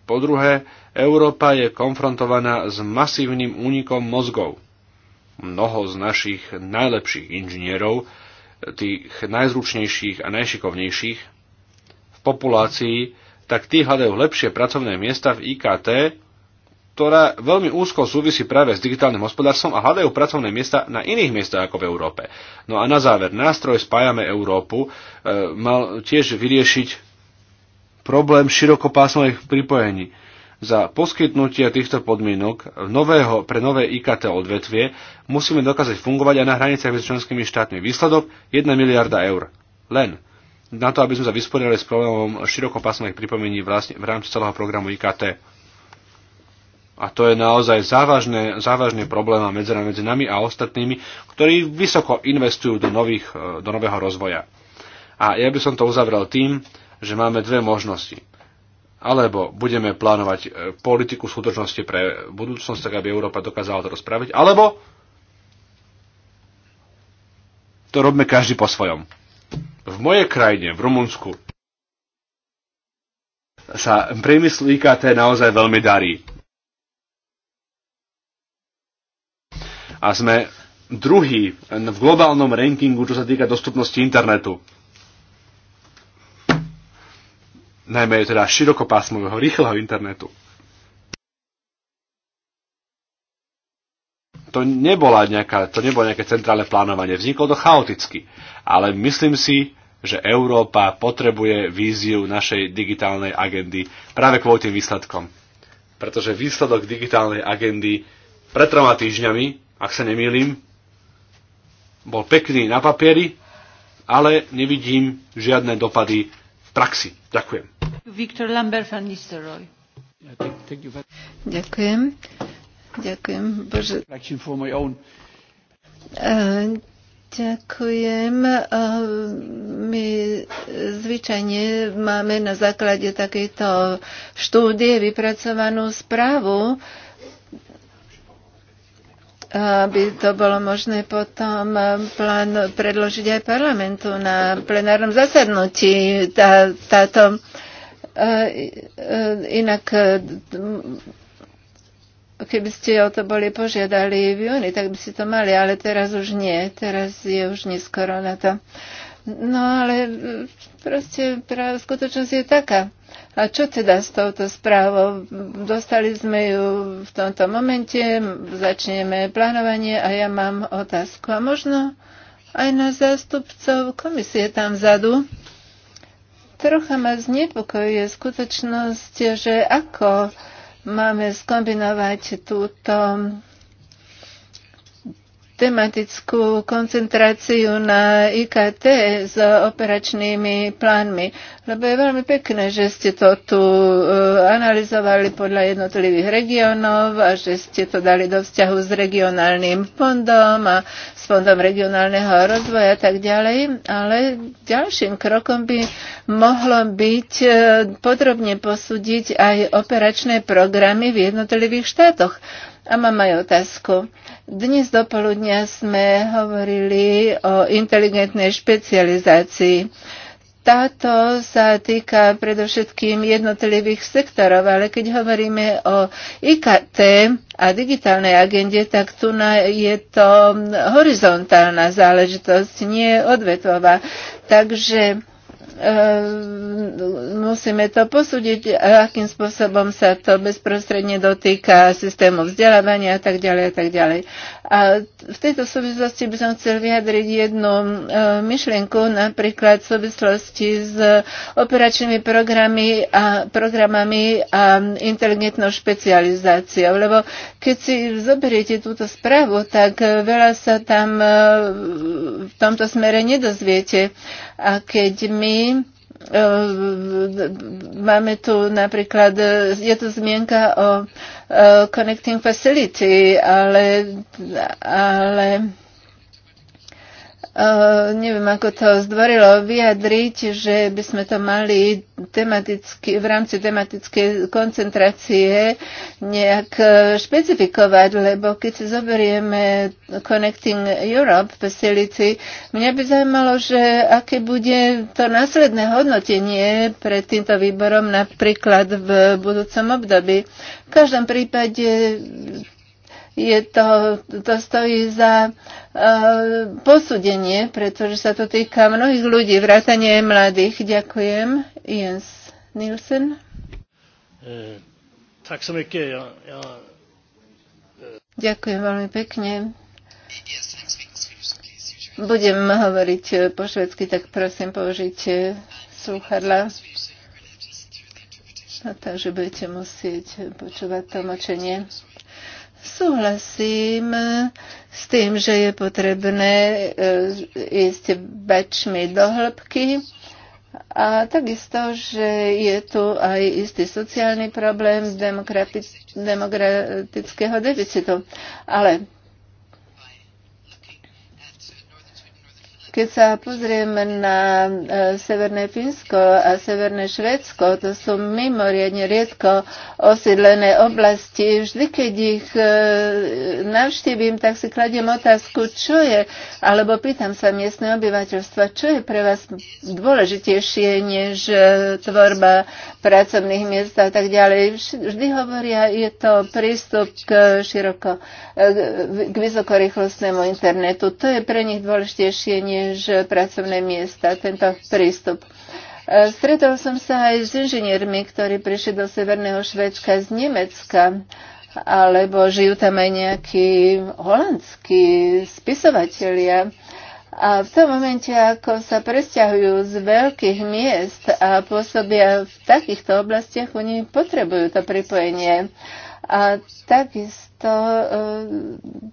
po druhé, Európa je konfrontovaná s masívnym únikom mozgov. Mnoho z našich najlepších inžinierov, tých najzručnejších a najšikovnejších v populácii, tak tí hľadajú lepšie pracovné miesta v IKT ktorá veľmi úzko súvisí práve s digitálnym hospodárstvom a hľadajú pracovné miesta na iných miestach ako v Európe. No a na záver, nástroj Spájame Európu e, mal tiež vyriešiť problém širokopásmových pripojení. Za poskytnutie týchto podmienok nového, pre nové IKT odvetvie musíme dokázať fungovať aj na hraniciach medzi členskými štátmi. Výsledok 1 miliarda eur. Len na to, aby sme sa vysporiadali s problémom širokopásmových pripomení vlastne v rámci celého programu IKT. A to je naozaj závažné, závažný problém a medzera medzi nami a ostatnými, ktorí vysoko investujú do, nových, e, do nového rozvoja. A ja by som to uzavrel tým, že máme dve možnosti. Alebo budeme plánovať e, politiku skutočnosti pre budúcnosť, tak aby Európa dokázala to rozpraviť, alebo to robme každý po svojom. V mojej krajine, v Rumunsku, sa priemysl IKT naozaj veľmi darí a sme druhý v globálnom rankingu, čo sa týka dostupnosti internetu. Najmä teda širokopásmového, rýchleho internetu. to, nebola nejaká, to nebolo nejaké centrálne plánovanie, vzniklo to chaoticky. Ale myslím si, že Európa potrebuje víziu našej digitálnej agendy práve kvôli tým výsledkom. Pretože výsledok digitálnej agendy pred troma týždňami ak sa nemýlim, bol pekný na papieri, ale nevidím žiadne dopady v praxi. Ďakujem. Viktor Lambert van Nistelrooy. Ďakujem. Ďakujem. Bože. E, ďakujem. E, my zvyčajne máme na základe takejto štúdie vypracovanú správu, aby to bolo možné potom e, plán predložiť aj parlamentu na plenárnom zasadnutí. Tá, táto, e, e, inak keby ste o to boli požiadali v júni, tak by ste to mali, ale teraz už nie. Teraz je už neskoro na to. Uh, No ale proste práve skutočnosť je taká. A čo teda s touto správou? Dostali sme ju v tomto momente, začneme plánovanie a ja mám otázku. A možno aj na zástupcov komisie tam vzadu. Trocha ma znepokojuje skutočnosť, že ako máme skombinovať túto tematickú koncentráciu na IKT s operačnými plánmi. Lebo je veľmi pekné, že ste to tu e, analyzovali podľa jednotlivých regiónov a že ste to dali do vzťahu s regionálnym fondom a s fondom regionálneho rozvoja a tak ďalej. Ale ďalším krokom by mohlo byť e, podrobne posúdiť aj operačné programy v jednotlivých štátoch a mám aj otázku. Dnes dopoludnia sme hovorili o inteligentnej špecializácii. Táto sa týka predovšetkým jednotlivých sektorov, ale keď hovoríme o IKT a digitálnej agende, tak tu je to horizontálna záležitosť, nie odvetová. Takže Ehm, musíme to posúdiť, akým spôsobom sa to bezprostredne dotýka systému vzdelávania a tak ďalej a tak ďalej. A v tejto súvislosti by som chcel vyjadriť jednu ehm, myšlienku, napríklad v súvislosti s operačnými programy a programami a inteligentnou špecializáciou, lebo keď si zoberiete túto správu, tak veľa sa tam ehm, v tomto smere nedozviete. A keď my e, máme tu napríklad, je tu zmienka o e, Connecting Facility, ale, ale Eh, neviem, ako to zdvorilo vyjadriť, že by sme to mali tematicky, v rámci tematickej koncentrácie nejak eh, špecifikovať, lebo keď si zoberieme Connecting Europe Facility, mňa by zaujímalo, že aké bude to následné hodnotenie pred týmto výborom napríklad v budúcom období. V každom prípade je to, to stojí za e, posúdenie, pretože sa to týka mnohých ľudí, vrátanie mladých. Ďakujem. Jens Nielsen. E, tak som ja, ja, e... Ďakujem veľmi pekne. Budem hovoriť po švedsky, tak prosím použite slúchadla. No, takže budete musieť počúvať tlmočenie. Súhlasím s tým, že je potrebné e, ísť bečmi do hĺbky a takisto, že je tu aj istý sociálny problém demokratického deficitu. Ale Keď sa pozrieme na e, Severné Fínsko a Severné Švedsko, to sú mimoriadne riedko osídlené oblasti. Vždy, keď ich e, navštívim, tak si kladiem otázku, čo je, alebo pýtam sa miestne obyvateľstva, čo je pre vás dôležitejšie než e, tvorba pracovných miest a tak ďalej. Vždy hovoria, je to prístup k široko, k vysokorýchlostnému internetu. To je pre nich dôležitejšie než než pracovné miesta, tento prístup. E, stretol som sa aj s inžiniermi, ktorí prišli do Severného Švedska z Nemecka, alebo žijú tam aj nejakí holandskí spisovatelia. A v tom momente, ako sa presťahujú z veľkých miest a pôsobia v takýchto oblastiach, oni potrebujú to pripojenie. A takisto e,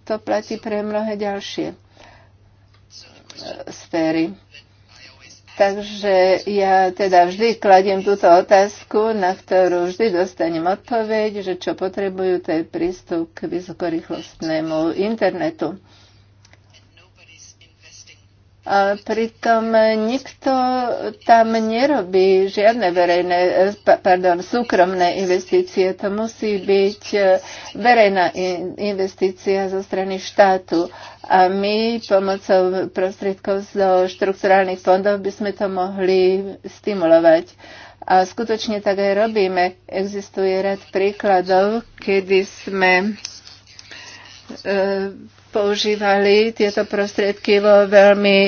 to platí pre mnohé ďalšie sféry. Takže ja teda vždy kladiem túto otázku, na ktorú vždy dostanem odpoveď, že čo potrebujú, to je prístup k vysokorýchlostnému internetu. A pritom nikto tam nerobí žiadne verejné, pardon, súkromné investície. To musí byť e, verejná investícia zo strany štátu. A my pomocou prostriedkov zo štrukturálnych fondov by sme to mohli stimulovať. A skutočne tak aj robíme. Existuje rad príkladov, kedy sme uh, používali tieto prostriedky vo veľmi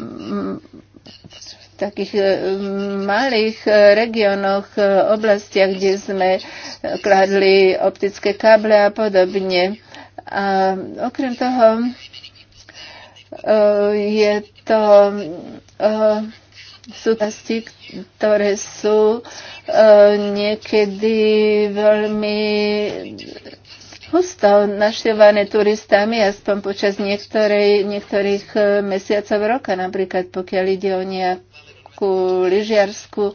mm, takých e, malých e, regiónoch, e, oblastiach, kde sme kladli optické káble a podobne. A okrem toho je to sú časti, ktoré sú niekedy veľmi husto naštevané turistami, aspoň počas niektorej, niektorých e, mesiacov roka, napríklad pokiaľ ide o nejakú lyžiarskú e,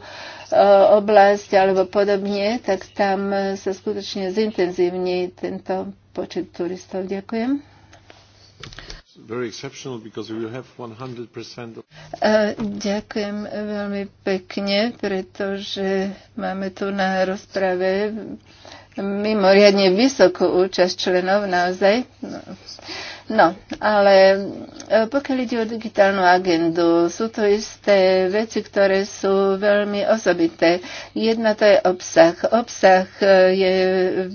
oblasť alebo podobne, tak tam e, sa skutočne zintenzívni tento počet turistov. Ďakujem. Ďakujem veľmi pekne, pretože máme tu na rozprave mimoriadne vysokú účasť členov naozaj. No, ale e, pokiaľ ide o digitálnu agendu, sú to isté veci, ktoré sú veľmi osobité. Jedna to je obsah. Obsah e, je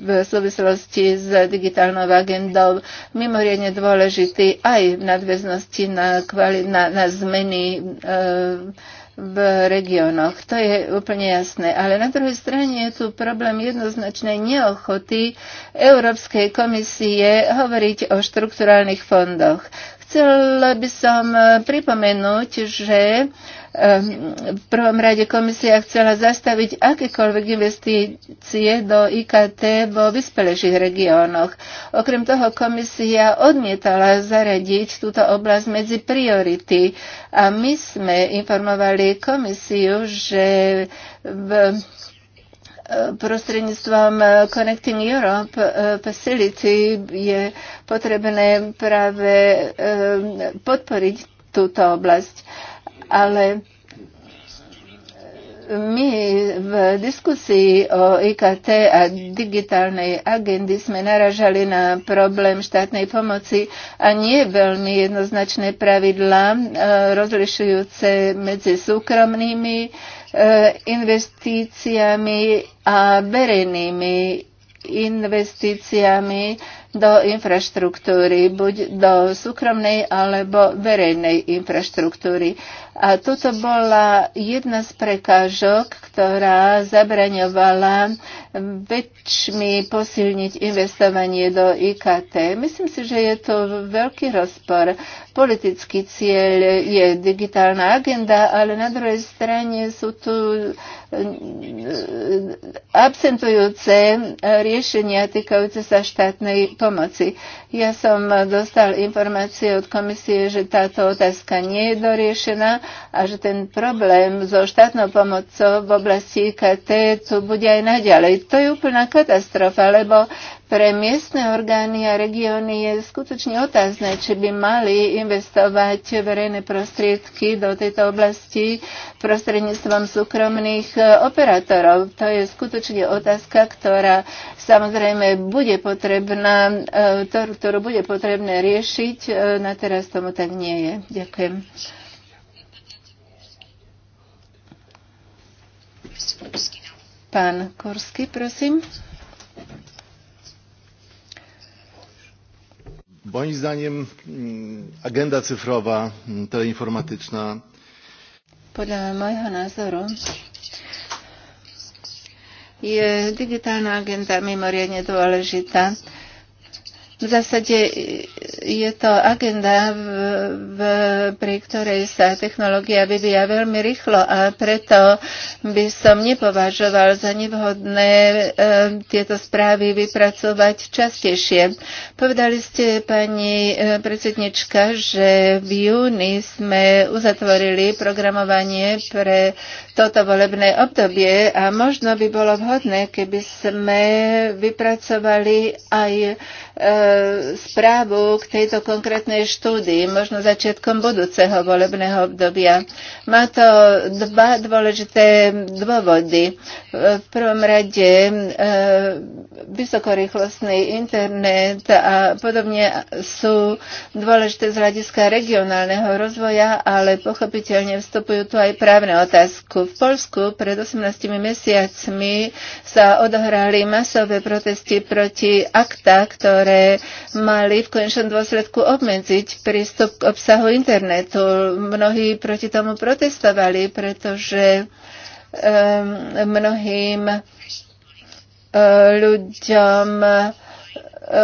v súvislosti s digitálnou agendou mimoriadne dôležitý aj v nadväznosti na, kvali- na, na zmeny e, v regiónoch. To je úplne jasné. Ale na druhej strane je tu problém jednoznačnej neochoty Európskej komisie hovoriť o štrukturálnych fondoch. Chcel by som e, pripomenúť, že e, v prvom rade komisia chcela zastaviť akékoľvek investície do IKT vo vyspelejších regiónoch. Okrem toho komisia odmietala zaradiť túto oblasť medzi priority a my sme informovali komisiu, že v prostredníctvom eh, Connecting Europe eh, Facility je potrebné práve eh, podporiť túto oblasť. Ale my v diskusii o IKT a digitálnej agendy sme naražali na problém štátnej pomoci a nie veľmi jednoznačné pravidlá rozlišujúce medzi súkromnými Eh, investíciami a verejnými investíciami do infraštruktúry, buď do súkromnej alebo verejnej infraštruktúry. A toto bola jedna z prekážok, ktorá zabraňovala väčšmi posilniť investovanie do IKT. Myslím si, že je to veľký rozpor. Politický cieľ je digitálna agenda, ale na druhej strane sú tu eh, absentujúce riešenia týkajúce sa štátnej pomoci. Ja som dostal informácie od komisie, že táto otázka nie je doriešená a že ten problém so štátnou pomocou v oblasti IKT tu bude aj naďalej. To je úplná katastrofa, lebo pre miestne orgány a regióny je skutočne otázne, či by mali investovať verejné prostriedky do tejto oblasti prostredníctvom súkromných e, operátorov. To je skutočne otázka, ktorá samozrejme bude potrebná, e, ktorú bude potrebné riešiť. E, na teraz tomu tak nie je. Ďakujem. Pán Korsky, prosím. Moim zdaniem mm, agenda cyfrowa, mm, teleinformatyczna. Podľa môjho názoru je digitálna agenda mimoriadne dôležitá v zásade je to agenda, v, v, pri ktorej sa technológia vyvíja veľmi rýchlo a preto by som nepovažoval za nevhodné e, tieto správy vypracovať častejšie. Povedali ste, pani e, predsednička, že v júni sme uzatvorili programovanie pre toto volebné obdobie a možno by bolo vhodné, keby sme vypracovali aj e, správu k tejto konkrétnej štúdii, možno začiatkom budúceho volebného obdobia. Má to dva dôležité dôvody. E, v prvom rade e, vysokorýchlostný internet a podobne sú dôležité z hľadiska regionálneho rozvoja, ale pochopiteľne vstupujú tu aj právne otázky otázku v Polsku pred 18 mesiacmi sa odohrali masové protesty proti akta, ktoré mali v konečnom dôsledku obmedziť prístup k obsahu internetu. Mnohí proti tomu protestovali, pretože um, mnohým e, ľuďom E,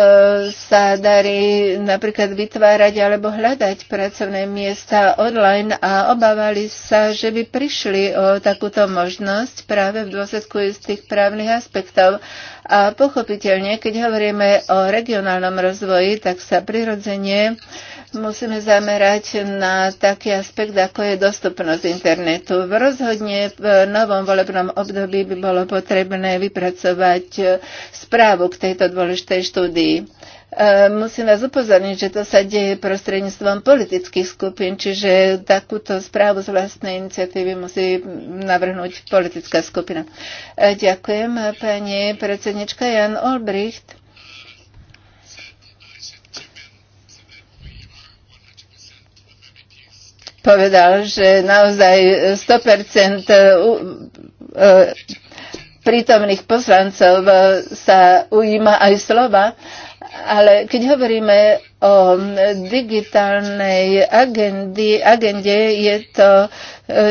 sa darí napríklad vytvárať alebo hľadať pracovné miesta online a obávali sa, že by prišli o takúto možnosť práve v dôsledku istých právnych aspektov. A pochopiteľne, keď hovoríme o regionálnom rozvoji, tak sa prirodzene uh, musíme zamerať na taký aspekt, ako je dostupnosť internetu. Rozhodne v novom volebnom období by bolo potrebné vypracovať e, správu k tejto dôležitej štúdii e, musím vás upozorniť, že to sa deje prostredníctvom politických skupín, čiže takúto správu z vlastnej iniciatívy musí navrhnúť politická skupina. E, ďakujem, pani predsednička Jan Olbricht. povedal, že naozaj 100% e, e, prítomných poslancov e, sa ujíma aj slova, ale keď hovoríme o digitálnej agendy, agende, je to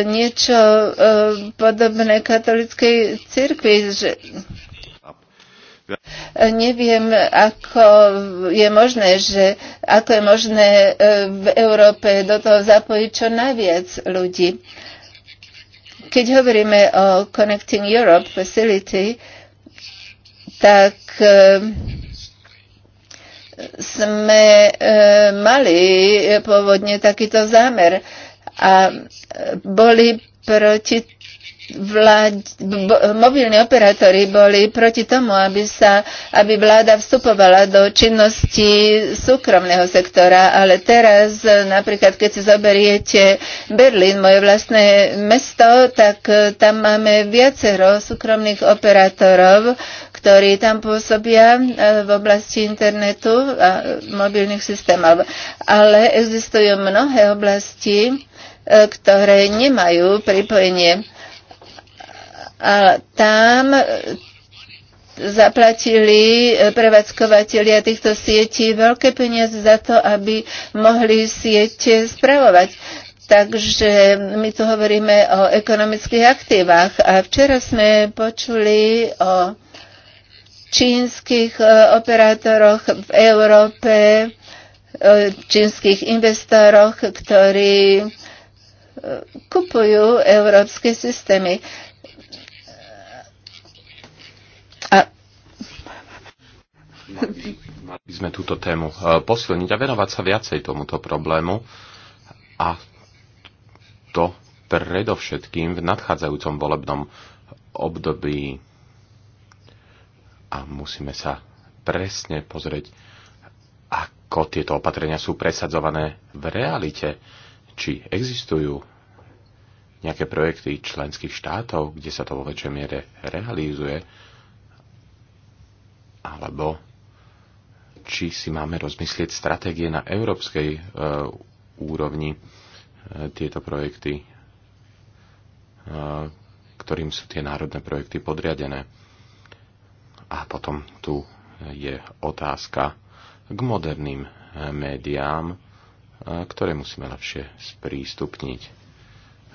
niečo podobné katolickej cirkvi, že Neviem, ako je možné, že ako je možné e, v Európe do toho zapojiť čo najviac ľudí. Keď hovoríme o Connecting Europe Facility, tak e, sme e, mali pôvodne takýto zámer a boli proti vlád, mobilní operátori boli proti tomu, aby, sa, aby vláda vstupovala do činnosti súkromného sektora, ale teraz napríklad, keď si zoberiete Berlín, moje vlastné mesto, tak e, tam máme viacero súkromných operátorov, ktorí tam pôsobia e, v oblasti internetu a mobilných systémov. Ale existujú mnohé oblasti, e, ktoré nemajú pripojenie a tam e, zaplatili e, prevádzkovateľia týchto sietí veľké peniaze za to, aby mohli siete spravovať. Takže my tu hovoríme o ekonomických aktívach. A včera sme počuli o čínskych e, operátoroch v Európe, čínskych investoroch, ktorí kupujú európske systémy. Mali by sme túto tému e, posilniť a venovať sa viacej tomuto problému a to predovšetkým v nadchádzajúcom volebnom období. A musíme sa presne pozrieť, ako tieto opatrenia sú presadzované v realite, či existujú nejaké projekty členských štátov, kde sa to vo väčšej miere realizuje, alebo či si máme rozmyslieť stratégie na európskej e, úrovni e, tieto projekty, e, ktorým sú tie národné projekty podriadené. A potom tu je otázka k moderným médiám, ktoré musíme lepšie sprístupniť,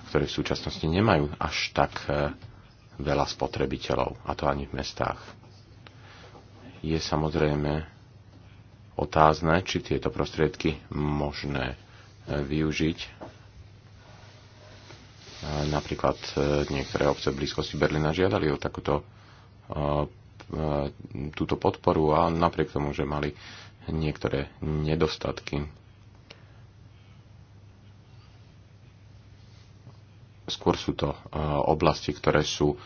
ktoré v súčasnosti nemajú až tak veľa spotrebiteľov, a to ani v mestách. Je samozrejme otázne, či tieto prostriedky možné e, využiť. E, napríklad e, niektoré obce v blízkosti Berlína žiadali o takúto túto podporu a napriek tomu, že mali niektoré nedostatky. Skôr sú to oblasti, ktoré sú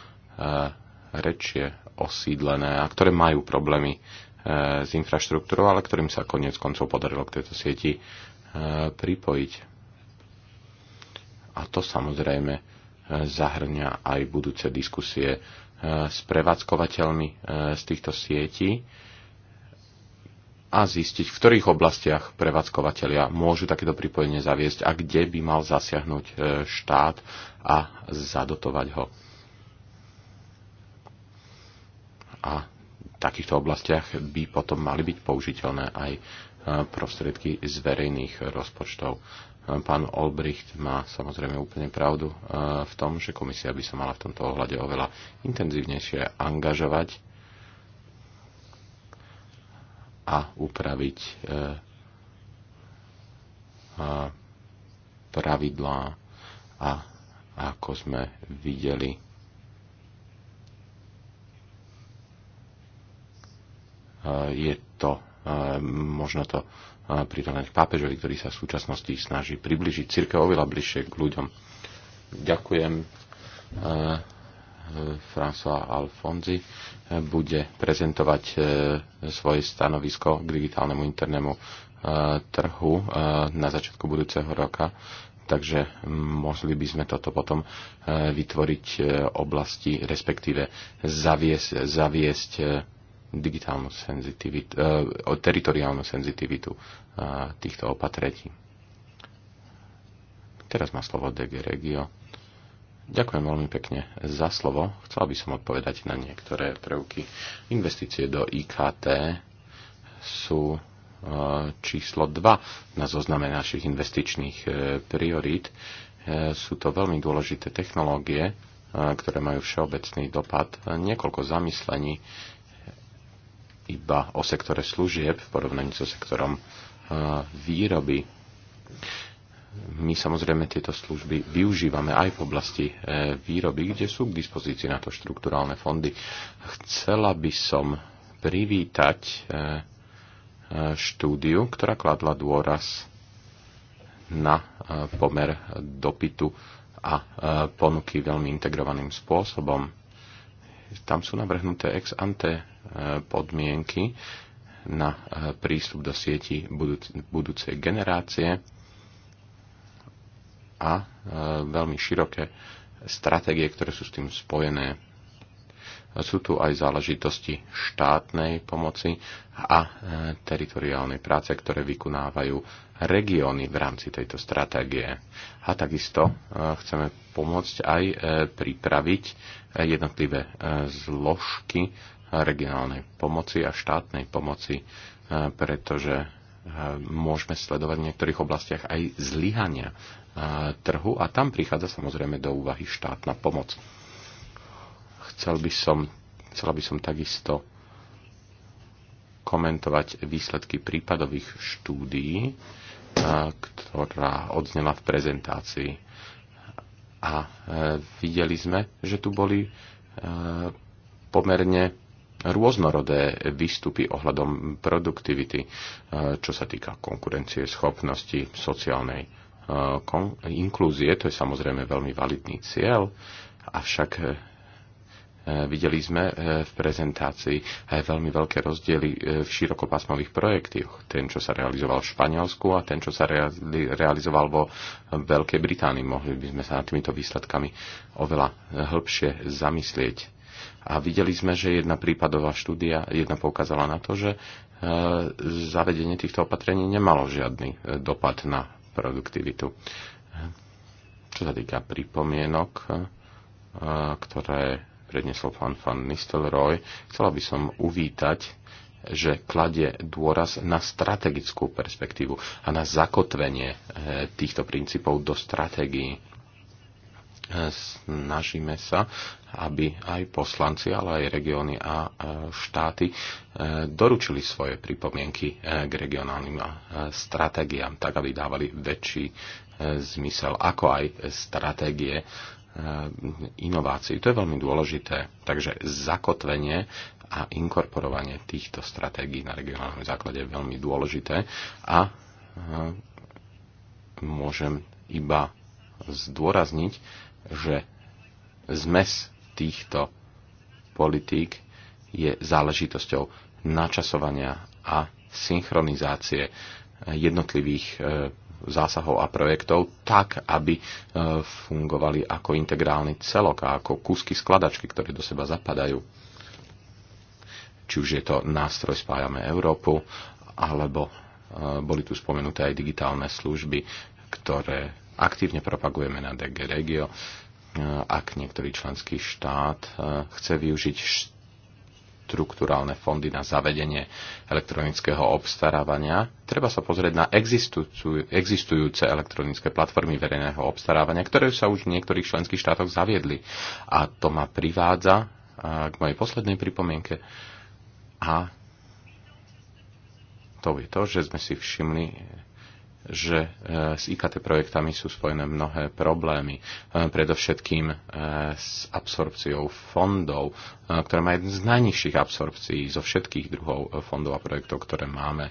rečie osídlené a ktoré majú problémy Eh, s infraštruktúrou, ale ktorým sa konec koncov podarilo k tejto sieti eh, pripojiť. A to samozrejme eh, zahrňa aj budúce diskusie s prevádzkovateľmi z týchto sietí a zistiť, v ktorých oblastiach prevádzkovateľia môžu takéto pripojenie zaviesť a kde by mal zasiahnuť štát a zadotovať ho. A takýchto oblastiach by potom mali byť použiteľné aj e, prostriedky z verejných rozpočtov. E, pán Olbricht má samozrejme úplne pravdu e, v tom, že komisia by sa mala v tomto ohľade oveľa intenzívnejšie angažovať a upraviť pravidlá a ako sme videli Eh, je to eh, možno to eh, prirovnať k pápežovi, ktorý sa v súčasnosti snaží približiť círke oveľa bližšie k ľuďom. Ďakujem. François Alfonzi bude prezentovať svoje stanovisko k digitálnemu internému trhu na začiatku budúceho roka. Takže mohli by sme toto potom vytvoriť oblasti, respektíve zaviesť, zaviesť digitálnu senzitivitu, o eh, teritoriálnu senzitivitu eh, týchto opatretí. Teraz má slovo DG Regio. Ďakujem veľmi pekne za slovo. Chcel by som odpovedať na niektoré prvky. Investície do IKT sú eh, číslo 2 na zozname našich investičných priorít. Sú to veľmi dôležité technológie, ktoré majú všeobecný dopad. Niekoľko zamyslení iba o sektore služieb v porovnaní so sektorom e, výroby. My samozrejme tieto služby využívame aj v oblasti e, výroby, kde sú k dispozícii na to štruktúrálne fondy. Chcela by som privítať e, štúdiu, ktorá kladla dôraz na pomer dopytu a ponuky veľmi integrovaným spôsobom. Tam sú navrhnuté ex ante podmienky na eh, prístup do sieti budúcej generácie a eh, veľmi široké stratégie, ktoré sú s tým spojené. Sú tu aj záležitosti štátnej pomoci a eh, teritoriálnej práce, ktoré vykonávajú regióny v rámci tejto stratégie. A takisto chceme pomôcť aj pripraviť jednotlivé zložky regionálnej pomoci a štátnej pomoci, e, pretože e, môžeme sledovať v niektorých oblastiach aj zlyhania e, trhu a tam prichádza samozrejme do úvahy štátna pomoc. Chcel by som, chcela by som takisto komentovať výsledky prípadových štúdií, ktorá odznela v prezentácii. A videli sme, že tu boli pomerne rôznorodé výstupy ohľadom produktivity, e, čo sa týka konkurencie, schopnosti, sociálnej e, inklúzie. To je samozrejme veľmi validný cieľ, avšak e, videli sme v prezentácii aj veľmi veľké rozdiely v širokopásmových projektoch. Ten, čo sa realizoval v Španielsku a ten, čo sa realizoval vo Veľkej Británii. Mohli by sme sa nad týmito výsledkami oveľa hĺbšie zamyslieť a videli sme, že jedna prípadová štúdia, jedna poukázala na to, že e, zavedenie týchto opatrení nemalo žiadny e, dopad na produktivitu. Čo sa týka pripomienok, e, ktoré prednesol pán Van Nistelrooy, chcela by som uvítať, že kladie dôraz na strategickú perspektívu a na zakotvenie týchto princípov do stratégií snažíme sa aby aj poslanci, ale aj regióny a e, štáty e, doručili svoje pripomienky e, k regionálnym stratégiám, tak aby dávali väčší zmysel, ako aj stratégie inovácií. To je veľmi dôležité. Takže zakotvenie a inkorporovanie týchto stratégií na regionálnom základe je veľmi dôležité a môžem iba zdôrazniť, že zmes týchto politík je záležitosťou načasovania a synchronizácie jednotlivých e, zásahov a projektov tak, aby e, fungovali ako integrálny celok a ako kúsky skladačky, ktoré do seba zapadajú. Či už je to nástroj Spájame Európu, alebo e, boli tu spomenuté aj digitálne služby, ktoré aktívne propagujeme na DG Regio Eh, ak niektorý členský štát eh, chce využiť štruktúrálne fondy na zavedenie elektronického obstarávania, treba sa pozrieť na existujúce elektronické platformy verejného obstarávania, ktoré sa už v niektorých členských štátoch zaviedli. A to ma privádza eh, k mojej poslednej pripomienke. A to je to, že sme si všimli že e, s IKT projektami sú spojené mnohé problémy, e, predovšetkým e, s absorpciou fondov ktorá má jeden z najnižších absorpcií zo všetkých druhov e, fondov a projektov, ktoré máme.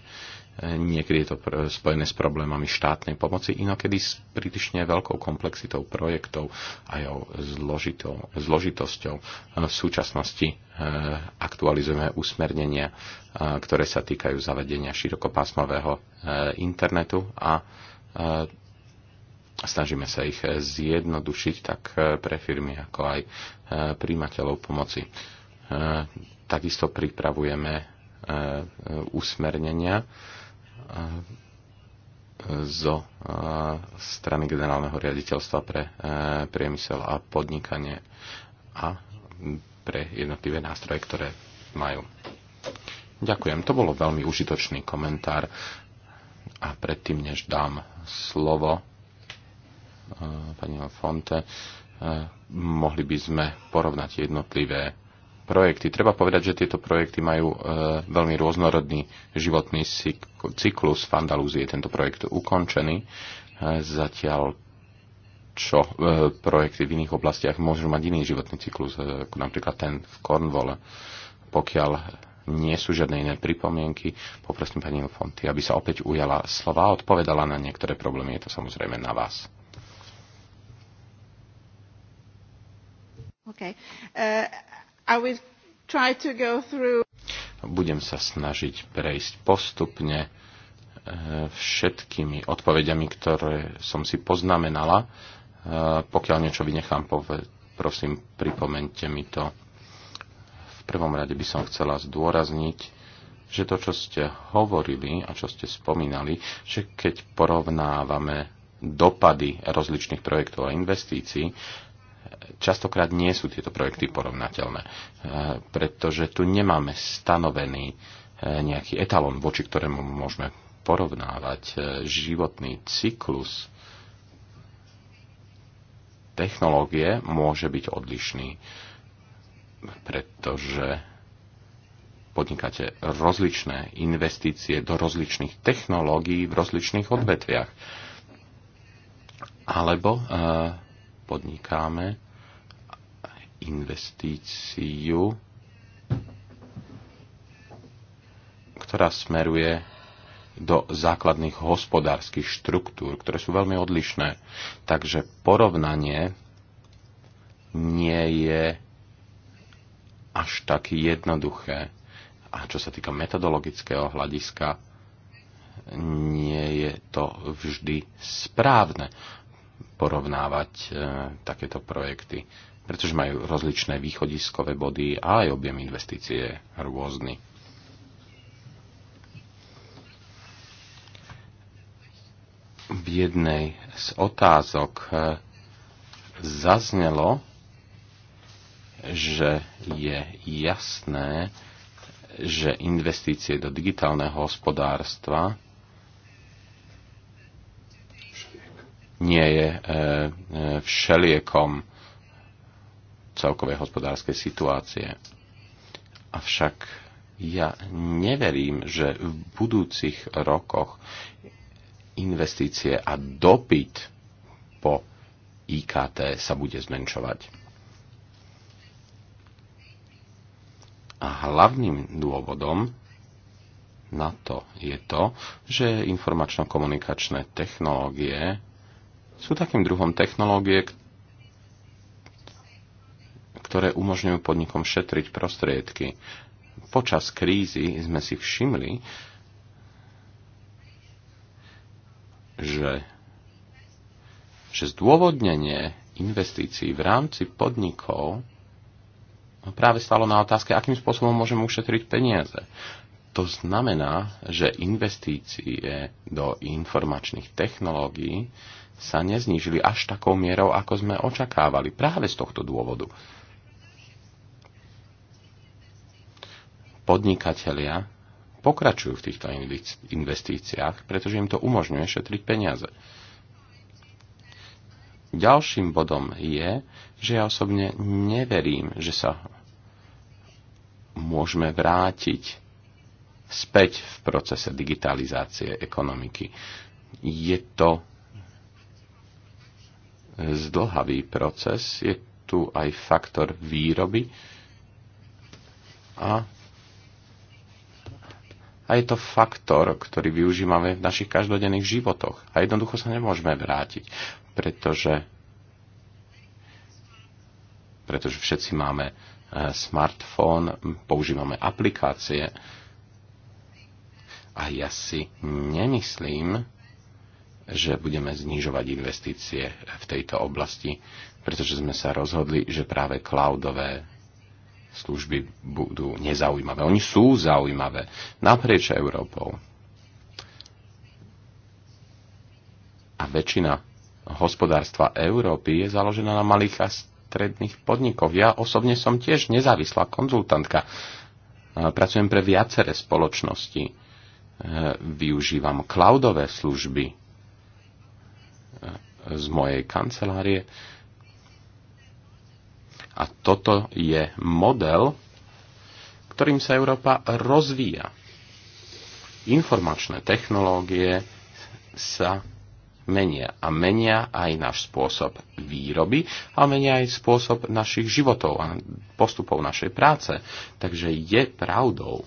E, niekedy je to spojené s problémami štátnej pomoci, inokedy s prílišne veľkou komplexitou projektov a jeho zložitosťou. E, v súčasnosti aktualizujeme usmernenia, ktoré sa týkajú zavedenia širokopásmového internetu a snažíme sa ich eh, zjednodušiť tak eh, pre firmy, ako aj eh, príjimateľov pomoci. Takisto pripravujeme usmernenia zo strany generálneho riaditeľstva pre priemysel a podnikanie a pre jednotlivé nástroje, ktoré majú. Ďakujem, to bolo veľmi užitočný komentár. A predtým, než dám slovo pani Fonte, e, mohli by sme porovnať jednotlivé projekty. Treba povedať, že tieto projekty majú e, veľmi rôznorodný životný cyklus. V Andalúzii je tento projekt ukončený. E, zatiaľ čo e, projekty v iných oblastiach môžu mať iný životný cyklus, e, ako napríklad ten v Cornwall. Pokiaľ nie sú žiadne iné pripomienky, poprosím pani Fonty, aby sa opäť ujala slova a odpovedala na niektoré problémy. Je to samozrejme na vás. Okay. Uh, I will try to go through... Budem sa snažiť prejsť postupne uh, všetkými odpovediami, ktoré som si poznamenala. Uh, pokiaľ niečo vynechám, prosím, pripomente mi to. V prvom rade by som chcela zdôrazniť, že to, čo ste hovorili a čo ste spomínali, že keď porovnávame dopady rozličných projektov a investícií, častokrát nie sú tieto projekty porovnateľné, eh, pretože tu nemáme stanovený eh, nejaký etalon, voči ktorému môžeme porovnávať eh, životný cyklus technológie môže byť odlišný, pretože podnikáte rozličné investície do rozličných technológií v rozličných odvetviach. Alebo podnikáme investíciu, ktorá smeruje do základných hospodárskych štruktúr, ktoré sú veľmi odlišné. Takže porovnanie nie je až tak jednoduché. A čo sa týka metodologického hľadiska, nie je to vždy správne porovnávať e, takéto projekty, pretože majú rozličné východiskové body a aj objem investície rôzny. V jednej z otázok e, zaznelo, že je jasné, že investície do digitálneho hospodárstva nie je e, e, všeliekom celkovej hospodárskej situácie. Avšak ja neverím, že v budúcich rokoch investície a dopyt po IKT sa bude zmenšovať. A hlavným dôvodom na to je to, že informačno-komunikačné technológie sú takým druhom technológie, ktoré umožňujú podnikom šetriť prostriedky. Počas krízy sme si všimli, že, že zdôvodnenie investícií v rámci podnikov práve stalo na otázke, akým spôsobom môžeme ušetriť peniaze. To znamená, že investície do informačných technológií sa neznížili až takou mierou, ako sme očakávali práve z tohto dôvodu. Podnikatelia pokračujú v týchto investíciách, pretože im to umožňuje šetriť peniaze. Ďalším bodom je, že ja osobne neverím, že sa môžeme vrátiť späť v procese digitalizácie ekonomiky. Je to zdlhavý proces, je tu aj faktor výroby a, a je to faktor, ktorý využívame v našich každodenných životoch. A jednoducho sa nemôžeme vrátiť, pretože, pretože všetci máme e, smartfón, používame aplikácie a ja si nemyslím, že budeme znižovať investície v tejto oblasti, pretože sme sa rozhodli, že práve cloudové služby budú nezaujímavé. Oni sú zaujímavé naprieč Európou. A väčšina hospodárstva Európy je založená na malých a stredných podnikoch. Ja osobne som tiež nezávislá konzultantka. Pracujem pre viaceré spoločnosti. E, využívam cloudové služby z mojej kancelárie. A toto je model, ktorým sa Európa rozvíja. Informačné technológie sa menia a menia aj náš spôsob výroby a menia aj spôsob našich životov a postupov našej práce. Takže je pravdou,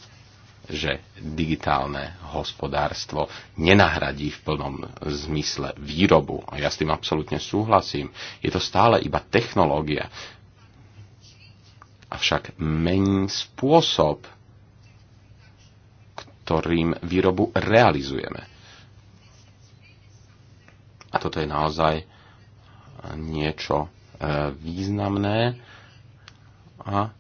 že digitálne hospodárstvo nenahradí v plnom zmysle výrobu. A ja s tým absolútne súhlasím. Je to stále iba technológia. Avšak mení spôsob, ktorým výrobu realizujeme. A toto je naozaj niečo e, významné a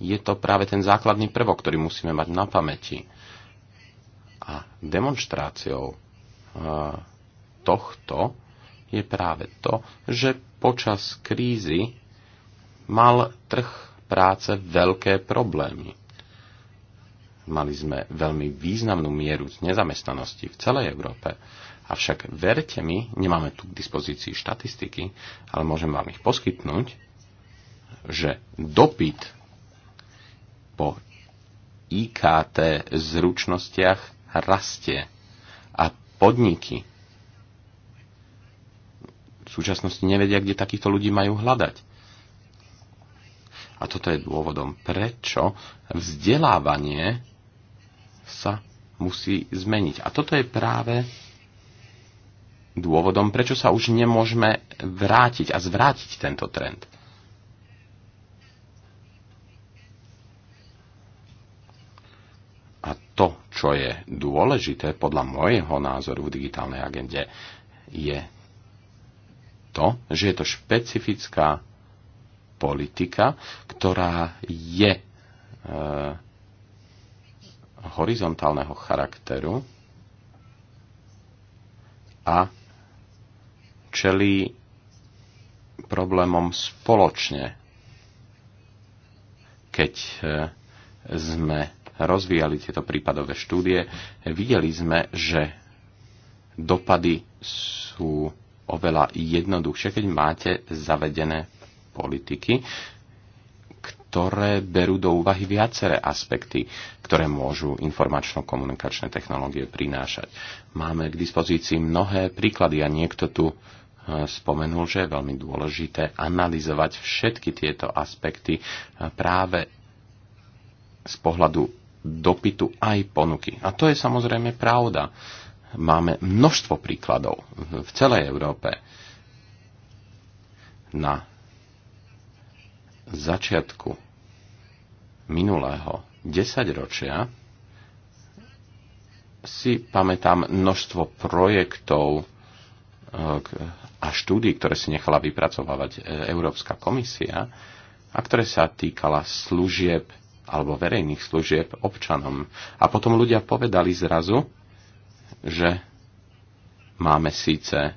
je to práve ten základný prvok, ktorý musíme mať na pamäti. A demonstráciou tohto je práve to, že počas krízy mal trh práce veľké problémy. Mali sme veľmi významnú mieru nezamestnanosti v celej Európe. Avšak verte mi, nemáme tu k dispozícii štatistiky, ale môžem vám ich poskytnúť, že dopyt po IKT zručnostiach rastie a podniky v súčasnosti nevedia, kde takýchto ľudí majú hľadať. A toto je dôvodom, prečo vzdelávanie sa musí zmeniť. A toto je práve dôvodom, prečo sa už nemôžeme vrátiť a zvrátiť tento trend. A to, čo je dôležité podľa môjho názoru v digitálnej agende, je to, že je to špecifická politika, ktorá je e, horizontálneho charakteru a čelí problémom spoločne, keď e, sme rozvíjali tieto prípadové štúdie, videli sme, že dopady sú oveľa jednoduchšie, keď máte zavedené politiky, ktoré berú do úvahy viaceré aspekty, ktoré môžu informačno-komunikačné technológie prinášať. Máme k dispozícii mnohé príklady a niekto tu e, spomenul, že je veľmi dôležité analyzovať všetky tieto aspekty práve z pohľadu dopytu aj ponuky. A to je samozrejme pravda. Máme množstvo príkladov v celej Európe na začiatku minulého desaťročia si pamätám množstvo projektov e, a štúdí, ktoré si nechala vypracovávať e, Európska komisia a ktoré sa týkala služieb alebo verejných služieb občanom. A potom ľudia povedali zrazu, že máme síce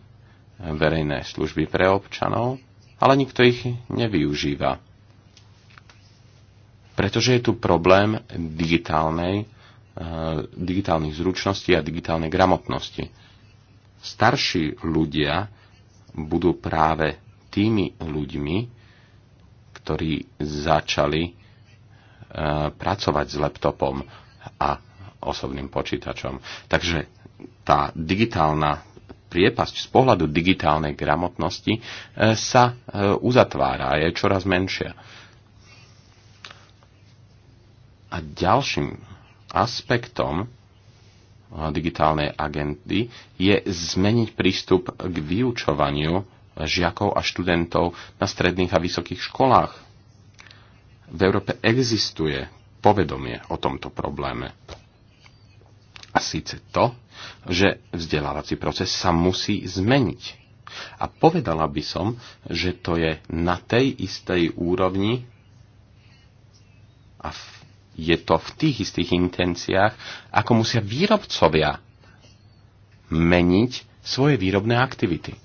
verejné služby pre občanov, ale nikto ich nevyužíva. Pretože je tu problém digitálnej, eh, digitálnych zručností a digitálnej gramotnosti. Starší ľudia budú práve tými ľuďmi, ktorí začali Eh, pracovať s laptopom a osobným počítačom. Takže tá digitálna priepasť z pohľadu digitálnej gramotnosti eh, sa eh, uzatvára a je čoraz menšia. A ďalším aspektom digitálnej agendy je zmeniť prístup k vyučovaniu žiakov a študentov na stredných a vysokých školách v Európe existuje povedomie o tomto probléme. A síce to, že vzdelávací proces sa musí zmeniť. A povedala by som, že to je na tej istej úrovni a je to v tých istých intenciách, ako musia výrobcovia meniť svoje výrobné aktivity.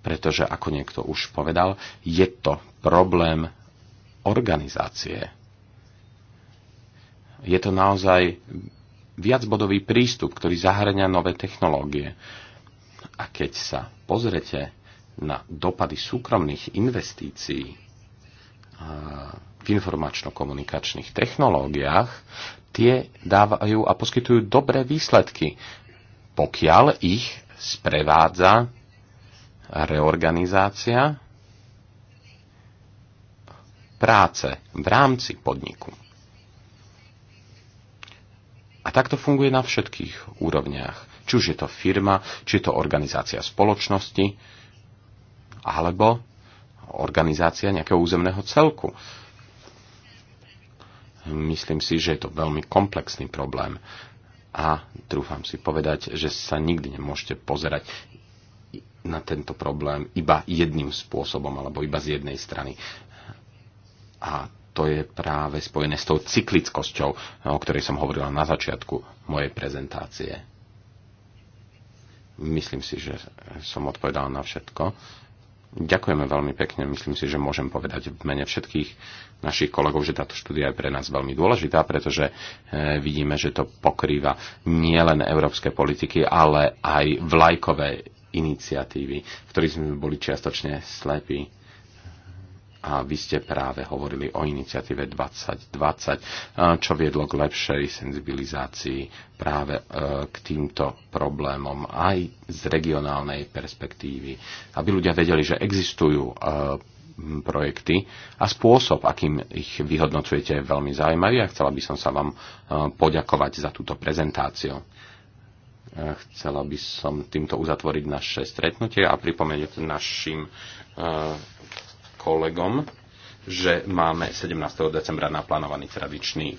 Pretože, ako niekto už povedal, je to problém organizácie. Je to naozaj viacbodový prístup, ktorý zahrania nové technológie. A keď sa pozrete na dopady súkromných investícií v informačno-komunikačných technológiách, tie dávajú a poskytujú dobré výsledky, pokiaľ ich sprevádza reorganizácia práce v rámci podniku. A takto funguje na všetkých úrovniach. Či už je to firma, či je to organizácia spoločnosti, alebo organizácia nejakého územného celku. Myslím si, že je to veľmi komplexný problém. A trúfam si povedať, že sa nikdy nemôžete pozerať na tento problém iba jedným spôsobom alebo iba z jednej strany. A to je práve spojené s tou cyklickosťou, o ktorej som hovorila na začiatku mojej prezentácie. Myslím si, že som odpovedal na všetko. Ďakujeme veľmi pekne. Myslím si, že môžem povedať v mene všetkých našich kolegov, že táto štúdia je pre nás veľmi dôležitá, pretože e, vidíme, že to pokrýva nielen európske politiky, ale aj vlajkové iniciatívy, v ktorých sme boli čiastočne slepí a vy ste práve hovorili o iniciatíve 2020, čo viedlo k lepšej senzibilizácii práve e, k týmto problémom aj z regionálnej perspektívy, aby ľudia vedeli, že existujú e, projekty a spôsob, akým ich vyhodnocujete, je veľmi zaujímavý a chcela by som sa vám e, poďakovať za túto prezentáciu. Chcela by som týmto uzatvoriť naše stretnutie a pripomenieť našim kolegom, že máme 17. decembra naplánovaný tradičný e,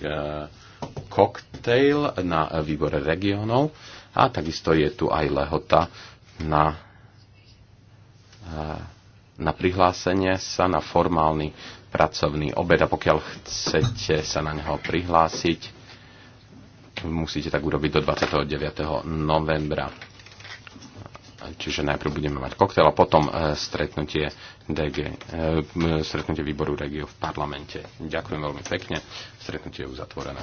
koktejl na výbore regionov a takisto je tu aj lehota na, e, na prihlásenie sa na formálny pracovný obed a pokiaľ chcete sa na neho prihlásiť, musíte tak urobiť do 29. novembra. Čiže najprv budeme mať koktejl a potom e, stretnutie DG, eh, stretnutie výboru regio v parlamente. Ďakujem veľmi pekne. Stretnutie je uzatvorené.